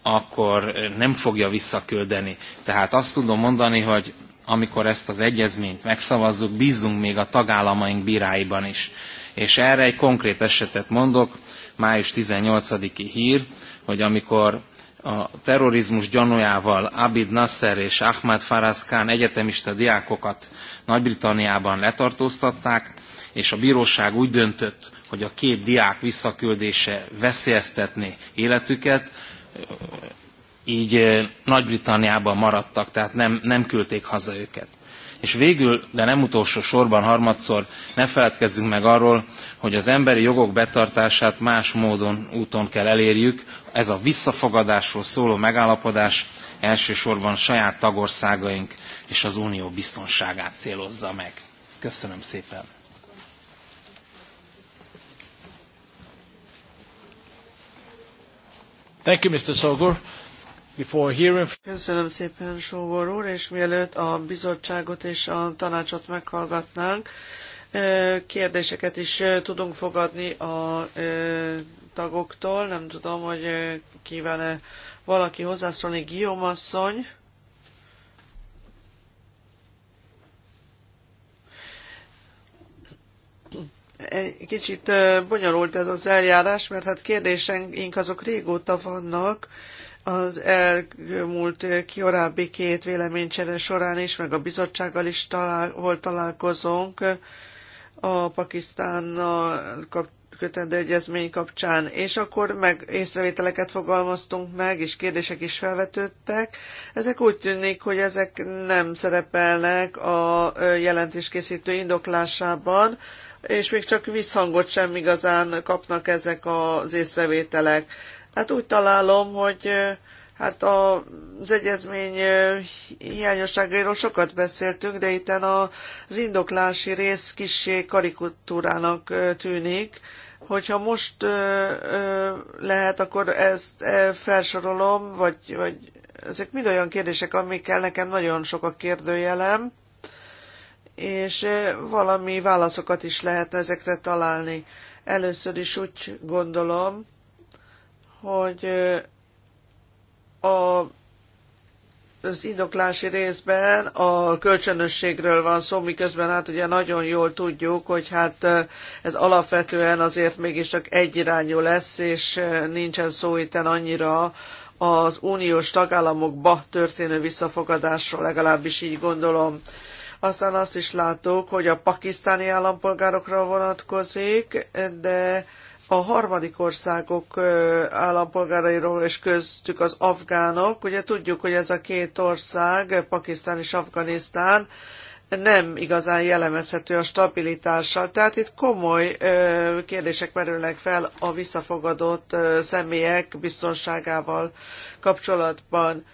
akkor eh, nem fogja visszaküldeni. Tehát azt tudom mondani, hogy amikor ezt az egyezményt megszavazzuk, bízunk még a tagállamaink bíráiban is. És erre egy konkrét esetet mondok, május 18-i hír, hogy amikor a terrorizmus gyanújával Abid Nasser és Ahmad Faraz Khan egyetemista diákokat Nagy-Britanniában letartóztatták, és a bíróság úgy döntött, hogy a két diák visszaküldése veszélyeztetné életüket, így Nagy-Britanniában maradtak, tehát nem, nem küldték haza őket. És végül, de nem utolsó sorban harmadszor ne feledkezzünk meg arról, hogy az emberi jogok betartását más módon, úton kell elérjük, ez a visszafogadásról szóló megállapodás elsősorban saját tagországaink és az unió biztonságát célozza meg. Köszönöm szépen! Thank you, Mr. Sogor. Before hearing...
Köszönöm szépen, Sogor úr, és mielőtt a bizottságot és a tanácsot meghallgatnánk, kérdéseket is tudunk fogadni a tagoktól. Nem tudom, hogy kíván-e valaki hozzászólni. Guillaume asszony. Kicsit bonyolult ez az eljárás, mert hát kérdéseink azok régóta vannak, az elmúlt korábbi két véleménycsere során is, meg a bizottsággal is talál, hol találkozunk, a Pakisztánnal kötendő egyezmény kapcsán, és akkor meg észrevételeket fogalmaztunk meg, és kérdések is felvetődtek. Ezek úgy tűnik, hogy ezek nem szerepelnek a jelentéskészítő indoklásában, és még csak visszhangot sem igazán kapnak ezek az észrevételek. Hát úgy találom, hogy Hát az egyezmény hiányosságairól sokat beszéltünk, de itten az indoklási rész kissé karikatúrának tűnik. Hogyha most lehet, akkor ezt felsorolom, vagy, vagy ezek mind olyan kérdések, amikkel nekem nagyon sok a kérdőjelem, és valami válaszokat is lehet ezekre találni. Először is úgy gondolom, hogy a az indoklási részben a kölcsönösségről van szó, miközben hát ugye nagyon jól tudjuk, hogy hát ez alapvetően azért mégiscsak egyirányú lesz, és nincsen szó itten annyira az uniós tagállamokba történő visszafogadásról, legalábbis így gondolom. Aztán azt is látok, hogy a pakisztáni állampolgárokra vonatkozik, de a harmadik országok állampolgárairól és köztük az afgánok. Ugye tudjuk, hogy ez a két ország, Pakisztán és Afganisztán, nem igazán jellemezhető a stabilitással. Tehát itt komoly kérdések merülnek fel a visszafogadott személyek biztonságával kapcsolatban.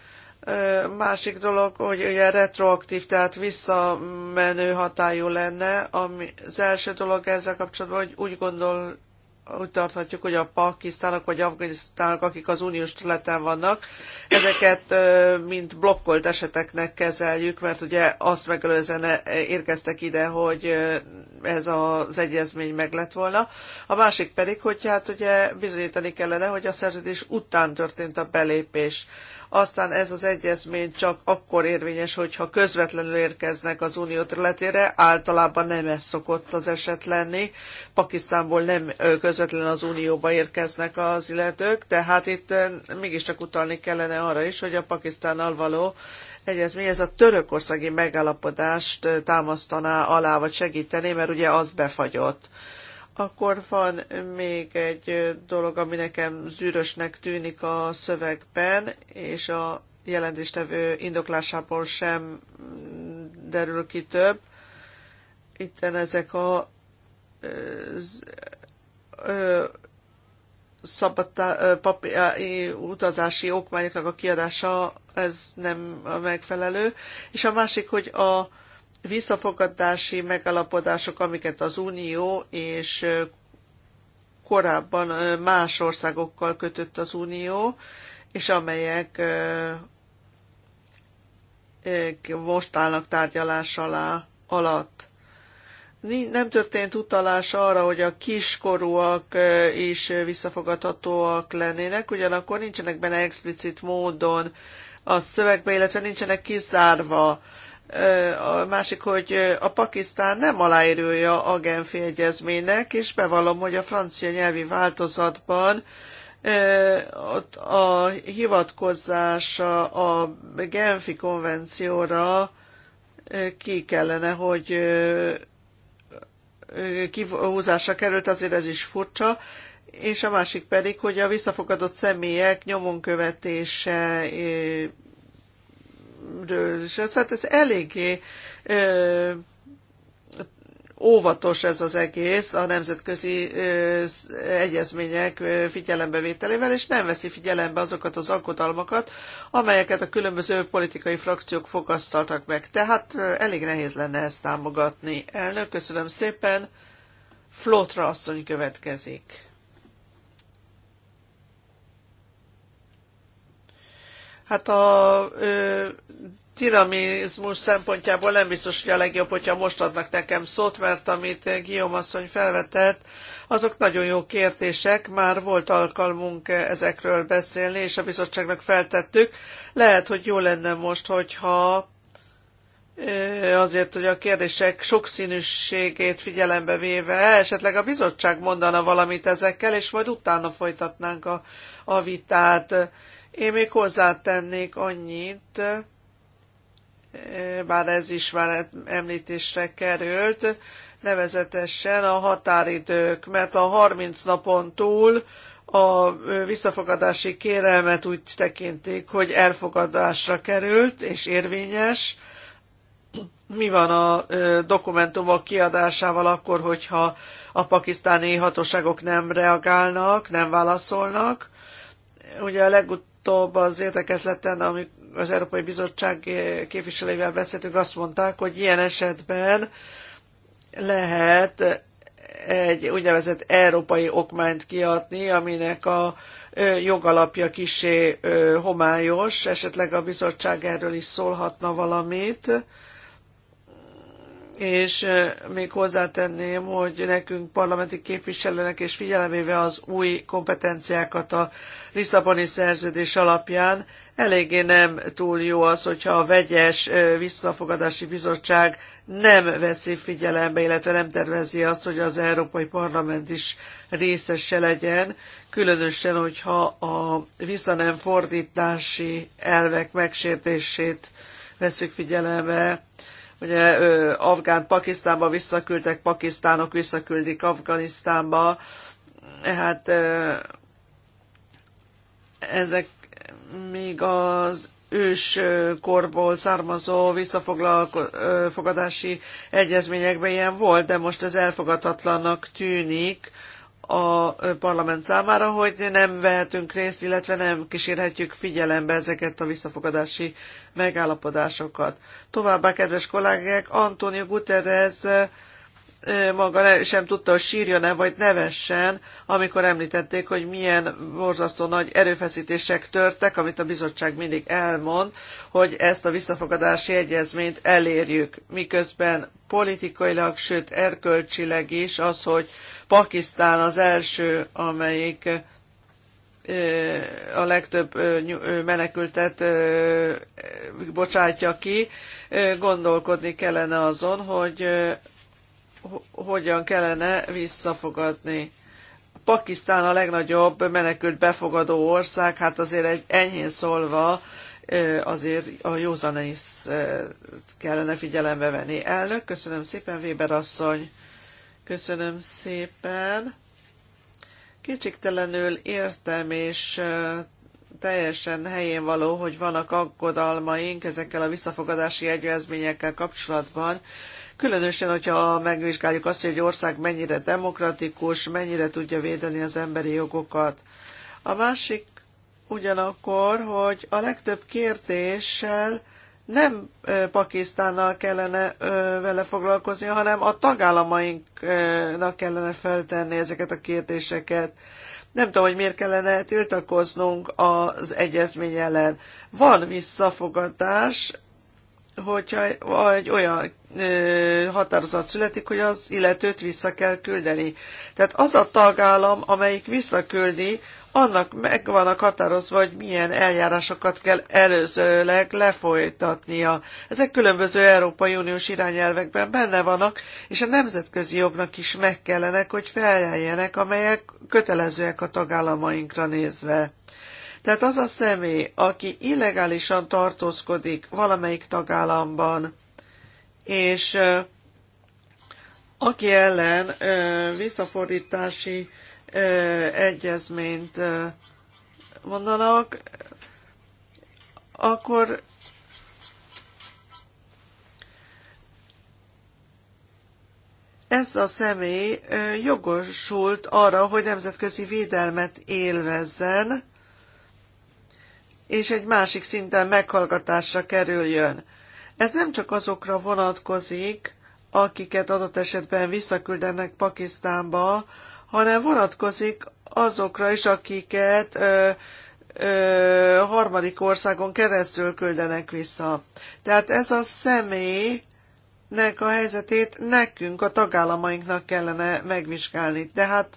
Másik dolog, hogy ugye retroaktív, tehát visszamenő hatályú lenne. Ami, az első dolog ezzel kapcsolatban, hogy úgy gondol, úgy tarthatjuk, hogy a pakisztánok vagy afganisztánok, akik az uniós területen vannak, ezeket mint blokkolt eseteknek kezeljük, mert ugye azt megelőzően érkeztek ide, hogy ez az egyezmény meg lett volna. A másik pedig, hogy hát ugye bizonyítani kellene, hogy a szerződés után történt a belépés. Aztán ez az egyezmény csak akkor érvényes, hogyha közvetlenül érkeznek az unió területére, általában nem ez szokott az eset lenni. Pakisztánból nem közvetlenül az unióba érkeznek az illetők, tehát itt mégiscsak utalni kellene arra is, hogy a Pakisztánnal való egyezmény, ez a törökországi megállapodást támasztaná alá, vagy segítené, mert ugye az befagyott. Akkor van még egy dolog, ami nekem zűrösnek tűnik a szövegben, és a jelentéstevő indoklásából sem derül ki több. Itten ezek a szabadtá, papír, utazási okmányoknak a kiadása ez nem megfelelő, és a másik, hogy a visszafogadási megalapodások, amiket az Unió és korábban más országokkal kötött az Unió, és amelyek most állnak tárgyalás alá, alatt nem történt utalás arra, hogy a kiskorúak is visszafogadhatóak lennének, ugyanakkor nincsenek benne explicit módon a szövegbe, illetve nincsenek kizárva. A másik, hogy a Pakisztán nem aláírója a Genfi egyezménynek, és bevallom, hogy a francia nyelvi változatban a hivatkozása a Genfi konvencióra ki kellene, hogy kihúzásra került, azért ez is furcsa, és a másik pedig, hogy a visszafogadott személyek nyomonkövetése és hát ez eléggé óvatos ez az egész a nemzetközi egyezmények figyelembevételével, és nem veszi figyelembe azokat az aggodalmakat, amelyeket a különböző politikai frakciók fogasztaltak meg. Tehát elég nehéz lenne ezt támogatni. Elnök, köszönöm szépen. Flótra asszony következik. Hát a ö, dinamizmus szempontjából nem biztos, hogy a legjobb, hogyha most adnak nekem szót, mert amit Guillaume asszony felvetett, azok nagyon jó kérdések, már volt alkalmunk ezekről beszélni, és a bizottságnak feltettük. Lehet, hogy jó lenne most, hogyha azért, hogy a kérdések sokszínűségét figyelembe véve esetleg a bizottság mondana valamit ezekkel, és majd utána folytatnánk a, a vitát. Én még hozzátennék annyit, Eh, bár ez is már említésre került, nevezetesen a határidők, mert a 30 napon túl a visszafogadási kérelmet úgy tekintik, hogy elfogadásra került és érvényes. Mi van a dokumentumok kiadásával akkor, hogyha a pakisztáni hatóságok nem reagálnak, nem válaszolnak? Ugye a legutóbb az értekezleten, ami az Európai Bizottság képviselőivel beszéltünk, azt mondták, hogy ilyen esetben lehet egy úgynevezett európai okmányt kiadni, aminek a jogalapja kisé homályos, esetleg a bizottság erről is szólhatna valamit, és még hozzátenném, hogy nekünk parlamenti képviselőnek és figyelemével az új kompetenciákat a Lisszaboni szerződés alapján eléggé nem túl jó az, hogyha a vegyes visszafogadási bizottság nem veszi figyelembe, illetve nem tervezi azt, hogy az Európai Parlament is részese legyen, különösen, hogyha a visszanem fordítási elvek megsértését veszük figyelembe. Ugye Afgán Pakisztánba visszaküldtek, Pakisztánok visszaküldik Afganisztánba. Hát ezek még az őskorból származó visszafogadási egyezményekben ilyen volt, de most ez elfogadhatatlannak tűnik a parlament számára, hogy nem vehetünk részt, illetve nem kísérhetjük figyelembe ezeket a visszafogadási megállapodásokat. Továbbá, kedves kollégák, Antonio Guterres maga sem tudta, hogy sírjon-e vagy nevessen, amikor említették, hogy milyen borzasztó nagy erőfeszítések törtek, amit a bizottság mindig elmond, hogy ezt a visszafogadási egyezményt elérjük, miközben politikailag, sőt erkölcsileg is az, hogy Pakisztán az első, amelyik a legtöbb menekültet bocsátja ki, gondolkodni kellene azon, hogy hogyan kellene visszafogadni. Pakisztán a legnagyobb menekült befogadó ország, hát azért egy enyhén szólva azért a józanész kellene figyelembe venni. Elnök, köszönöm szépen, Weber asszony, köszönöm szépen. Kicsiktelenül értem, és teljesen helyén való, hogy vannak aggodalmaink ezekkel a visszafogadási egyezményekkel kapcsolatban, Különösen, hogyha megvizsgáljuk azt, hogy egy ország mennyire demokratikus, mennyire tudja védeni az emberi jogokat. A másik ugyanakkor, hogy a legtöbb kérdéssel nem Pakisztánnal kellene vele foglalkozni, hanem a tagállamainknak kellene feltenni ezeket a kérdéseket. Nem tudom, hogy miért kellene tiltakoznunk az egyezmény ellen. Van visszafogatás, hogyha egy olyan határozat születik, hogy az illetőt vissza kell küldeni. Tehát az a tagállam, amelyik visszaküldi, annak meg a határozva, hogy milyen eljárásokat kell előzőleg lefolytatnia. Ezek különböző Európai Uniós irányelvekben benne vannak, és a nemzetközi jognak is meg kellene, hogy feljeljenek, amelyek kötelezőek a tagállamainkra nézve. Tehát az a személy, aki illegálisan tartózkodik valamelyik tagállamban, és aki ellen visszafordítási egyezményt mondanak, akkor ez a személy jogosult arra, hogy nemzetközi védelmet élvezzen, és egy másik szinten meghallgatásra kerüljön. Ez nem csak azokra vonatkozik, akiket adott esetben visszaküldenek Pakisztánba, hanem vonatkozik azokra is, akiket ö, ö, harmadik országon keresztül küldenek vissza. Tehát ez a személynek nek a helyzetét nekünk, a tagállamainknak kellene megvizsgálni. Tehát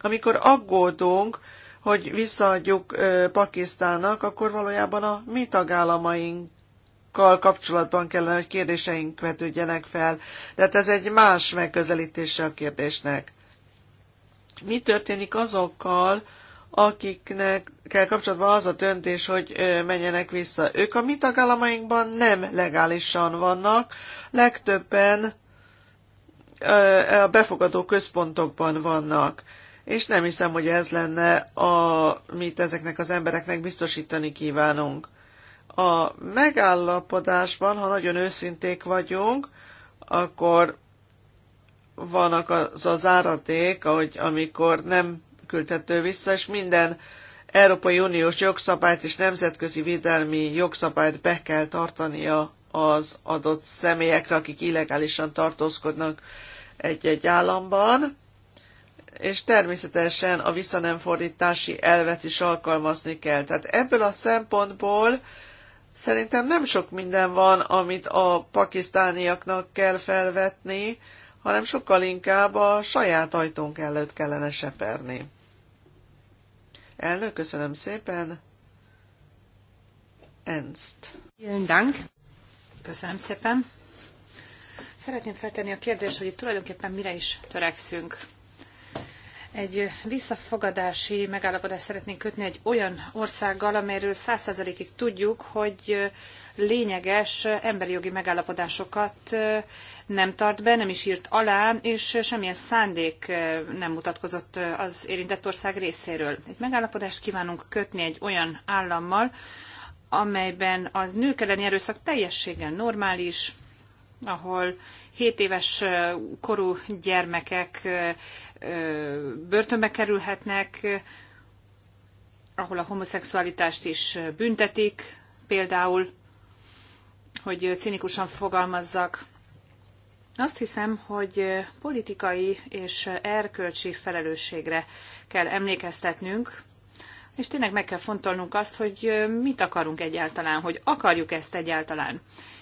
amikor aggódunk, hogy visszaadjuk Pakisztánnak, akkor valójában a mi tagállamaink azokkal kapcsolatban kellene, hogy kérdéseink vetődjenek fel. Tehát ez egy más megközelítése a kérdésnek. Mi történik azokkal, akiknek kell kapcsolatban az a döntés, hogy menjenek vissza. Ők a mi tagállamainkban nem legálisan vannak, legtöbben a befogadó központokban vannak. És nem hiszem, hogy ez lenne, amit ezeknek az embereknek biztosítani kívánunk. A megállapodásban, ha nagyon őszinték vagyunk, akkor vannak az a záraték, ahogy amikor nem küldhető vissza, és minden Európai Uniós jogszabályt és nemzetközi védelmi jogszabályt be kell tartania az adott személyekre, akik illegálisan tartózkodnak egy-egy államban, és természetesen a visszanemfordítási elvet is alkalmazni kell. Tehát ebből a szempontból Szerintem nem sok minden van, amit a pakisztániaknak kell felvetni, hanem sokkal inkább a saját ajtónk előtt kellene seperni. Elnök, köszönöm szépen.
Ernst. dank. Köszönöm szépen. Szeretném feltenni a kérdést, hogy itt tulajdonképpen mire is törekszünk egy visszafogadási megállapodást szeretnénk kötni egy olyan országgal, amelyről száz tudjuk, hogy lényeges emberi jogi megállapodásokat nem tart be, nem is írt alá, és semmilyen szándék nem mutatkozott az érintett ország részéről. Egy megállapodást kívánunk kötni egy olyan állammal, amelyben az nők elleni erőszak teljességgel normális, ahol 7 éves korú gyermekek börtönbe kerülhetnek, ahol a homoszexualitást is büntetik, például, hogy cinikusan fogalmazzak. Azt hiszem, hogy politikai és erkölcsi felelősségre kell emlékeztetnünk, és tényleg meg kell fontolnunk azt, hogy mit akarunk egyáltalán, hogy akarjuk ezt egyáltalán.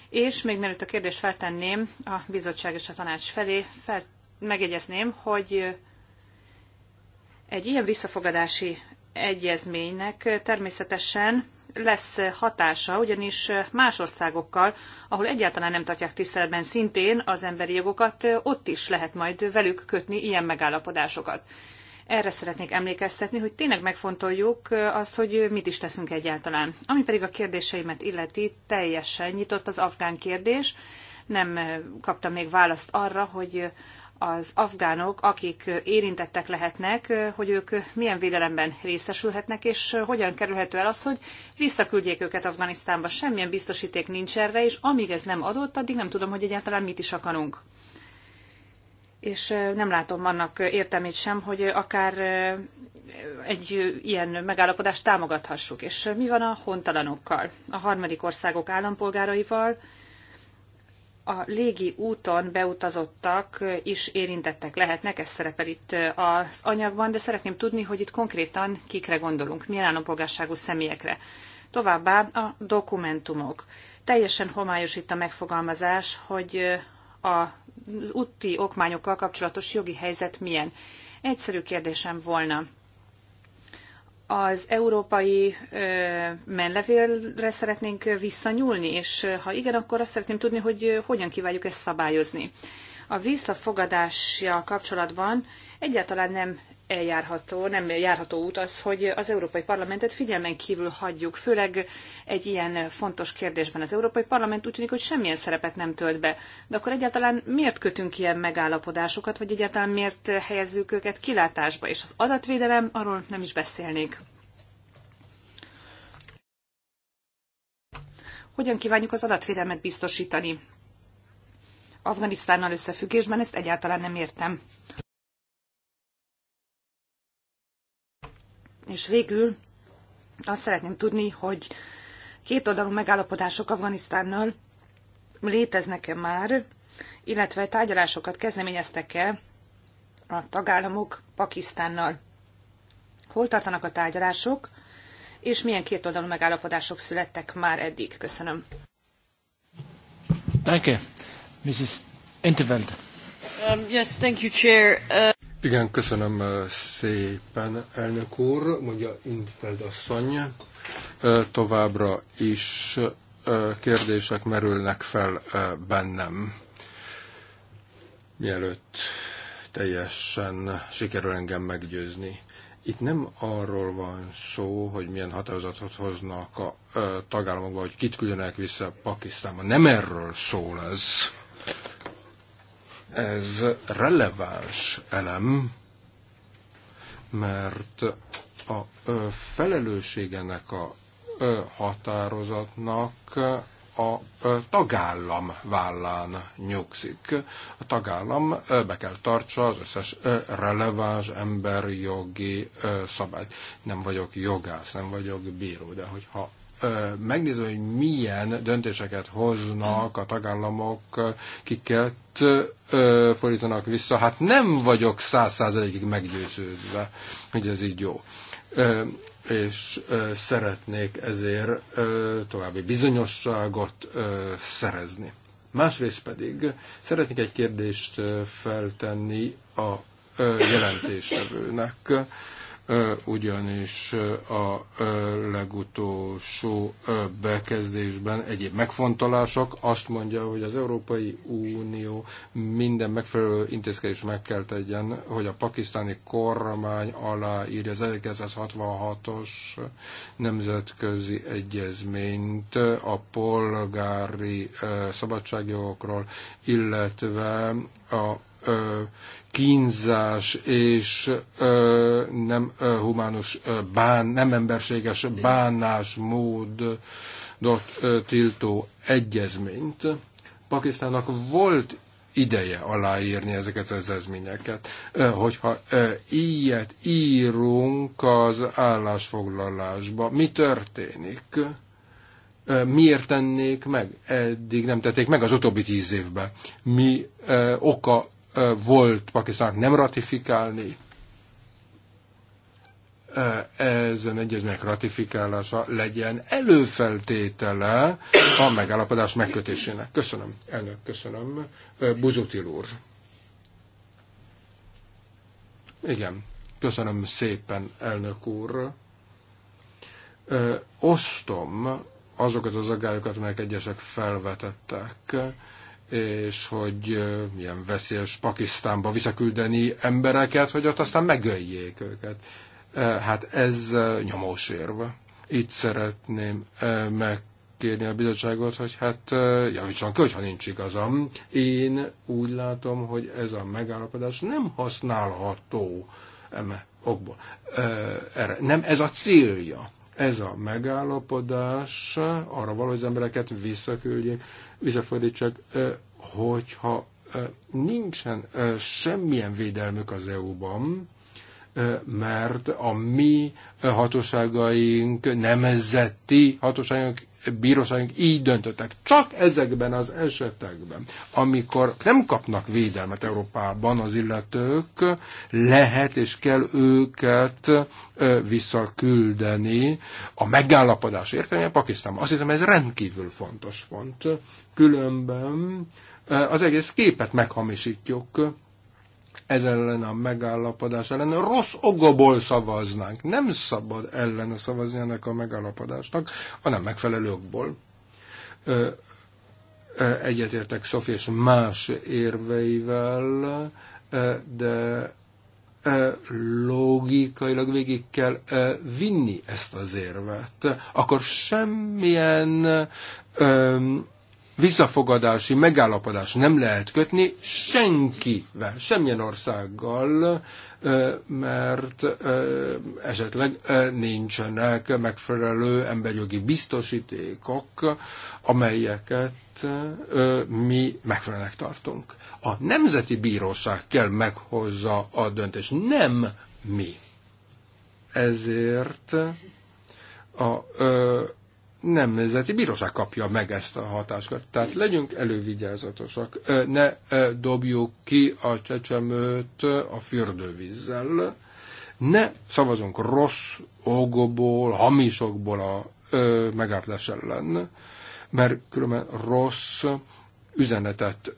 És még mielőtt a kérdést feltenném a bizottság és a tanács felé, fel, megjegyezném, hogy egy ilyen visszafogadási egyezménynek természetesen lesz hatása, ugyanis más országokkal, ahol egyáltalán nem tartják tiszteletben szintén az emberi jogokat, ott is lehet majd velük kötni ilyen megállapodásokat. Erre szeretnék emlékeztetni, hogy tényleg megfontoljuk azt, hogy mit is teszünk egyáltalán. Ami pedig a kérdéseimet illeti, teljesen nyitott az afgán kérdés. Nem kaptam még választ arra, hogy az afgánok, akik érintettek lehetnek, hogy ők milyen védelemben részesülhetnek, és hogyan kerülhető el az, hogy visszaküldjék őket Afganisztánba. Semmilyen biztosíték nincs erre, és amíg ez nem adott, addig nem tudom, hogy egyáltalán mit is akarunk és nem látom annak értelmét sem, hogy akár egy ilyen megállapodást támogathassuk. És mi van a hontalanokkal, a harmadik országok állampolgáraival? A légi úton beutazottak is érintettek lehetnek, ez szerepel itt az anyagban, de szeretném tudni, hogy itt konkrétan kikre gondolunk, milyen állampolgárságú személyekre. Továbbá a dokumentumok. Teljesen homályos itt a megfogalmazás, hogy az úti okmányokkal kapcsolatos jogi helyzet milyen. Egyszerű kérdésem volna. Az európai ö, menlevélre szeretnénk visszanyúlni, és ha igen, akkor azt szeretném tudni, hogy hogyan kívánjuk ezt szabályozni. A visszafogadással kapcsolatban egyáltalán nem eljárható, nem járható út az, hogy az Európai Parlamentet figyelmen kívül hagyjuk, főleg egy ilyen fontos kérdésben. Az Európai Parlament úgy tűnik, hogy semmilyen szerepet nem tölt be. De akkor egyáltalán miért kötünk ilyen megállapodásokat, vagy egyáltalán miért helyezzük őket kilátásba? És az adatvédelem, arról nem is beszélnék. Hogyan kívánjuk az adatvédelmet biztosítani? Afganisztánnal összefüggésben ezt egyáltalán nem értem. És végül azt szeretném tudni, hogy kétoldalú megállapodások Afganisztánnal léteznek-e már, illetve tárgyalásokat kezdeményeztek-e a tagállamok Pakisztánnal. Hol tartanak a tárgyalások, és milyen kétoldalú megállapodások születtek már eddig? Köszönöm.
Danke. Mrs. Um,
yes, thank you, Chair. Uh...
Igen, köszönöm szépen, elnök úr, mondja Intfeld asszony. Továbbra is kérdések merülnek fel bennem. Mielőtt teljesen sikerül engem meggyőzni. Itt nem arról van szó, hogy milyen határozatot hoznak a tagállamokba, hogy kit küldenek vissza Pakisztánba. Nem erről szól ez ez releváns elem, mert a felelősségenek a határozatnak a tagállam vállán nyugszik. A tagállam be kell tartsa az összes releváns emberjogi szabályt. Nem vagyok jogász, nem vagyok bíró, de hogyha megnézve, hogy milyen döntéseket hoznak a tagállamok, kiket fordítanak vissza. Hát nem vagyok száz százalékig meggyőződve, hogy ez így jó. És szeretnék ezért további bizonyosságot szerezni. Másrészt pedig szeretnék egy kérdést feltenni a jelentéstevőnek ugyanis a legutolsó bekezdésben egyéb megfontolások azt mondja, hogy az Európai Unió minden megfelelő intézkedés meg kell tegyen, hogy a pakisztáni kormány alá írja az 1966-os nemzetközi egyezményt a polgári szabadságjogokról, illetve a kínzás és nem humánus bán, nem emberséges bánásmódot tiltó egyezményt. Pakisztánnak volt ideje aláírni ezeket az ezményeket. Hogyha ilyet írunk az állásfoglalásba, mi történik? Miért tennék meg? Eddig nem tették meg az utóbbi tíz évben. Mi oka volt Pakisztánnak nem ratifikálni ezen egyezmények ratifikálása legyen előfeltétele a megállapodás megkötésének. Köszönöm, elnök, köszönöm. Buzutil úr. Igen, köszönöm szépen, elnök úr. Osztom azokat az aggályokat, amelyek egyesek felvetettek és hogy milyen veszélyes Pakisztánba visszaküldeni embereket, hogy ott aztán megöljék őket. Hát ez nyomós érve. Itt szeretném megkérni a bizottságot, hogy hát javítson ki, hogyha nincs igazam. Én úgy látom, hogy ez a megállapodás nem használható eme okból. Erre. Nem ez a célja. Ez a megállapodás arra való, hogy az embereket visszaküldjék visszafordítsak, hogyha nincsen semmilyen védelmük az EU-ban, mert a mi hatóságaink, nemzeti hatóságaink bíróságunk így döntöttek. Csak ezekben az esetekben, amikor nem kapnak védelmet Európában az illetők, lehet és kell őket visszaküldeni a megállapodás értelmében Pakisztánban. Azt hiszem, ez rendkívül fontos pont. Különben az egész képet meghamisítjuk ez ellen a megállapodás ellen rossz ogaból szavaznánk. Nem szabad ellene szavazni ennek a megállapodásnak, hanem megfelelő okból. Egyetértek Szofi és más érveivel, de logikailag végig kell vinni ezt az érvet, akkor semmilyen visszafogadási megállapodás nem lehet kötni senkivel, semmilyen országgal, mert esetleg nincsenek megfelelő emberjogi biztosítékok, amelyeket mi megfelelnek tartunk. A Nemzeti Bíróság kell meghozza a döntést, nem mi. Ezért a, nemzeti bíróság kapja meg ezt a hatáskört. Tehát legyünk elővigyázatosak. Ne dobjuk ki a csecsemőt a fürdővízzel. Ne szavazunk rossz ógóból, hamisokból a megállás ellen, mert különben rossz üzenetet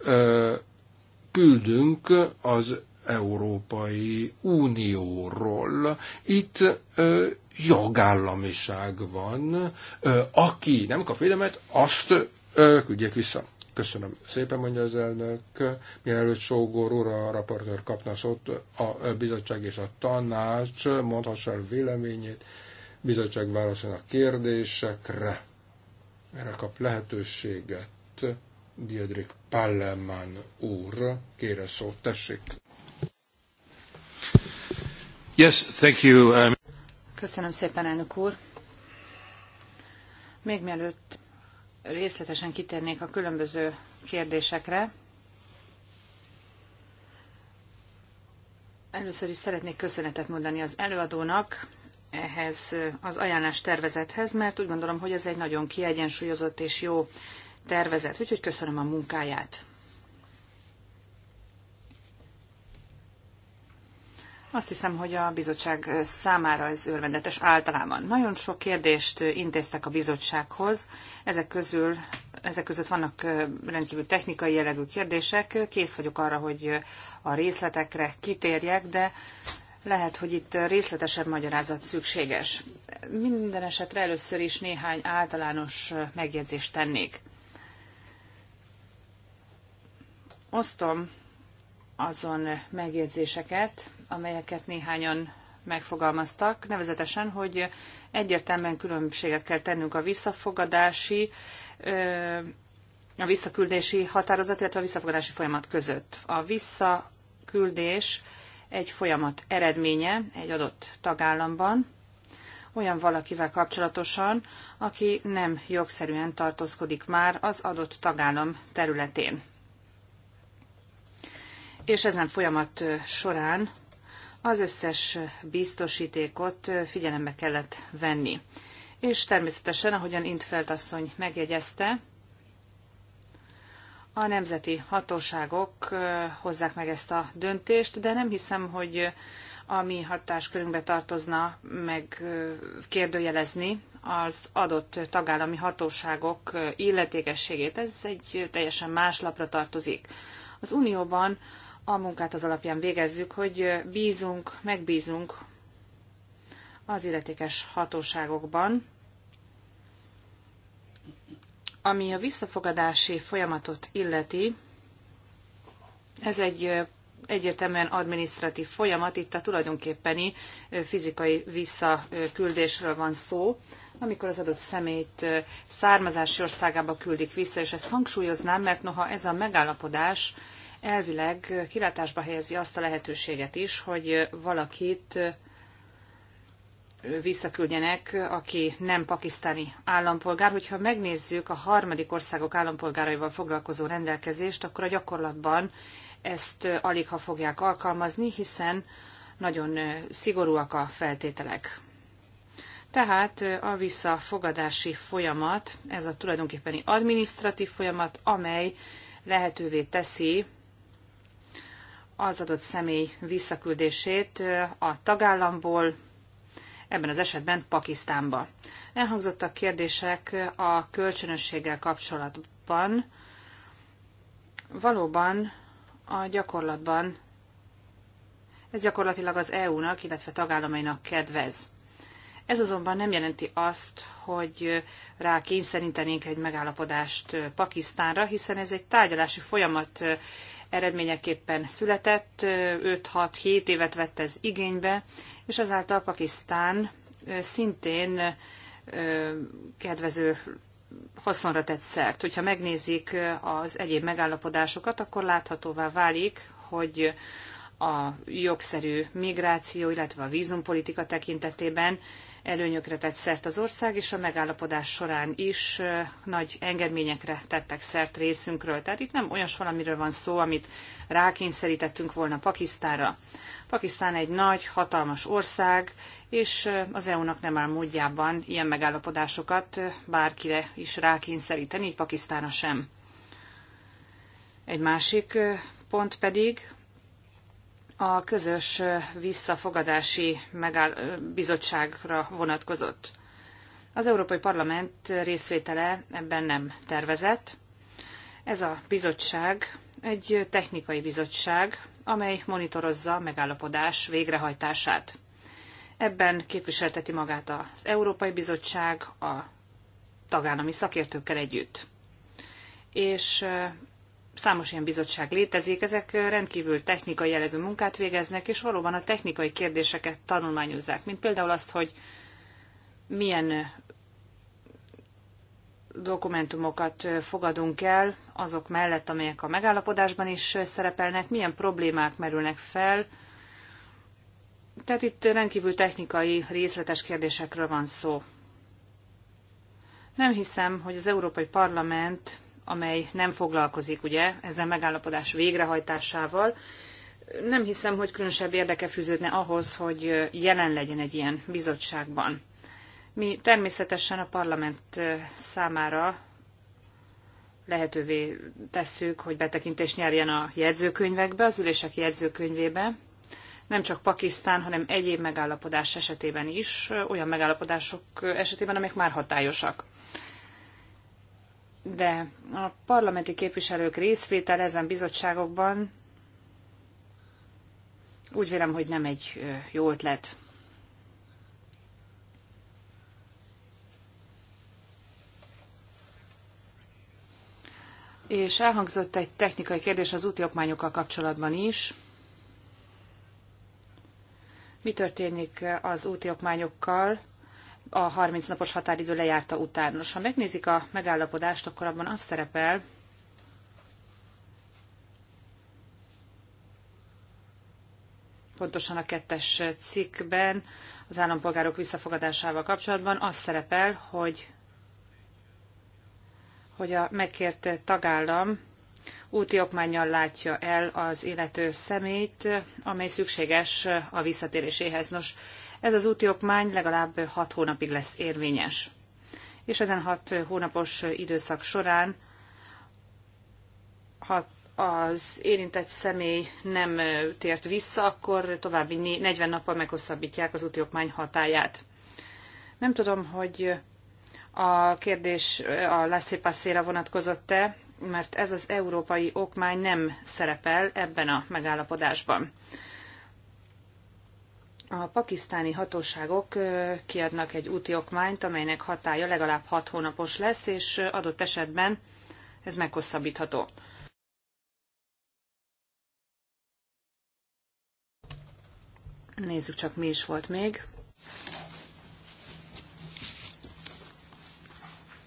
küldünk az Európai Unióról. Itt ö, jogállamiság van. Ö, aki nem kap védelmet, azt ö, küldjék vissza. Köszönöm szépen, mondja az elnök. Mielőtt Sógor úr, a raportőr kapna szót, a bizottság és a tanács mondhassa el véleményét, bizottság válaszol a kérdésekre. Erre kap lehetőséget. Diedrik Pallemann úr, kére szót, tessék.
Yes, thank you. Um...
Köszönöm szépen, elnök úr. Még mielőtt részletesen kitérnék a különböző kérdésekre, Először is szeretnék köszönetet mondani az előadónak ehhez az ajánlás tervezethez, mert úgy gondolom, hogy ez egy nagyon kiegyensúlyozott és jó tervezet, úgyhogy köszönöm a munkáját. Azt hiszem, hogy a bizottság számára ez örvendetes általában. Nagyon sok kérdést intéztek a bizottsághoz, ezek közül ezek között vannak rendkívül technikai jellegű kérdések. Kész vagyok arra, hogy a részletekre kitérjek, de lehet, hogy itt részletesebb magyarázat szükséges. Minden esetre először is néhány általános megjegyzést tennék. Osztom azon megjegyzéseket, amelyeket néhányan megfogalmaztak, nevezetesen, hogy egyértelműen különbséget kell tennünk a visszafogadási, a visszaküldési határozat, illetve a visszafogadási folyamat között. A visszaküldés egy folyamat eredménye egy adott tagállamban, olyan valakivel kapcsolatosan, aki nem jogszerűen tartózkodik már az adott tagállam területén. És ezen folyamat során az összes biztosítékot figyelembe kellett venni. És természetesen, ahogyan Intfeld asszony megjegyezte, a nemzeti hatóságok hozzák meg ezt a döntést, de nem hiszem, hogy a mi hatáskörünkbe tartozna meg kérdőjelezni az adott tagállami hatóságok illetékességét. Ez egy teljesen más lapra tartozik. Az Unióban a munkát az alapján végezzük, hogy bízunk, megbízunk az illetékes hatóságokban, ami a visszafogadási folyamatot illeti, ez egy egyértelműen administratív folyamat, itt a tulajdonképpeni fizikai visszaküldésről van szó, amikor az adott szemét származási országába küldik vissza, és ezt hangsúlyoznám, mert noha ez a megállapodás elvileg kilátásba helyezi azt a lehetőséget is, hogy valakit visszaküldjenek, aki nem pakisztáni állampolgár. Hogyha megnézzük a harmadik országok állampolgáraival foglalkozó rendelkezést, akkor a gyakorlatban ezt alig ha fogják alkalmazni, hiszen nagyon szigorúak a feltételek. Tehát a visszafogadási folyamat, ez a tulajdonképpeni administratív folyamat, amely lehetővé teszi az adott személy visszaküldését a tagállamból, ebben az esetben Pakisztánba. Elhangzottak kérdések a kölcsönösséggel kapcsolatban. Valóban a gyakorlatban ez gyakorlatilag az EU-nak, illetve tagállamainak kedvez. Ez azonban nem jelenti azt, hogy rá kényszerítenénk egy megállapodást Pakisztánra, hiszen ez egy tárgyalási folyamat eredményeképpen született, 5-6-7 évet vett ez igénybe, és azáltal Pakisztán szintén kedvező haszonra tett szert. Hogyha megnézik az egyéb megállapodásokat, akkor láthatóvá válik, hogy a jogszerű migráció, illetve a vízumpolitika tekintetében előnyökre tett szert az ország, és a megállapodás során is nagy engedményekre tettek szert részünkről. Tehát itt nem olyas valamiről van szó, amit rákényszerítettünk volna Pakisztánra. Pakisztán egy nagy, hatalmas ország, és az EU-nak nem áll módjában ilyen megállapodásokat bárkire is rákényszeríteni, Pakisztánra sem. Egy másik pont pedig, a közös visszafogadási megáll- bizottságra vonatkozott. Az Európai Parlament részvétele ebben nem tervezett. Ez a bizottság egy technikai bizottság, amely monitorozza a megállapodás végrehajtását. Ebben képviselteti magát az Európai Bizottság a tagállami szakértőkkel együtt. És Számos ilyen bizottság létezik, ezek rendkívül technikai jellegű munkát végeznek, és valóban a technikai kérdéseket tanulmányozzák, mint például azt, hogy milyen dokumentumokat fogadunk el azok mellett, amelyek a megállapodásban is szerepelnek, milyen problémák merülnek fel. Tehát itt rendkívül technikai, részletes kérdésekről van szó. Nem hiszem, hogy az Európai Parlament amely nem foglalkozik ugye ezen megállapodás végrehajtásával. Nem hiszem, hogy különösebb érdeke fűződne ahhoz, hogy jelen legyen egy ilyen bizottságban. Mi természetesen a parlament számára lehetővé tesszük, hogy betekintést nyerjen a jegyzőkönyvekbe, az ülések jegyzőkönyvébe, nem csak Pakisztán, hanem egyéb megállapodás esetében is, olyan megállapodások esetében, amelyek már hatályosak de a parlamenti képviselők részvétel ezen bizottságokban úgy vélem, hogy nem egy jó ötlet. És elhangzott egy technikai kérdés az úti okmányokkal kapcsolatban is. Mi történik az úti okmányokkal, a 30 napos határidő lejárta után. Nos, ha megnézik a megállapodást, akkor abban az szerepel, pontosan a kettes cikkben az állampolgárok visszafogadásával kapcsolatban az szerepel, hogy, hogy a megkért tagállam úti okmányjal látja el az illető szemét, amely szükséges a visszatéréséhez. Nos, ez az úti okmány legalább 6 hónapig lesz érvényes. És ezen 6 hónapos időszak során, ha az érintett személy nem tért vissza, akkor további 40 nappal meghosszabbítják az úti okmány hatáját. Nem tudom, hogy a kérdés a lassé passéra vonatkozott-e, mert ez az európai okmány nem szerepel ebben a megállapodásban. A pakisztáni hatóságok kiadnak egy úti okmányt, amelynek hatája legalább hat hónapos lesz, és adott esetben ez meghosszabbítható. Nézzük csak, mi is volt még.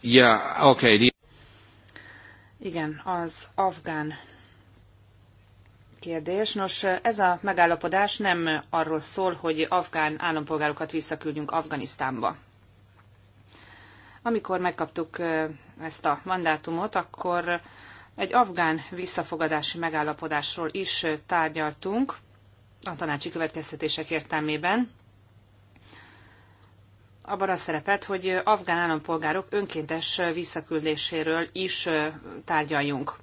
Yeah, okay.
Igen, az afgán kérdés. Nos, ez a megállapodás nem arról szól, hogy afgán állampolgárokat visszaküldjünk Afganisztánba. Amikor megkaptuk ezt a mandátumot, akkor egy afgán visszafogadási megállapodásról is tárgyaltunk a tanácsi következtetések értelmében. Abban az szerepet, hogy afgán állampolgárok önkéntes visszaküldéséről is tárgyaljunk.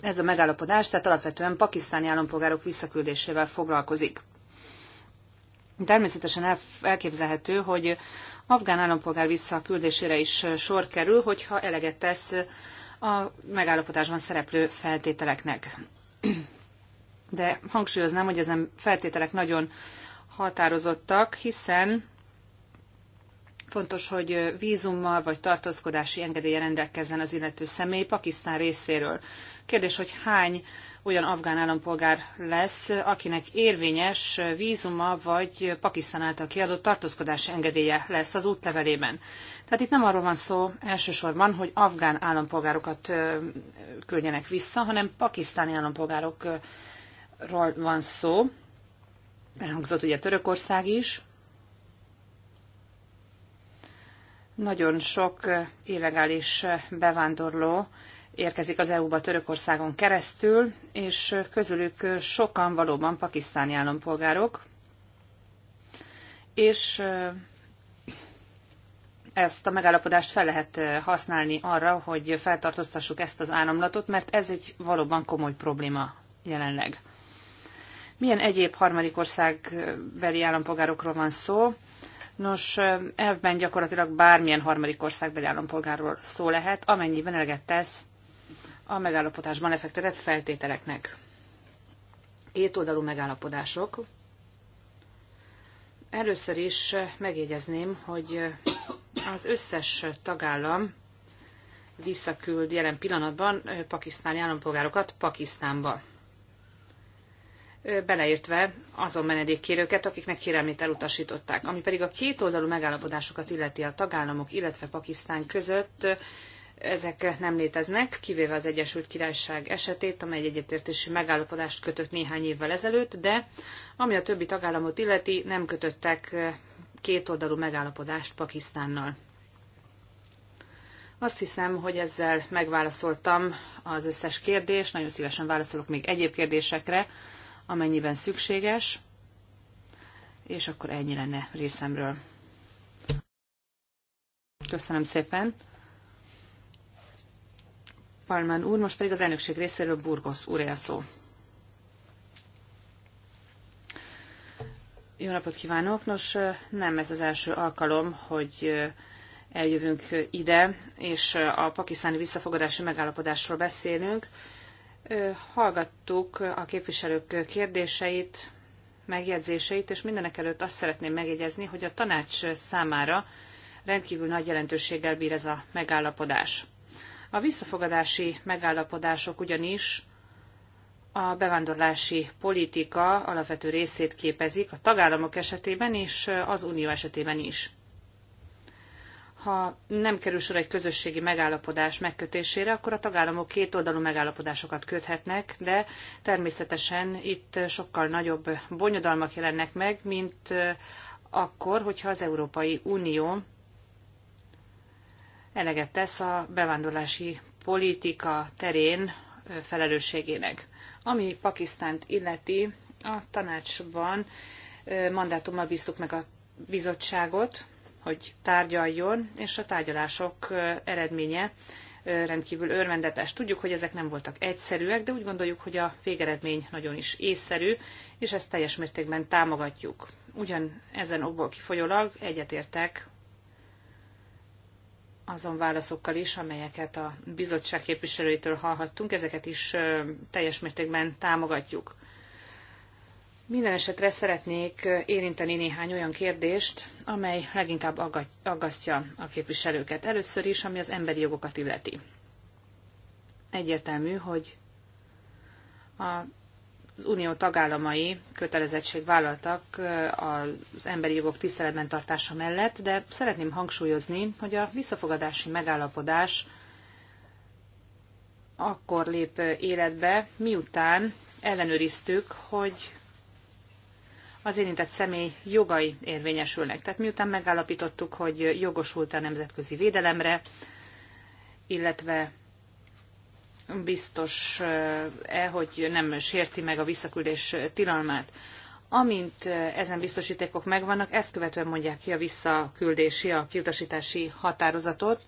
ez a megállapodás, tehát alapvetően pakisztáni állampolgárok visszaküldésével foglalkozik. Természetesen elképzelhető, hogy afgán állampolgár visszaküldésére is sor kerül, hogyha eleget tesz a megállapodásban szereplő feltételeknek. De hangsúlyoznám, hogy ezen feltételek nagyon határozottak, hiszen Fontos, hogy vízummal vagy tartózkodási engedélye rendelkezzen az illető személy Pakisztán részéről. Kérdés, hogy hány olyan afgán állampolgár lesz, akinek érvényes vízuma vagy Pakisztán által kiadott tartózkodási engedélye lesz az útlevelében. Tehát itt nem arról van szó elsősorban, hogy afgán állampolgárokat küldjenek vissza, hanem pakisztáni állampolgárokról van szó. Elhangzott ugye Törökország is, Nagyon sok eh, illegális eh, bevándorló érkezik az EU-ba Törökországon keresztül, és eh, közülük sokan valóban pakisztáni állampolgárok, és ezt a megállapodást fel lehet használni arra, hogy feltartóztassuk ezt az áramlatot, mert ez egy valóban komoly probléma jelenleg. Milyen egyéb harmadik országbeli állampolgárokról van szó? Nos, elvben gyakorlatilag bármilyen harmadik országbeli állampolgárról szó lehet, amennyiben eleget tesz a megállapodásban lefektetett feltételeknek. Kétoldalú megállapodások. Először is megjegyezném, hogy az összes tagállam visszaküld jelen pillanatban pakisztáni állampolgárokat Pakisztánba beleértve azon menedékkérőket, akiknek kérelmét elutasították. Ami pedig a kétoldalú megállapodásokat illeti a tagállamok, illetve Pakisztán között, ezek nem léteznek, kivéve az Egyesült Királyság esetét, amely egy egyetértési megállapodást kötött néhány évvel ezelőtt, de ami a többi tagállamot illeti, nem kötöttek kétoldalú megállapodást Pakisztánnal. Azt hiszem, hogy ezzel megválaszoltam az összes kérdést, nagyon szívesen válaszolok még egyéb kérdésekre, amennyiben szükséges, és akkor ennyi lenne részemről. Köszönöm szépen. Palmán úr, most pedig az elnökség részéről Burgos úr szó. Jó napot kívánok! Nos, nem ez az első alkalom, hogy eljövünk ide, és a pakisztáni visszafogadási megállapodásról beszélünk. Hallgattuk a képviselők kérdéseit, megjegyzéseit, és mindenek előtt azt szeretném megjegyezni, hogy a tanács számára rendkívül nagy jelentőséggel bír ez a megállapodás. A visszafogadási megállapodások ugyanis a bevándorlási politika alapvető részét képezik a tagállamok esetében és az unió esetében is ha nem kerül sor egy közösségi megállapodás megkötésére, akkor a tagállamok két oldalú megállapodásokat köthetnek, de természetesen itt sokkal nagyobb bonyodalmak jelennek meg, mint eh, akkor, hogyha az Európai Unió eleget tesz a bevándorlási politika terén eh, felelősségének. Ami Pakisztánt illeti, a tanácsban eh, mandátummal bíztuk meg a bizottságot, hogy tárgyaljon, és a tárgyalások eredménye rendkívül örvendetes. Tudjuk, hogy ezek nem voltak egyszerűek, de úgy gondoljuk, hogy a végeredmény nagyon is észszerű, és ezt teljes mértékben támogatjuk. Ugyan ezen okból kifolyólag egyetértek azon válaszokkal is, amelyeket a bizottság képviselőitől hallhattunk, ezeket is teljes mértékben támogatjuk. Minden esetre szeretnék érinteni néhány olyan kérdést, amely leginkább aggasztja a képviselőket. Először is, ami az emberi jogokat illeti. Egyértelmű, hogy az unió tagállamai kötelezettség vállaltak az emberi jogok tiszteletben tartása mellett, de szeretném hangsúlyozni, hogy a visszafogadási megállapodás akkor lép életbe, miután ellenőriztük, hogy az érintett személy jogai érvényesülnek. Tehát miután megállapítottuk, hogy jogosult a nemzetközi védelemre, illetve biztos-e, eh, hogy nem sérti meg a visszaküldés tilalmát. Amint ezen biztosítékok megvannak, ezt követően mondják ki a visszaküldési, a kiutasítási határozatot,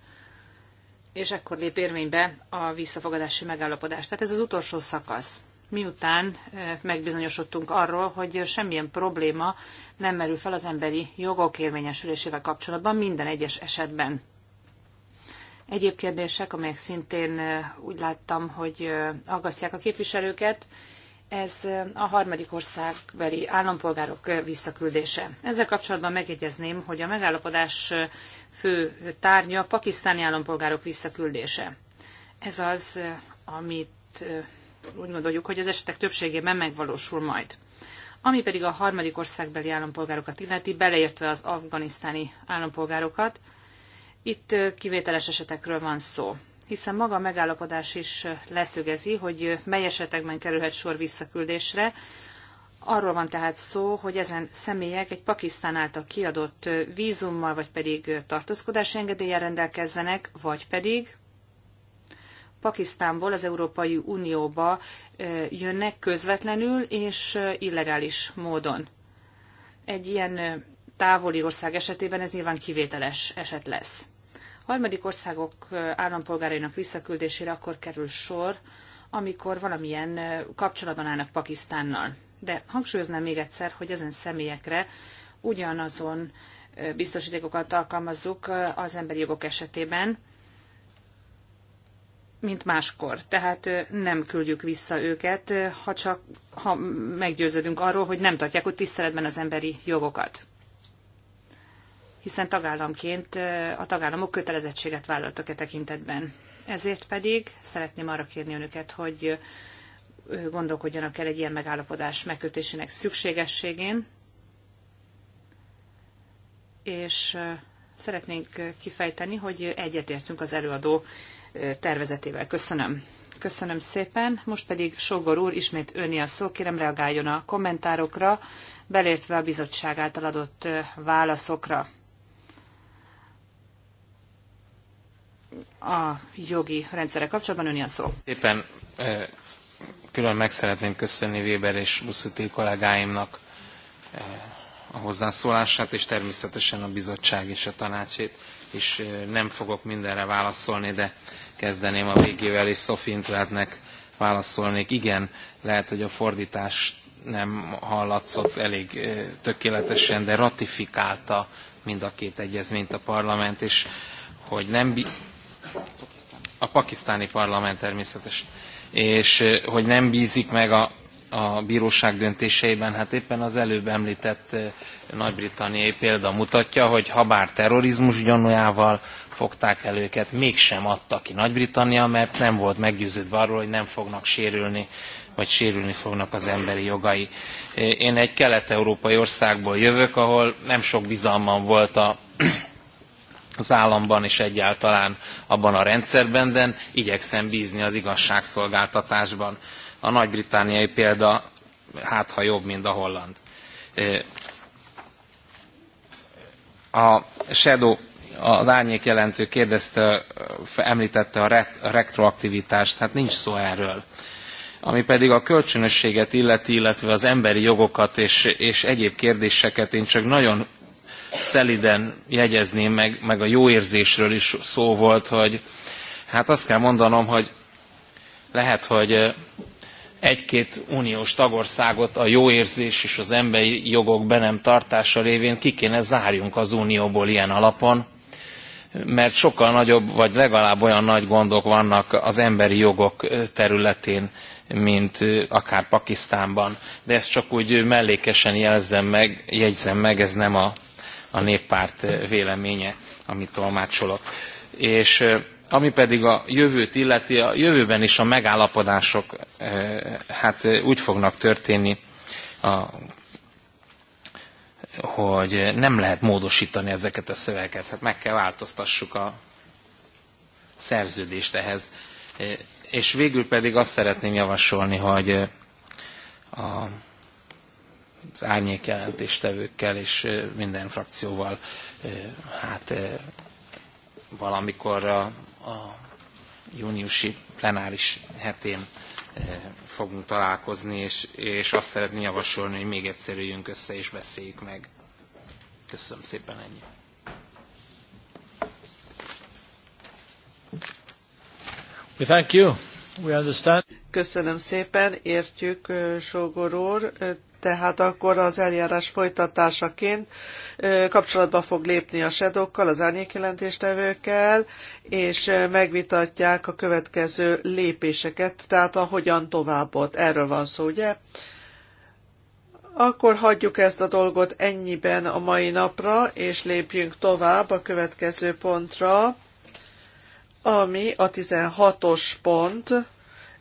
és ekkor lép érvénybe a visszafogadási megállapodás. Tehát ez az utolsó szakasz miután eh, megbizonyosodtunk arról, hogy semmilyen probléma nem merül fel az emberi jogok érvényesülésével kapcsolatban minden egyes esetben. Egyéb kérdések, amelyek szintén eh, úgy láttam, hogy eh, aggasztják a képviselőket, ez a harmadik országbeli állampolgárok visszaküldése. Ezzel kapcsolatban megjegyezném, hogy a megállapodás fő tárgya pakisztáni állampolgárok visszaküldése. Ez az, amit úgy gondoljuk, hogy az esetek többségében megvalósul majd. Ami pedig a harmadik országbeli állampolgárokat illeti, beleértve az afganisztáni állampolgárokat, itt kivételes esetekről van szó hiszen maga a megállapodás is leszögezi, hogy mely esetekben kerülhet sor visszaküldésre. Arról van tehát szó, hogy ezen személyek egy Pakisztán által kiadott vízummal, vagy pedig tartózkodási engedéllyel rendelkezzenek, vagy pedig Pakisztánból az Európai Unióba jönnek közvetlenül és illegális módon. Egy ilyen távoli ország esetében ez nyilván kivételes eset lesz. A harmadik országok állampolgárainak visszaküldésére akkor kerül sor, amikor valamilyen kapcsolatban állnak Pakisztánnal. De hangsúlyoznám még egyszer, hogy ezen személyekre ugyanazon biztosítékokat alkalmazzuk az emberi jogok esetében, mint máskor. Tehát nem küldjük vissza őket, ha csak ha meggyőződünk arról, hogy nem tartják ott tiszteletben az emberi jogokat. Hiszen tagállamként a tagállamok kötelezettséget vállaltak e tekintetben. Ezért pedig szeretném arra kérni önöket, hogy gondolkodjanak el egy ilyen megállapodás megkötésének szükségességén, és szeretnénk kifejteni, hogy egyetértünk az előadó tervezetével. Köszönöm. Köszönöm szépen. Most pedig Sogor úr, ismét önni a szó, kérem reagáljon a kommentárokra, belértve a bizottság által adott válaszokra. A jogi rendszere kapcsolatban önni a szó.
Éppen külön meg szeretném köszönni Weber és Buszuti kollégáimnak a hozzászólását, és természetesen a bizottság és a tanácsét, és nem fogok mindenre válaszolni, de kezdeném a végével, és Sophie Intveltnek válaszolnék. Igen, lehet, hogy a fordítás nem hallatszott elég tökéletesen, de ratifikálta mind a két egyezményt a parlament, és hogy nem a pakisztáni parlament természetes, és hogy nem bízik meg a, a bíróság döntéseiben, hát éppen az előbb említett nagy-britanniai példa mutatja, hogy habár terrorizmus gyanújával, fogták el őket, mégsem adta ki Nagy-Britannia, mert nem volt meggyőződve arról, hogy nem fognak sérülni, vagy sérülni fognak az emberi jogai. Én egy kelet-európai országból jövök, ahol nem sok bizalmam volt a az államban és egyáltalán abban a rendszerben, de igyekszem bízni az igazságszolgáltatásban. A nagy-britániai példa hát ha jobb, mint a holland. A Shadow az árnyék jelentő kérdezte, említette a, retroaktivitást, hát nincs szó erről. Ami pedig a kölcsönösséget illeti, illetve az emberi jogokat és, és egyéb kérdéseket, én csak nagyon szeliden jegyezném meg, meg a jó érzésről is szó volt, hogy hát azt kell mondanom, hogy lehet, hogy egy-két uniós tagországot a jó érzés és az emberi jogok be nem tartása révén ki kéne zárjunk az unióból ilyen alapon, mert sokkal nagyobb vagy legalább olyan nagy gondok vannak az emberi jogok területén mint akár pakisztánban de ezt csak úgy mellékesen jelzem meg, jegyzem meg ez nem a, a néppárt véleménye amit tolmácsolok. és ami pedig a jövőt illeti, a jövőben is a megállapodások hát úgy fognak történni a hogy nem lehet módosítani ezeket a szövegeket, hát meg kell változtassuk a szerződést ehhez. E, és végül pedig azt szeretném javasolni, hogy e, a, az árnyék jelentéstevőkkel és e, minden frakcióval hát valamikor a, a júniusi plenáris hetén Eh, fogunk találkozni, és, és azt szeretném javasolni, hogy még egyszer üljünk össze és beszéljük meg. Köszönöm szépen ennyi.
We thank you. We understand. Köszönöm szépen, értjük eh, Sógor úr. Eh, tehát akkor az eljárás folytatásaként kapcsolatba fog lépni a sedokkal, az árnyékjelentéstevőkkel, és megvitatják a következő lépéseket, tehát a hogyan továbbot. Erről van szó, ugye? Akkor hagyjuk ezt a dolgot ennyiben a mai napra, és lépjünk tovább a következő pontra, ami a 16-os pont,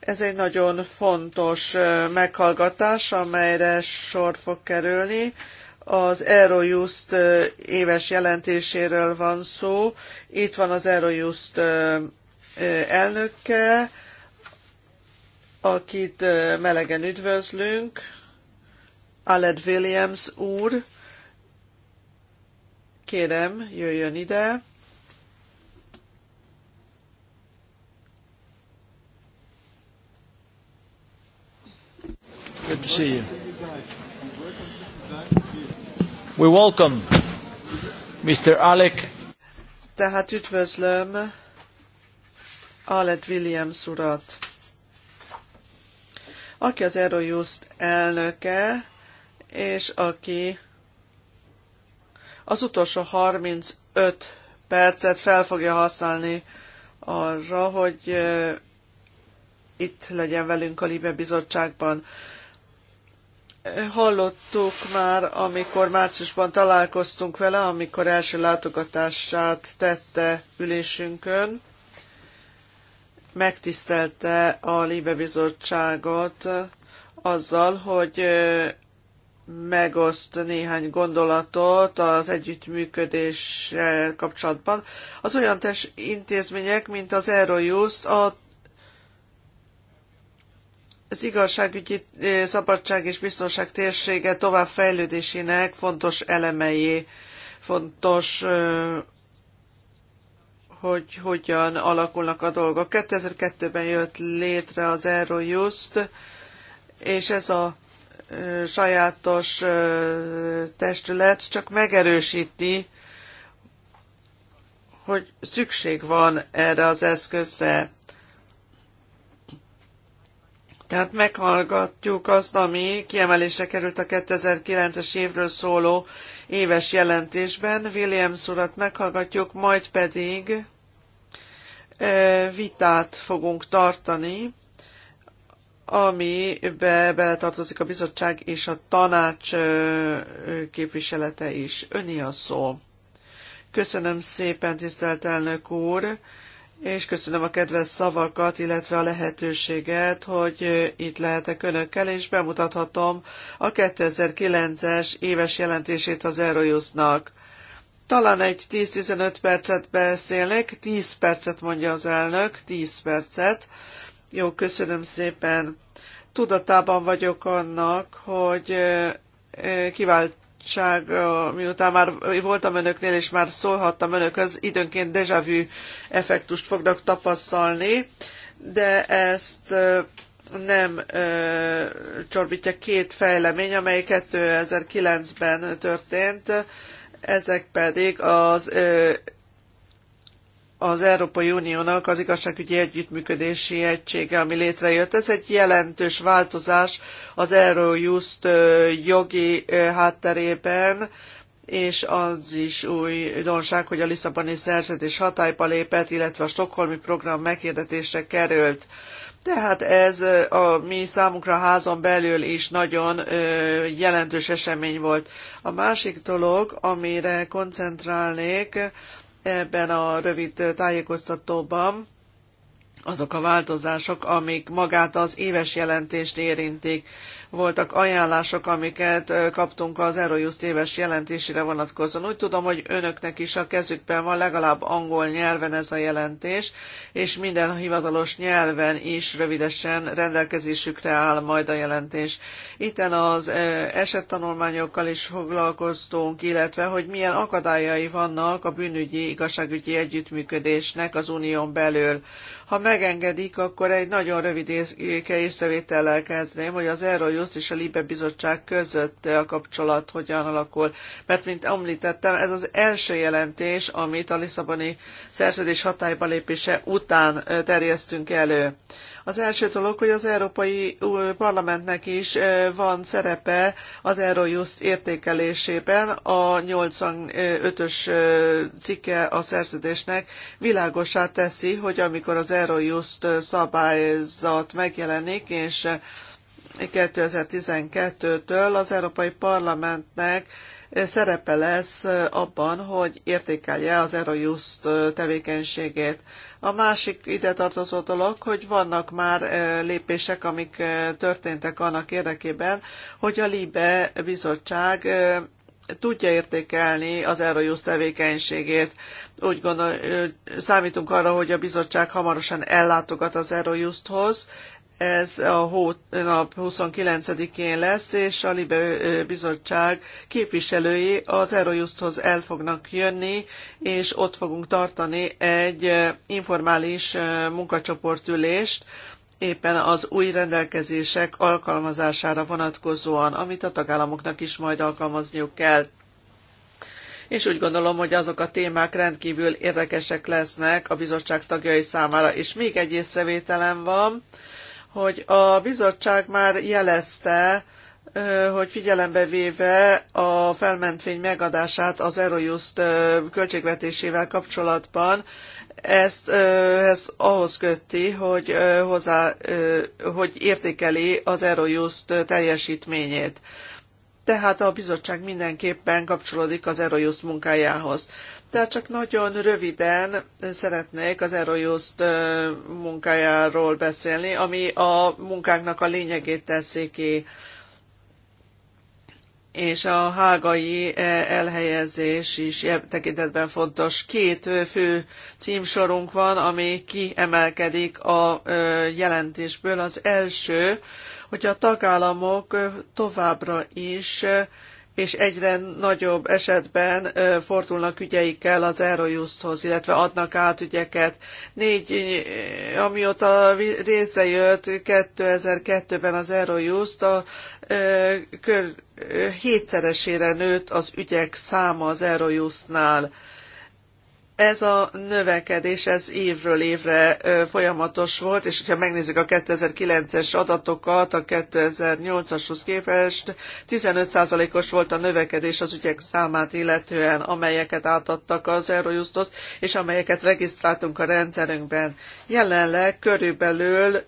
ez egy nagyon fontos meghallgatás, amelyre sor fog kerülni. Az Eurojust éves jelentéséről van szó. Itt van az Eurojust elnöke, akit melegen üdvözlünk, Aled Williams úr. Kérem, jöjjön ide.
Good to see you.
We welcome Mr. Alec.
Tehát üdvözlöm Alec Williams urat, aki az Eurojust elnöke, és aki az utolsó 35 percet fel fogja használni arra, hogy itt legyen velünk a Libe Bizottságban hallottuk már, amikor márciusban találkoztunk vele, amikor első látogatását tette ülésünkön, megtisztelte a Libe Bizottságot azzal, hogy megoszt néhány gondolatot az együttműködéssel kapcsolatban. Az olyan intézmények, mint az Eurojust a az igazságügyi szabadság és biztonság térsége tovább fejlődésének fontos elemei, fontos, hogy hogyan alakulnak a dolgok. 2002-ben jött létre az Eurojust, és ez a sajátos testület csak megerősíti, hogy szükség van erre az eszközre tehát meghallgatjuk azt, ami kiemelésre került a 2009-es évről szóló éves jelentésben. Williams urat meghallgatjuk, majd pedig e, vitát fogunk tartani, amibe beletartozik a bizottság és a tanács e, képviselete is. Öni a szó. Köszönöm szépen, tisztelt elnök úr! és köszönöm a kedves szavakat, illetve a lehetőséget, hogy itt lehetek önökkel, és bemutathatom a 2009-es éves jelentését az Eurojustnak. Talán egy 10-15 percet beszélnek, 10 percet mondja az elnök, 10 percet. Jó, köszönöm szépen. Tudatában vagyok annak, hogy eh, kivált bizottság, miután már voltam önöknél, és már szólhattam önökhöz, időnként déjà vu effektust fognak tapasztalni, de ezt nem ö, csorbítja két fejlemény, amely 2009-ben történt, ezek pedig az ö, az Európai Uniónak az igazságügyi együttműködési egysége, ami létrejött. Ez egy jelentős változás az Eurojust jogi hátterében, és az is új donság, hogy a Lisszaboni szerződés hatályba lépett, illetve a Stockholmi program meghirdetésre került. Tehát ez a mi számunkra a házon belül is nagyon jelentős esemény volt. A másik dolog, amire koncentrálnék, ebben a rövid tájékoztatóban azok a változások, amik magát az éves jelentést érintik voltak ajánlások, amiket kaptunk az Eurojust éves jelentésére vonatkozóan. Úgy tudom, hogy önöknek is a kezükben van legalább angol nyelven ez a jelentés, és minden hivatalos nyelven is rövidesen rendelkezésükre áll majd a jelentés. Itten az esettanulmányokkal is foglalkoztunk, illetve hogy milyen akadályai vannak a bűnügyi igazságügyi együttműködésnek az unión belül. Ha megengedik, akkor egy nagyon rövid észrevétellel kezdném, hogy az Eurojust és a Libe Bizottság között a kapcsolat hogyan alakul. Mert, mint említettem, ez az első jelentés, amit a Lisszaboni szerződés hatályba lépése után terjesztünk elő. Az első dolog, hogy az Európai Parlamentnek is van szerepe az Eurojust értékelésében. A 85-ös cikke a szerződésnek világosá teszi, hogy amikor az Eurojust szabályzat megjelenik, és 2012-től az Európai Parlamentnek szerepe lesz abban, hogy értékelje az Eurojust tevékenységét. A másik ide tartozó dolog, hogy vannak már lépések, amik történtek annak érdekében, hogy a LIBE bizottság tudja értékelni az Eurojust tevékenységét. Úgy gondol, számítunk arra, hogy a bizottság hamarosan ellátogat az Eurojusthoz, ez a hónap 29-én lesz, és a Libe Bizottság képviselői az Eurojusthoz el fognak jönni, és ott fogunk tartani egy informális munkacsoportülést, éppen az új rendelkezések alkalmazására vonatkozóan, amit a tagállamoknak is majd alkalmazniuk kell. És úgy gondolom, hogy azok a témák rendkívül érdekesek lesznek a bizottság tagjai számára. És még egy észrevételem van, hogy a bizottság már jelezte, hogy figyelembe véve a felmentvény megadását az Eurojust költségvetésével kapcsolatban, ezt, ezt ahhoz kötti, hogy, hozzá, hogy értékeli az Eurojust teljesítményét. Tehát a bizottság mindenképpen kapcsolódik az Eurojust munkájához. Tehát csak nagyon röviden szeretnék az Eurojust munkájáról beszélni, ami a munkánknak a lényegét teszi ki és a hágai elhelyezés is tekintetben fontos. Két fő címsorunk van, ami kiemelkedik a jelentésből. Az első, hogy a tagállamok továbbra is és egyre nagyobb esetben fordulnak ügyeikkel az Eurojusthoz, illetve adnak át ügyeket. Négy, amióta létrejött 2002-ben az Eurojust, a kör, hétszeresére nőtt az ügyek száma az Eurojustnál ez a növekedés, ez évről évre folyamatos volt, és ha megnézzük a 2009-es adatokat, a 2008-ashoz képest 15%-os volt a növekedés az ügyek számát illetően, amelyeket átadtak az Eurojustos, és amelyeket regisztráltunk a rendszerünkben. Jelenleg körülbelül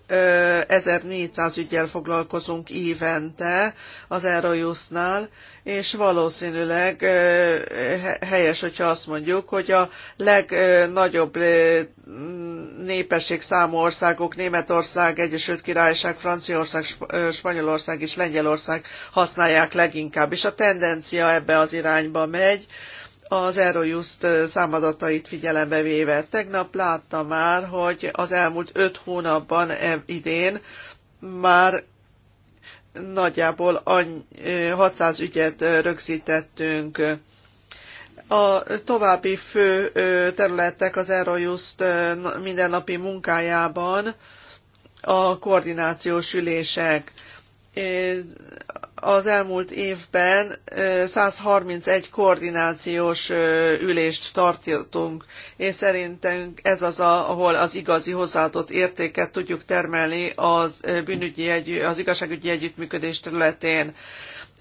1400 ügyel foglalkozunk évente az Eurojustnál, és valószínűleg helyes, hogyha azt mondjuk, hogy a legnagyobb népesség számú országok, Németország, Egyesült Királyság, Franciaország, Spanyolország és Lengyelország használják leginkább, és a tendencia ebbe az irányba megy, az Eurojust számadatait figyelembe véve. Tegnap láttam már, hogy az elmúlt öt hónapban idén már nagyjából 600 ügyet rögzítettünk. A további fő területek az Eurojust mindennapi munkájában a koordinációs ülések az elmúlt évben 131 koordinációs ülést tartottunk, és szerintem ez az, a, ahol az igazi hozzáadott értéket tudjuk termelni az, bűnügyi egy, az igazságügyi együttműködés területén.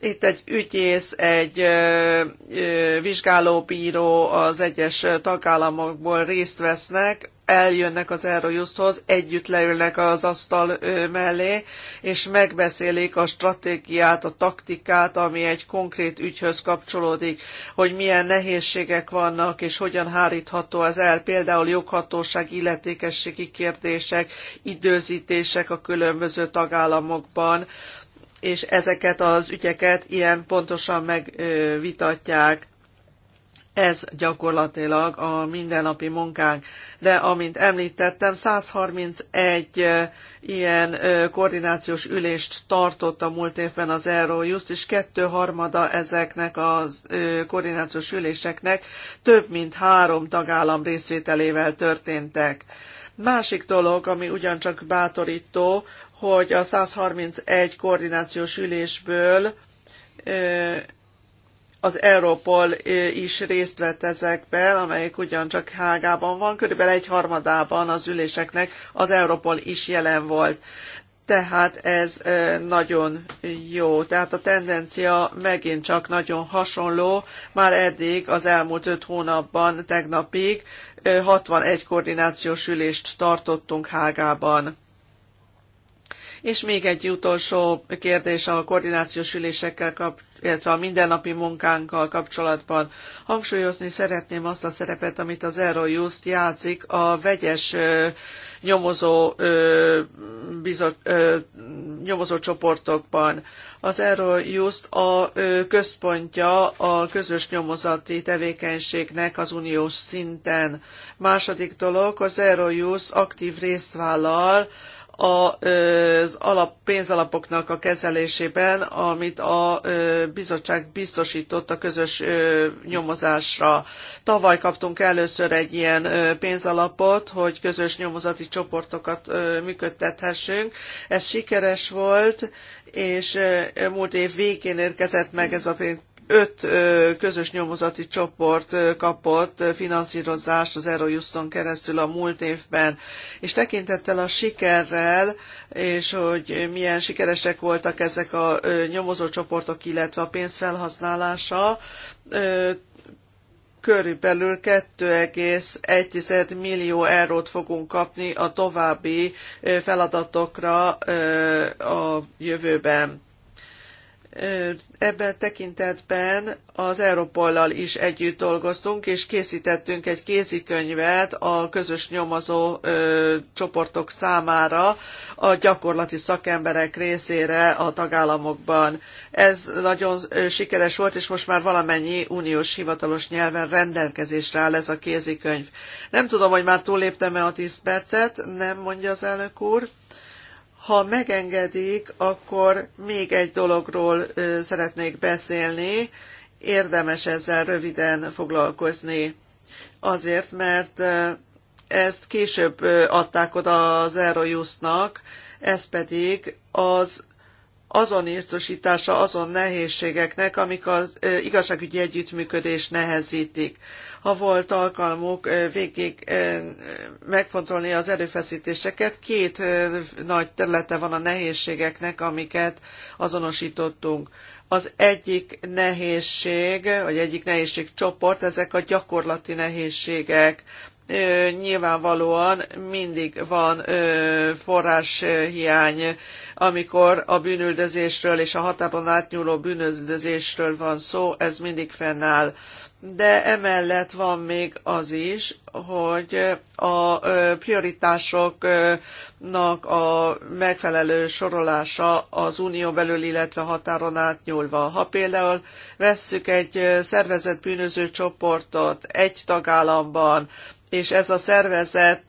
Itt egy ügyész, egy vizsgálóbíró az egyes tagállamokból részt vesznek, eljönnek az Eurojusthoz, együtt leülnek az asztal mellé, és megbeszélik a stratégiát, a taktikát, ami egy konkrét ügyhöz kapcsolódik, hogy milyen nehézségek vannak, és hogyan hárítható ez el, például joghatóság, illetékességi kérdések, időzítések a különböző tagállamokban, és ezeket az ügyeket ilyen pontosan megvitatják ez gyakorlatilag a mindennapi munkánk. De amint említettem, 131 ilyen koordinációs ülést tartott a múlt évben az Eurojust, és kettő harmada ezeknek a koordinációs üléseknek több mint három tagállam részvételével történtek. Másik dolog, ami ugyancsak bátorító, hogy a 131 koordinációs ülésből az Europol is részt vett ezekben, amelyik ugyancsak Hágában van, körülbelül egy harmadában az üléseknek az Europol is jelen volt. Tehát ez nagyon jó. Tehát a tendencia megint csak nagyon hasonló. Már eddig az elmúlt öt hónapban, tegnapig 61 koordinációs ülést tartottunk Hágában. És még egy utolsó kérdés a koordinációs ülésekkel kapcsolatban illetve a mindennapi munkánkkal kapcsolatban. Hangsúlyozni szeretném azt a szerepet, amit az Eurojust játszik a vegyes nyomozó, bizot, nyomozó csoportokban. Az Eurojust a központja a közös nyomozati tevékenységnek az uniós szinten. Második dolog, az Eurojust aktív részt vállal az alap, pénzalapoknak a kezelésében, amit a bizottság biztosított a közös nyomozásra. Tavaly kaptunk először egy ilyen pénzalapot, hogy közös nyomozati csoportokat működtethessünk. Ez sikeres volt, és múlt év végén érkezett meg ez a öt közös nyomozati csoport kapott finanszírozást az Eurojuston keresztül a múlt évben, és tekintettel a sikerrel, és hogy milyen sikeresek voltak ezek a nyomozó csoportok illetve a pénzfelhasználása, körülbelül 2,1 millió eurót fogunk kapni a további feladatokra a jövőben. Ebben tekintetben az Europollal is együtt dolgoztunk, és készítettünk egy kézikönyvet a közös nyomozó ö, csoportok számára a gyakorlati szakemberek részére a tagállamokban. Ez nagyon sikeres volt, és most már valamennyi uniós hivatalos nyelven rendelkezésre áll ez a kézikönyv. Nem tudom, hogy már túlléptem-e a 10 percet, nem mondja az elnök úr. Ha megengedik, akkor még egy dologról szeretnék beszélni. Érdemes ezzel röviden foglalkozni. Azért, mert ezt később adták oda az Eurojustnak, ez pedig az azon írtosítása azon nehézségeknek, amik az igazságügyi együttműködés nehezítik ha volt alkalmuk végig megfontolni az erőfeszítéseket. Két nagy területe van a nehézségeknek, amiket azonosítottunk. Az egyik nehézség, vagy egyik nehézségcsoport, ezek a gyakorlati nehézségek nyilvánvalóan mindig van forráshiány, amikor a bűnüldözésről és a határon átnyúló bűnüldözésről van szó, ez mindig fennáll de emellett van még az is, hogy a prioritásoknak a megfelelő sorolása az unió belül, illetve határon átnyúlva. Ha például vesszük egy szervezett bűnöző csoportot egy tagállamban, és ez a szervezet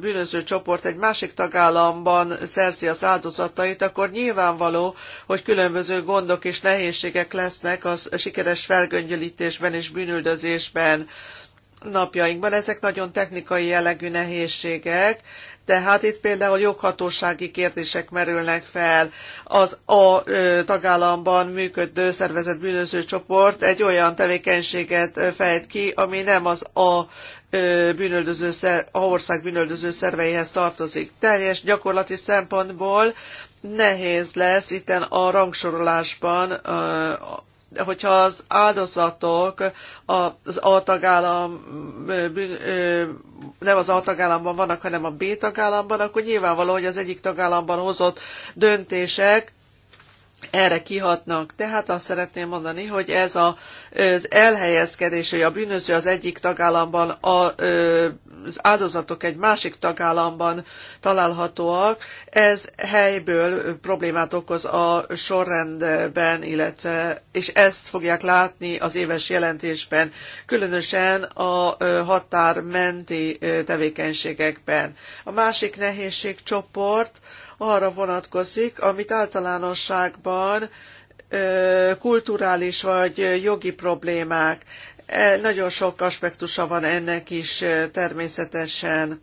bűnöző csoport egy másik tagállamban szerzi az áldozatait, akkor nyilvánvaló, hogy különböző gondok és nehézségek lesznek a sikeres felgöngyölítésben és bűnüldözésben napjainkban. Ezek nagyon technikai jellegű nehézségek, tehát itt például joghatósági kérdések merülnek fel. Az a ö, tagállamban működő szervezet bűnöző csoport egy olyan tevékenységet fejt ki, ami nem az a bűnöldöző szer, ország bűnöldöző szerveihez tartozik. Teljes gyakorlati szempontból nehéz lesz itten a rangsorolásban hogyha az áldozatok az A tagállam, nem az A tagállamban vannak, hanem a B tagállamban, akkor nyilvánvaló, hogy az egyik tagállamban hozott döntések erre kihatnak. Tehát azt szeretném mondani, hogy ez a, az elhelyezkedés, hogy a bűnöző az egyik tagállamban, a, az áldozatok egy másik tagállamban találhatóak, ez helyből problémát okoz a sorrendben, illetve, és ezt fogják látni az éves jelentésben, különösen a határmenti tevékenységekben. A másik nehézségcsoport, csoport, arra vonatkozik, amit általánosságban kulturális vagy jogi problémák. E, nagyon sok aspektusa van ennek is természetesen.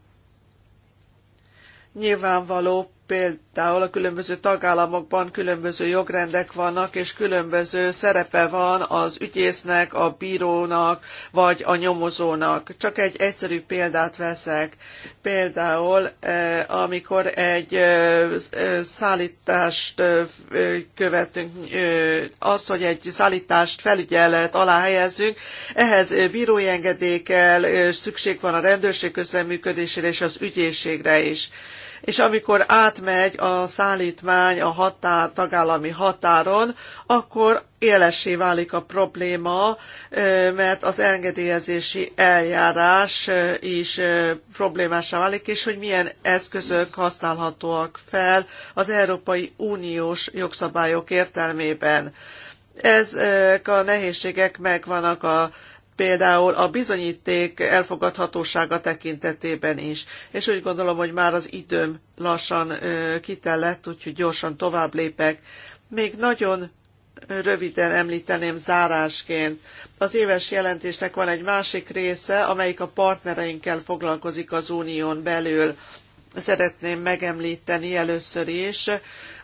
Nyilvánvaló például a különböző tagállamokban különböző jogrendek vannak, és különböző szerepe van az ügyésznek, a bírónak, vagy a nyomozónak. Csak egy egyszerű példát veszek. Például, eh, amikor egy eh, eh, szállítást követünk, azt, hogy egy szállítást felügyelet alá helyezünk, ehhez bírói engedékel szükség van a rendőrség közreműködésére és az ügyészségre is és amikor átmegy a szállítmány a határ, tagállami határon, akkor élessé válik a probléma, mert az engedélyezési eljárás is problémásá válik, és hogy milyen eszközök használhatóak fel az Európai Uniós jogszabályok értelmében. Ezek a nehézségek megvannak a például a bizonyíték elfogadhatósága tekintetében is. És úgy gondolom, hogy már az időm lassan kitellett, úgyhogy gyorsan tovább lépek. Még nagyon röviden említeném zárásként. Az éves jelentésnek van egy másik része, amelyik a partnereinkkel foglalkozik az unión belül. Szeretném megemlíteni először is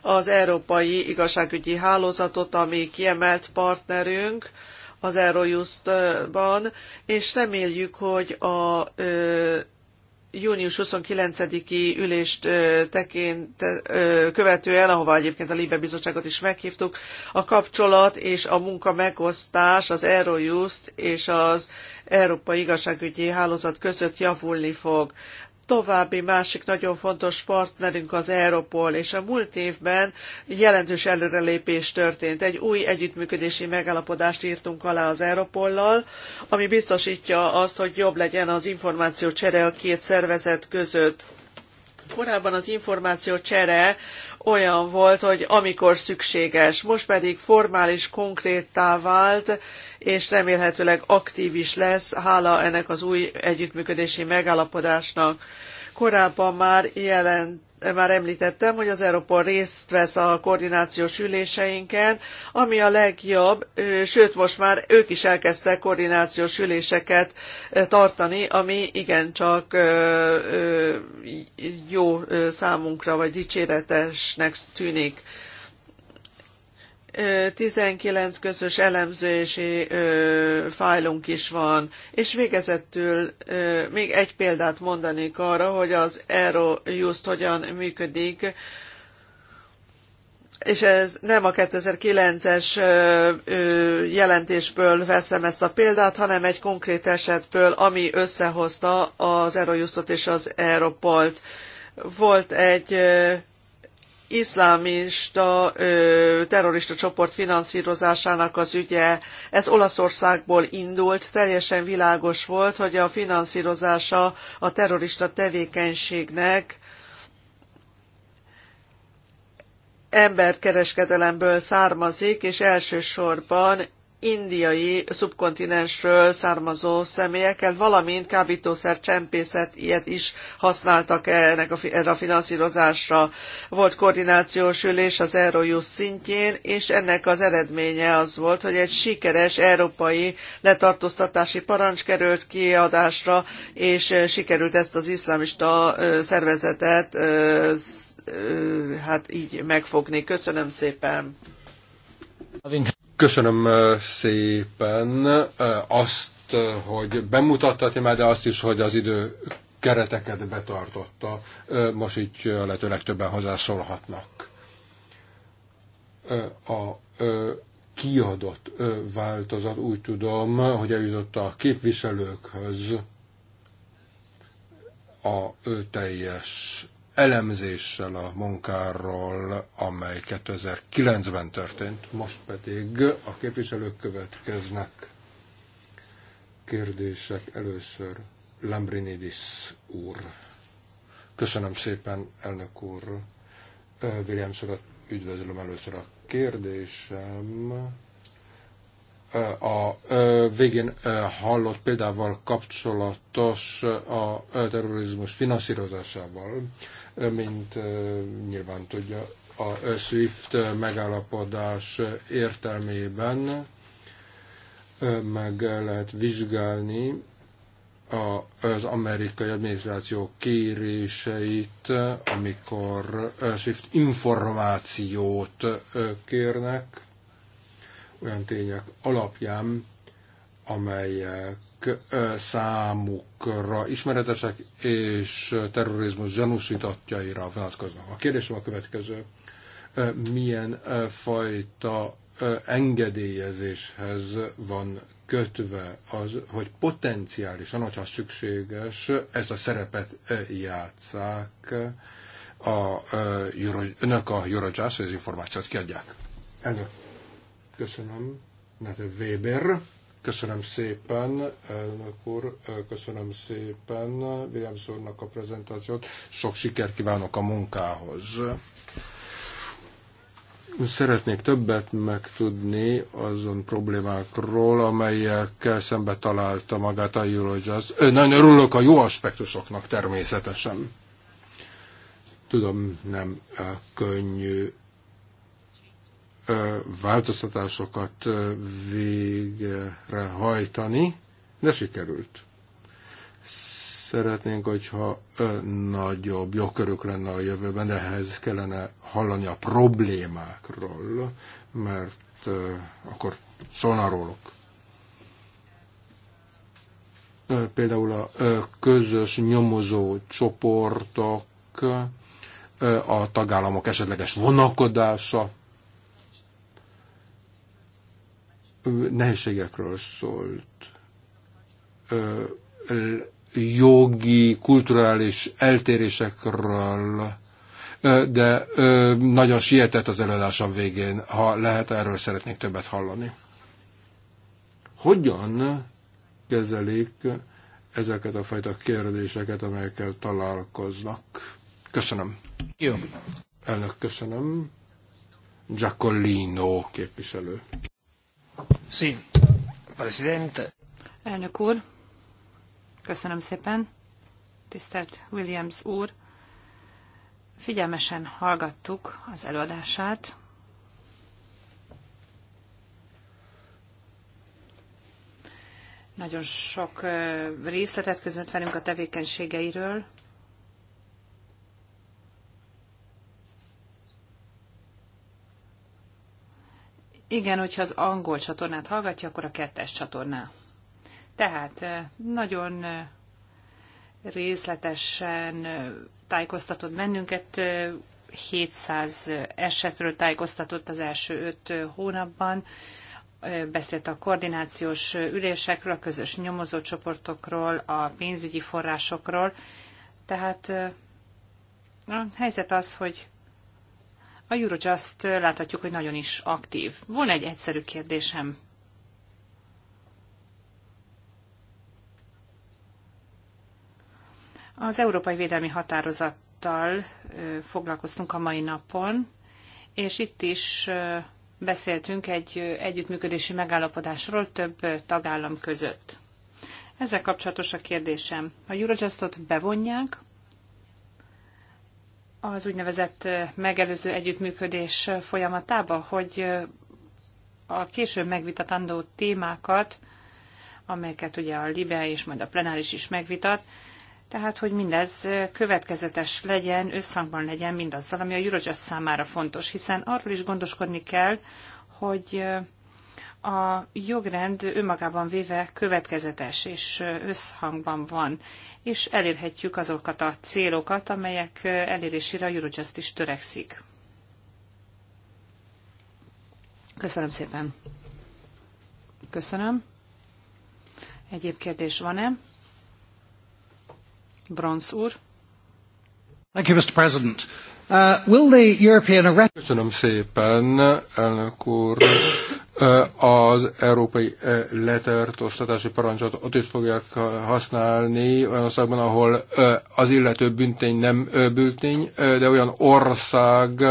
az Európai Igazságügyi Hálózatot, ami kiemelt partnerünk, az Eurojust-ban, és reméljük, hogy a június 29-i ülést tekint, követően, ahova egyébként a Libe Bizottságot is meghívtuk, a kapcsolat és a munka megosztás az Eurojust és az Európai Igazságügyi Hálózat között javulni fog. További másik nagyon fontos partnerünk az Europol, és a múlt évben jelentős előrelépés történt. Egy új együttműködési megállapodást írtunk alá az Europollal, ami biztosítja azt, hogy jobb legyen az információ csere a két szervezet között. Korábban az információ csere olyan volt, hogy amikor szükséges, most pedig formális, konkréttá vált, és remélhetőleg aktív is lesz, hála ennek az új együttműködési megállapodásnak. Korábban már jelent már említettem, hogy az Európol részt vesz a koordinációs üléseinken, ami a legjobb, sőt most már ők is elkezdtek koordinációs üléseket tartani, ami igencsak jó számunkra, vagy dicséretesnek tűnik. 19 közös elemzési fájlunk is van, és végezetül még egy példát mondanék arra, hogy az Eurojust hogyan működik, és ez nem a 2009-es jelentésből veszem ezt a példát, hanem egy konkrét esetből, ami összehozta az Eurojustot és az Europolt. Volt egy iszlámista ö, terrorista csoport finanszírozásának az ügye, ez Olaszországból indult, teljesen világos volt, hogy a finanszírozása a terrorista tevékenységnek emberkereskedelemből származik, és elsősorban indiai szubkontinensről származó személyeket, valamint kábítószer csempészet ilyet is használtak ennek a, erre a finanszírozásra. Volt koordinációs ülés az Eurojust szintjén, és ennek az eredménye az volt, hogy egy sikeres európai letartóztatási parancs került kiadásra, és sikerült ezt az iszlamista szervezetet hát így megfogni. Köszönöm szépen!
Köszönöm szépen azt, hogy bemutatta már, de azt is, hogy az idő kereteket betartotta. Most így lehetőleg többen hozzászólhatnak. A kiadott változat úgy tudom, hogy eljutott a képviselőkhöz a teljes elemzéssel a munkáról, amely 2009-ben történt, most pedig a képviselők következnek. Kérdések először Lambrinidis úr. Köszönöm szépen, elnök úr. William Szorat üdvözlöm először a kérdésem. A végén hallott példával kapcsolatos a terrorizmus finanszírozásával mint nyilván tudja, a SWIFT megállapodás értelmében meg lehet vizsgálni az amerikai adminisztráció kéréseit, amikor SWIFT információt kérnek, olyan tények alapján, amelyek számukra ismeretesek és terrorizmus gyanúsítatjaira vonatkoznak. A kérdésem a következő. Milyen fajta engedélyezéshez van kötve az, hogy potenciálisan, hogyha szükséges, ezt a szerepet játszák a, a, önök a Eurojust, hogy az információt kiadják. Elnök. Köszönöm. Nem, Weber. Köszönöm szépen, elnök úr, köszönöm szépen Williams úrnak a prezentációt. Sok sikert kívánok a munkához. Szeretnék többet megtudni azon problémákról, amelyekkel szembe találta magát a Eurojust. Nagyon örülök a jó aspektusoknak természetesen. Tudom, nem könnyű változtatásokat végrehajtani, de sikerült. Szeretnénk, hogyha nagyobb jogkörök lenne a jövőben, de ehhez kellene hallani a problémákról, mert akkor szólna róluk például a közös nyomozó csoportok, a tagállamok esetleges vonakodása, nehézségekről szólt. Jogi, kulturális eltérésekről, de nagyon sietett az előadásom végén. Ha lehet, erről szeretnék többet hallani. Hogyan kezelik ezeket a fajta kérdéseket, amelyekkel találkoznak? Köszönöm. Jó. Elnök, köszönöm. Giacolino képviselő.
Sí, presidente.
Elnök úr, köszönöm szépen. Tisztelt Williams úr, figyelmesen hallgattuk az előadását. Nagyon sok részletet közölt velünk a tevékenységeiről, Igen, hogyha az angol csatornát hallgatja, akkor a kettes csatorná. Tehát eh, nagyon eh, részletesen eh, tájékoztatott bennünket, 700 esetről tájékoztatott az első öt hónapban, beszélt a koordinációs ülésekről, a közös nyomozócsoportokról, a pénzügyi forrásokról. Tehát a helyzet az, hogy a Eurojust láthatjuk, hogy nagyon is aktív. Volna egy egyszerű kérdésem. Az Európai Védelmi Határozattal foglalkoztunk a mai napon, és itt is beszéltünk egy együttműködési megállapodásról több tagállam között. Ezzel kapcsolatos a kérdésem. A Eurojustot bevonják az úgynevezett megelőző együttműködés folyamatába, hogy a később megvitatandó témákat, amelyeket ugye a Libe és majd a plenáris is megvitat, tehát, hogy mindez következetes legyen, összhangban legyen mindazzal, ami a Eurojust számára fontos, hiszen arról is gondoskodni kell, hogy a jogrend önmagában véve következetes és összhangban van, és elérhetjük azokat a célokat, amelyek elérésére a Eurojust is törekszik. Köszönöm szépen. Köszönöm. Egyéb kérdés van-e? Bronz úr.
Thank you, Mr. President.
Uh, will the European
Köszönöm szépen, elnök úr az európai letartóztatási parancsot ott is fogják használni olyan országban, ahol az illető büntény nem büntény, de olyan ország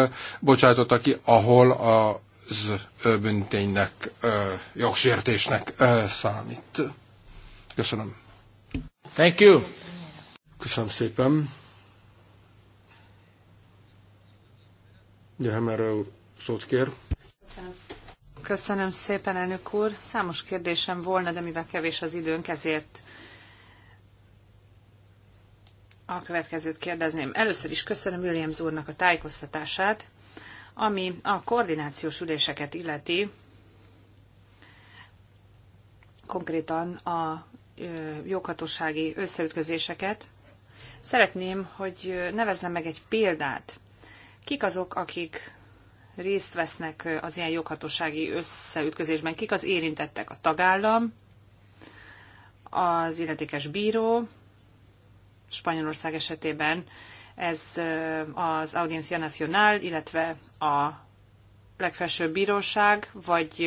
bocsátotta ki, ahol az bünténynek, jogsértésnek számít. Köszönöm. Thank you. Köszönöm szépen. Jehemer úr szót kér.
Köszönöm szépen, elnök úr. Számos kérdésem volna, de mivel kevés az időnk, ezért a következőt kérdezném. Először is köszönöm Williams úrnak a tájékoztatását, ami a koordinációs üléseket illeti, konkrétan a joghatósági összeütközéseket. Szeretném, hogy nevezzem meg egy példát. Kik azok, akik részt vesznek az ilyen joghatósági összeütközésben? Kik az érintettek? A tagállam, az illetékes bíró, Spanyolország esetében ez az Audiencia Nacional, illetve a legfelsőbb bíróság, vagy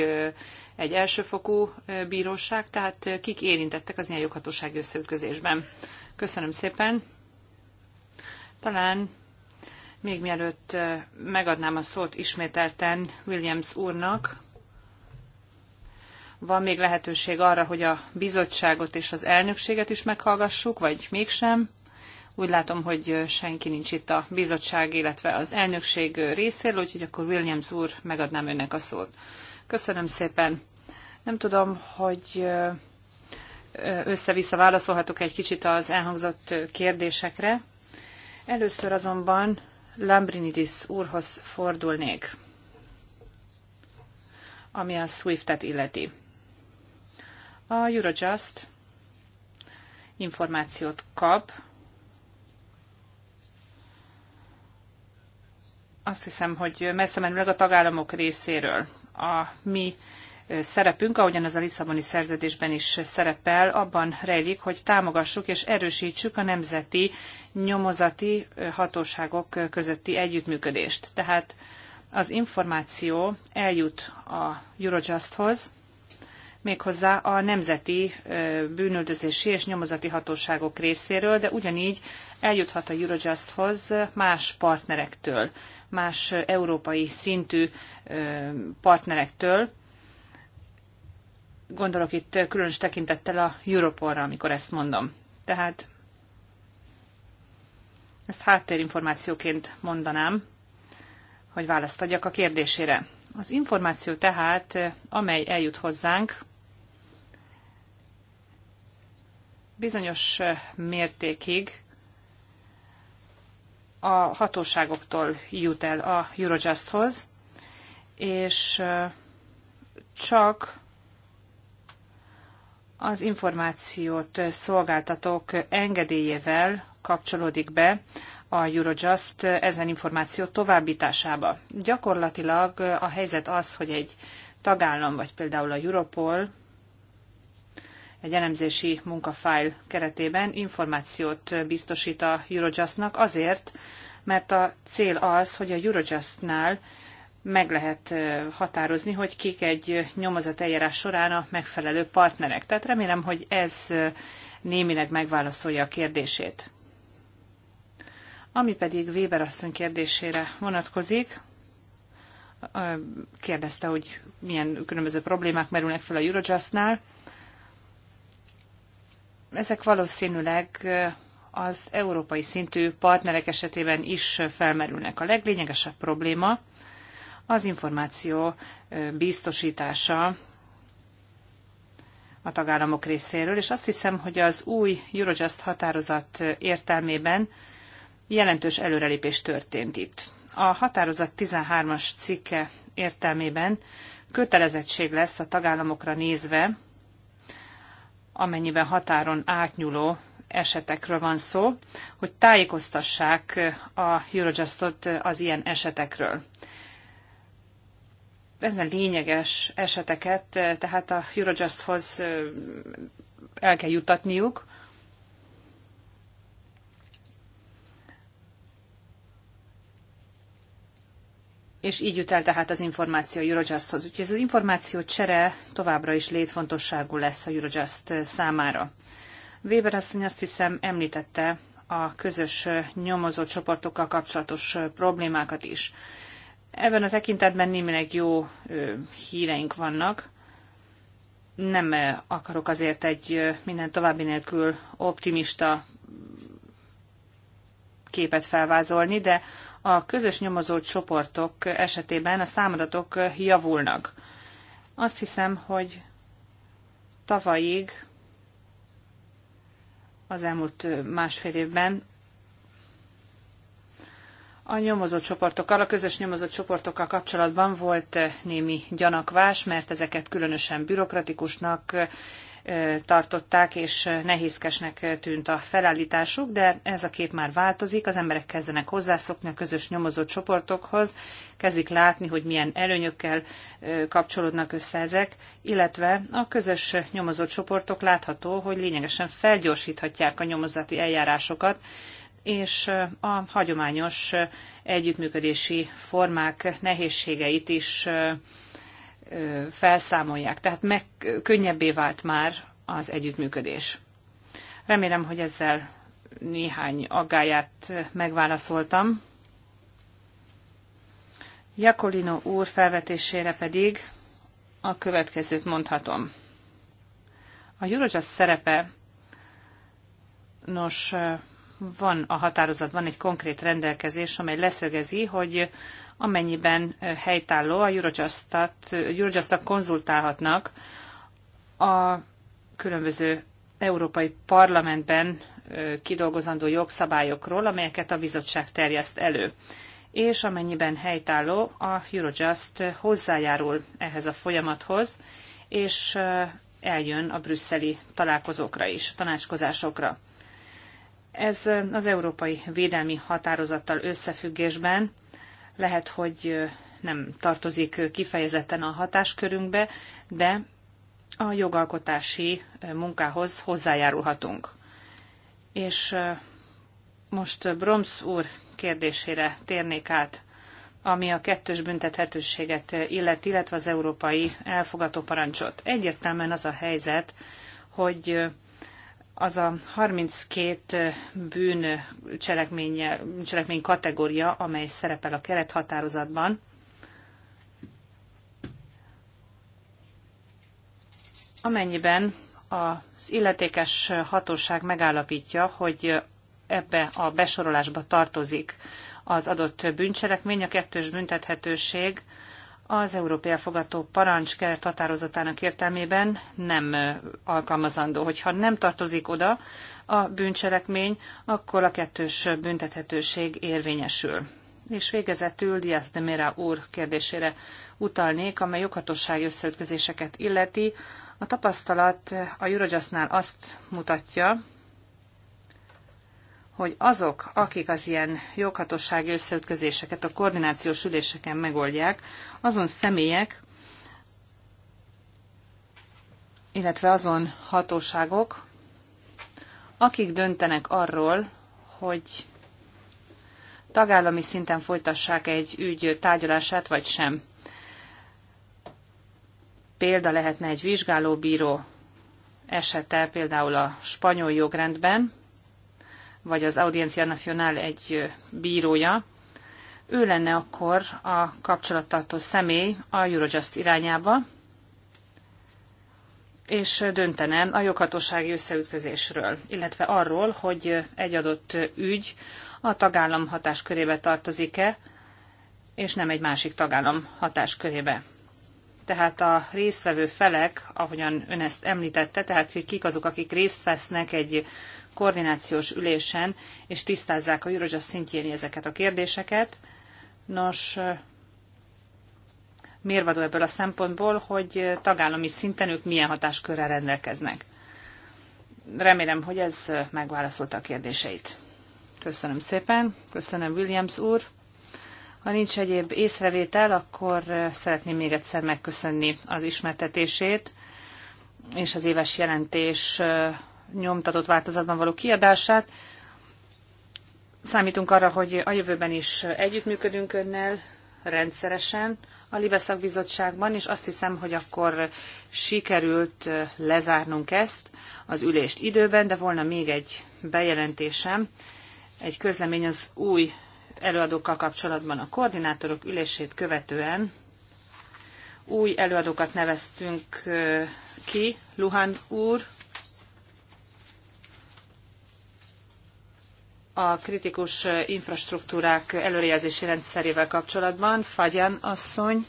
egy elsőfokú bíróság, tehát kik érintettek az ilyen joghatósági összeütközésben. Köszönöm szépen. Talán még mielőtt megadnám a szót ismételten Williams úrnak, van még lehetőség arra, hogy a bizottságot és az elnökséget is meghallgassuk, vagy mégsem. Úgy látom, hogy senki nincs itt a bizottság, illetve az elnökség részéről, úgyhogy akkor Williams úr, megadnám önnek a szót. Köszönöm szépen. Nem tudom, hogy össze-vissza válaszolhatok egy kicsit az elhangzott kérdésekre. Először azonban Lambrinidis úrhoz fordulnék, ami a SWIFT-et illeti. A Eurojust információt kap. Azt hiszem, hogy messze menőleg a tagállamok részéről. A mi szerepünk, ahogyan az a Lisszaboni szerződésben is szerepel, abban rejlik, hogy támogassuk és erősítsük a nemzeti nyomozati hatóságok közötti együttműködést. Tehát az információ eljut a Eurojusthoz, méghozzá a nemzeti bűnöldözési és nyomozati hatóságok részéről, de ugyanígy eljuthat a Eurojusthoz más partnerektől, más európai szintű partnerektől, Gondolok itt különös tekintettel a Europolra, amikor ezt mondom. Tehát ezt háttérinformációként mondanám, hogy választ adjak a kérdésére. Az információ tehát, amely eljut hozzánk, bizonyos mértékig a hatóságoktól jut el a Eurojusthoz, és csak az információt szolgáltatók engedélyével kapcsolódik be a Eurojust ezen információ továbbításába. Gyakorlatilag a helyzet az, hogy egy tagállam, vagy például a Europol egy elemzési munkafájl keretében információt biztosít a Eurojustnak azért, mert a cél az, hogy a Eurojustnál meg lehet határozni, hogy kik egy nyomozat eljárás során a megfelelő partnerek. Tehát remélem, hogy ez némileg megválaszolja a kérdését. Ami pedig Weber asszony kérdésére vonatkozik, kérdezte, hogy milyen különböző problémák merülnek fel a Eurojustnál. Ezek valószínűleg az európai szintű partnerek esetében is felmerülnek. A leglényegesebb probléma az információ biztosítása a tagállamok részéről, és azt hiszem, hogy az új Eurojust határozat értelmében jelentős előrelépés történt itt. A határozat 13-as cikke értelmében kötelezettség lesz a tagállamokra nézve, amennyiben határon átnyúló esetekről van szó, hogy tájékoztassák a Eurojustot az ilyen esetekről ezen lényeges eseteket tehát a Eurojusthoz el kell jutatniuk, És így jut el tehát az információ Eurojusthoz. Úgyhogy ez az információ csere továbbra is létfontosságú lesz a Eurojust számára. Weber asszony azt hiszem említette a közös nyomozott csoportokkal kapcsolatos problémákat is. Ebben a tekintetben némileg jó híreink vannak. Nem akarok azért egy minden további nélkül optimista képet felvázolni, de a közös nyomozó csoportok esetében a számadatok javulnak. Azt hiszem, hogy tavalyig, az elmúlt másfél évben a nyomozott csoportokkal, a közös nyomozott csoportokkal kapcsolatban volt eh, némi gyanakvás, mert ezeket különösen bürokratikusnak eh, tartották, és eh, nehézkesnek tűnt a felállításuk, de ez a kép már változik, az emberek kezdenek hozzászokni a közös nyomozott csoportokhoz, kezdik látni, hogy milyen előnyökkel kapcsolódnak össze ezek, illetve a közös nyomozott csoportok látható, hogy lényegesen felgyorsíthatják a nyomozati eljárásokat, és a hagyományos együttműködési formák nehézségeit is felszámolják. Tehát meg könnyebbé vált már az együttműködés. Remélem, hogy ezzel néhány aggáját megválaszoltam. Jakolino úr felvetésére pedig a következőt mondhatom. A Eurojust szerepe, nos, van a határozatban egy konkrét rendelkezés, amely leszögezi, hogy amennyiben helytálló a Eurojust-at, konzultálhatnak a különböző európai parlamentben kidolgozandó jogszabályokról, amelyeket a bizottság terjeszt elő. És amennyiben helytálló, a Eurojust hozzájárul ehhez a folyamathoz, és eljön a brüsszeli találkozókra is, tanácskozásokra. Ez az európai védelmi határozattal összefüggésben lehet, hogy nem tartozik kifejezetten a hatáskörünkbe, de a jogalkotási munkához hozzájárulhatunk. És most Broms úr kérdésére térnék át, ami a kettős büntethetőséget illeti, illetve az európai elfogató parancsot. Egyértelműen az a helyzet, hogy az a 32 bűn cselekmény kategória, amely szerepel a kerethatározatban, amennyiben az illetékes hatóság megállapítja, hogy ebbe a besorolásba tartozik az adott bűncselekmény, a kettős büntethetőség az Európai Elfogató Parancs keret határozatának értelmében nem alkalmazandó. Hogyha nem tartozik oda a bűncselekmény, akkor a kettős büntethetőség érvényesül. És végezetül Diaz de Mera úr kérdésére utalnék, amely joghatósági összeütközéseket illeti. A tapasztalat a Eurojustnál azt mutatja, hogy azok, akik az ilyen joghatósági összeütközéseket a koordinációs üléseken megoldják, azon személyek, illetve azon hatóságok, akik döntenek arról, hogy tagállami szinten folytassák egy ügy tárgyalását, vagy sem. Példa lehetne egy vizsgálóbíró esete, például a spanyol jogrendben, vagy az Audiencia Nacional egy bírója, ő lenne akkor a kapcsolattartó személy a Eurojust irányába, és döntene a joghatósági összeütközésről, illetve arról, hogy egy adott ügy a tagállam hatáskörébe tartozik-e, és nem egy másik tagállam hatáskörébe. Tehát a résztvevő felek, ahogyan ön ezt említette, tehát hogy kik azok, akik részt vesznek egy koordinációs ülésen, és tisztázzák a Eurojust szintjén ezeket a kérdéseket. Nos, mérvadó ebből a szempontból, hogy tagállami szinten ők milyen hatáskörrel rendelkeznek. Remélem, hogy ez megválaszolta a kérdéseit. Köszönöm szépen, köszönöm Williams úr. Ha nincs egyéb észrevétel, akkor szeretném még egyszer megköszönni az ismertetését, és az éves jelentés nyomtatott változatban való kiadását. Számítunk arra, hogy a jövőben is együttműködünk önnel rendszeresen a Libeszak Bizottságban, és azt hiszem, hogy akkor sikerült lezárnunk ezt az ülést időben, de volna még egy bejelentésem, egy közlemény az új előadókkal kapcsolatban a koordinátorok ülését követően új előadókat neveztünk ki, Luhan úr, a kritikus infrastruktúrák előrejelzési rendszerével kapcsolatban. Fagyan asszony,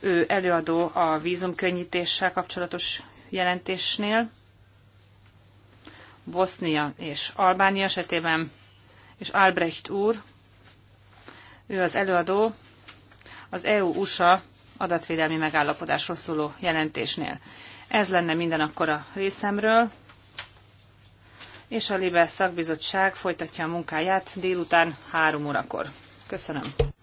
ő előadó a vízumkönnyítéssel kapcsolatos jelentésnél. Bosznia és Albánia esetében, és Albrecht úr, ő az előadó az EU-USA adatvédelmi megállapodásról szóló jelentésnél. Ez lenne minden akkor a részemről és a Libe szakbizottság folytatja a munkáját délután három órakor. Köszönöm.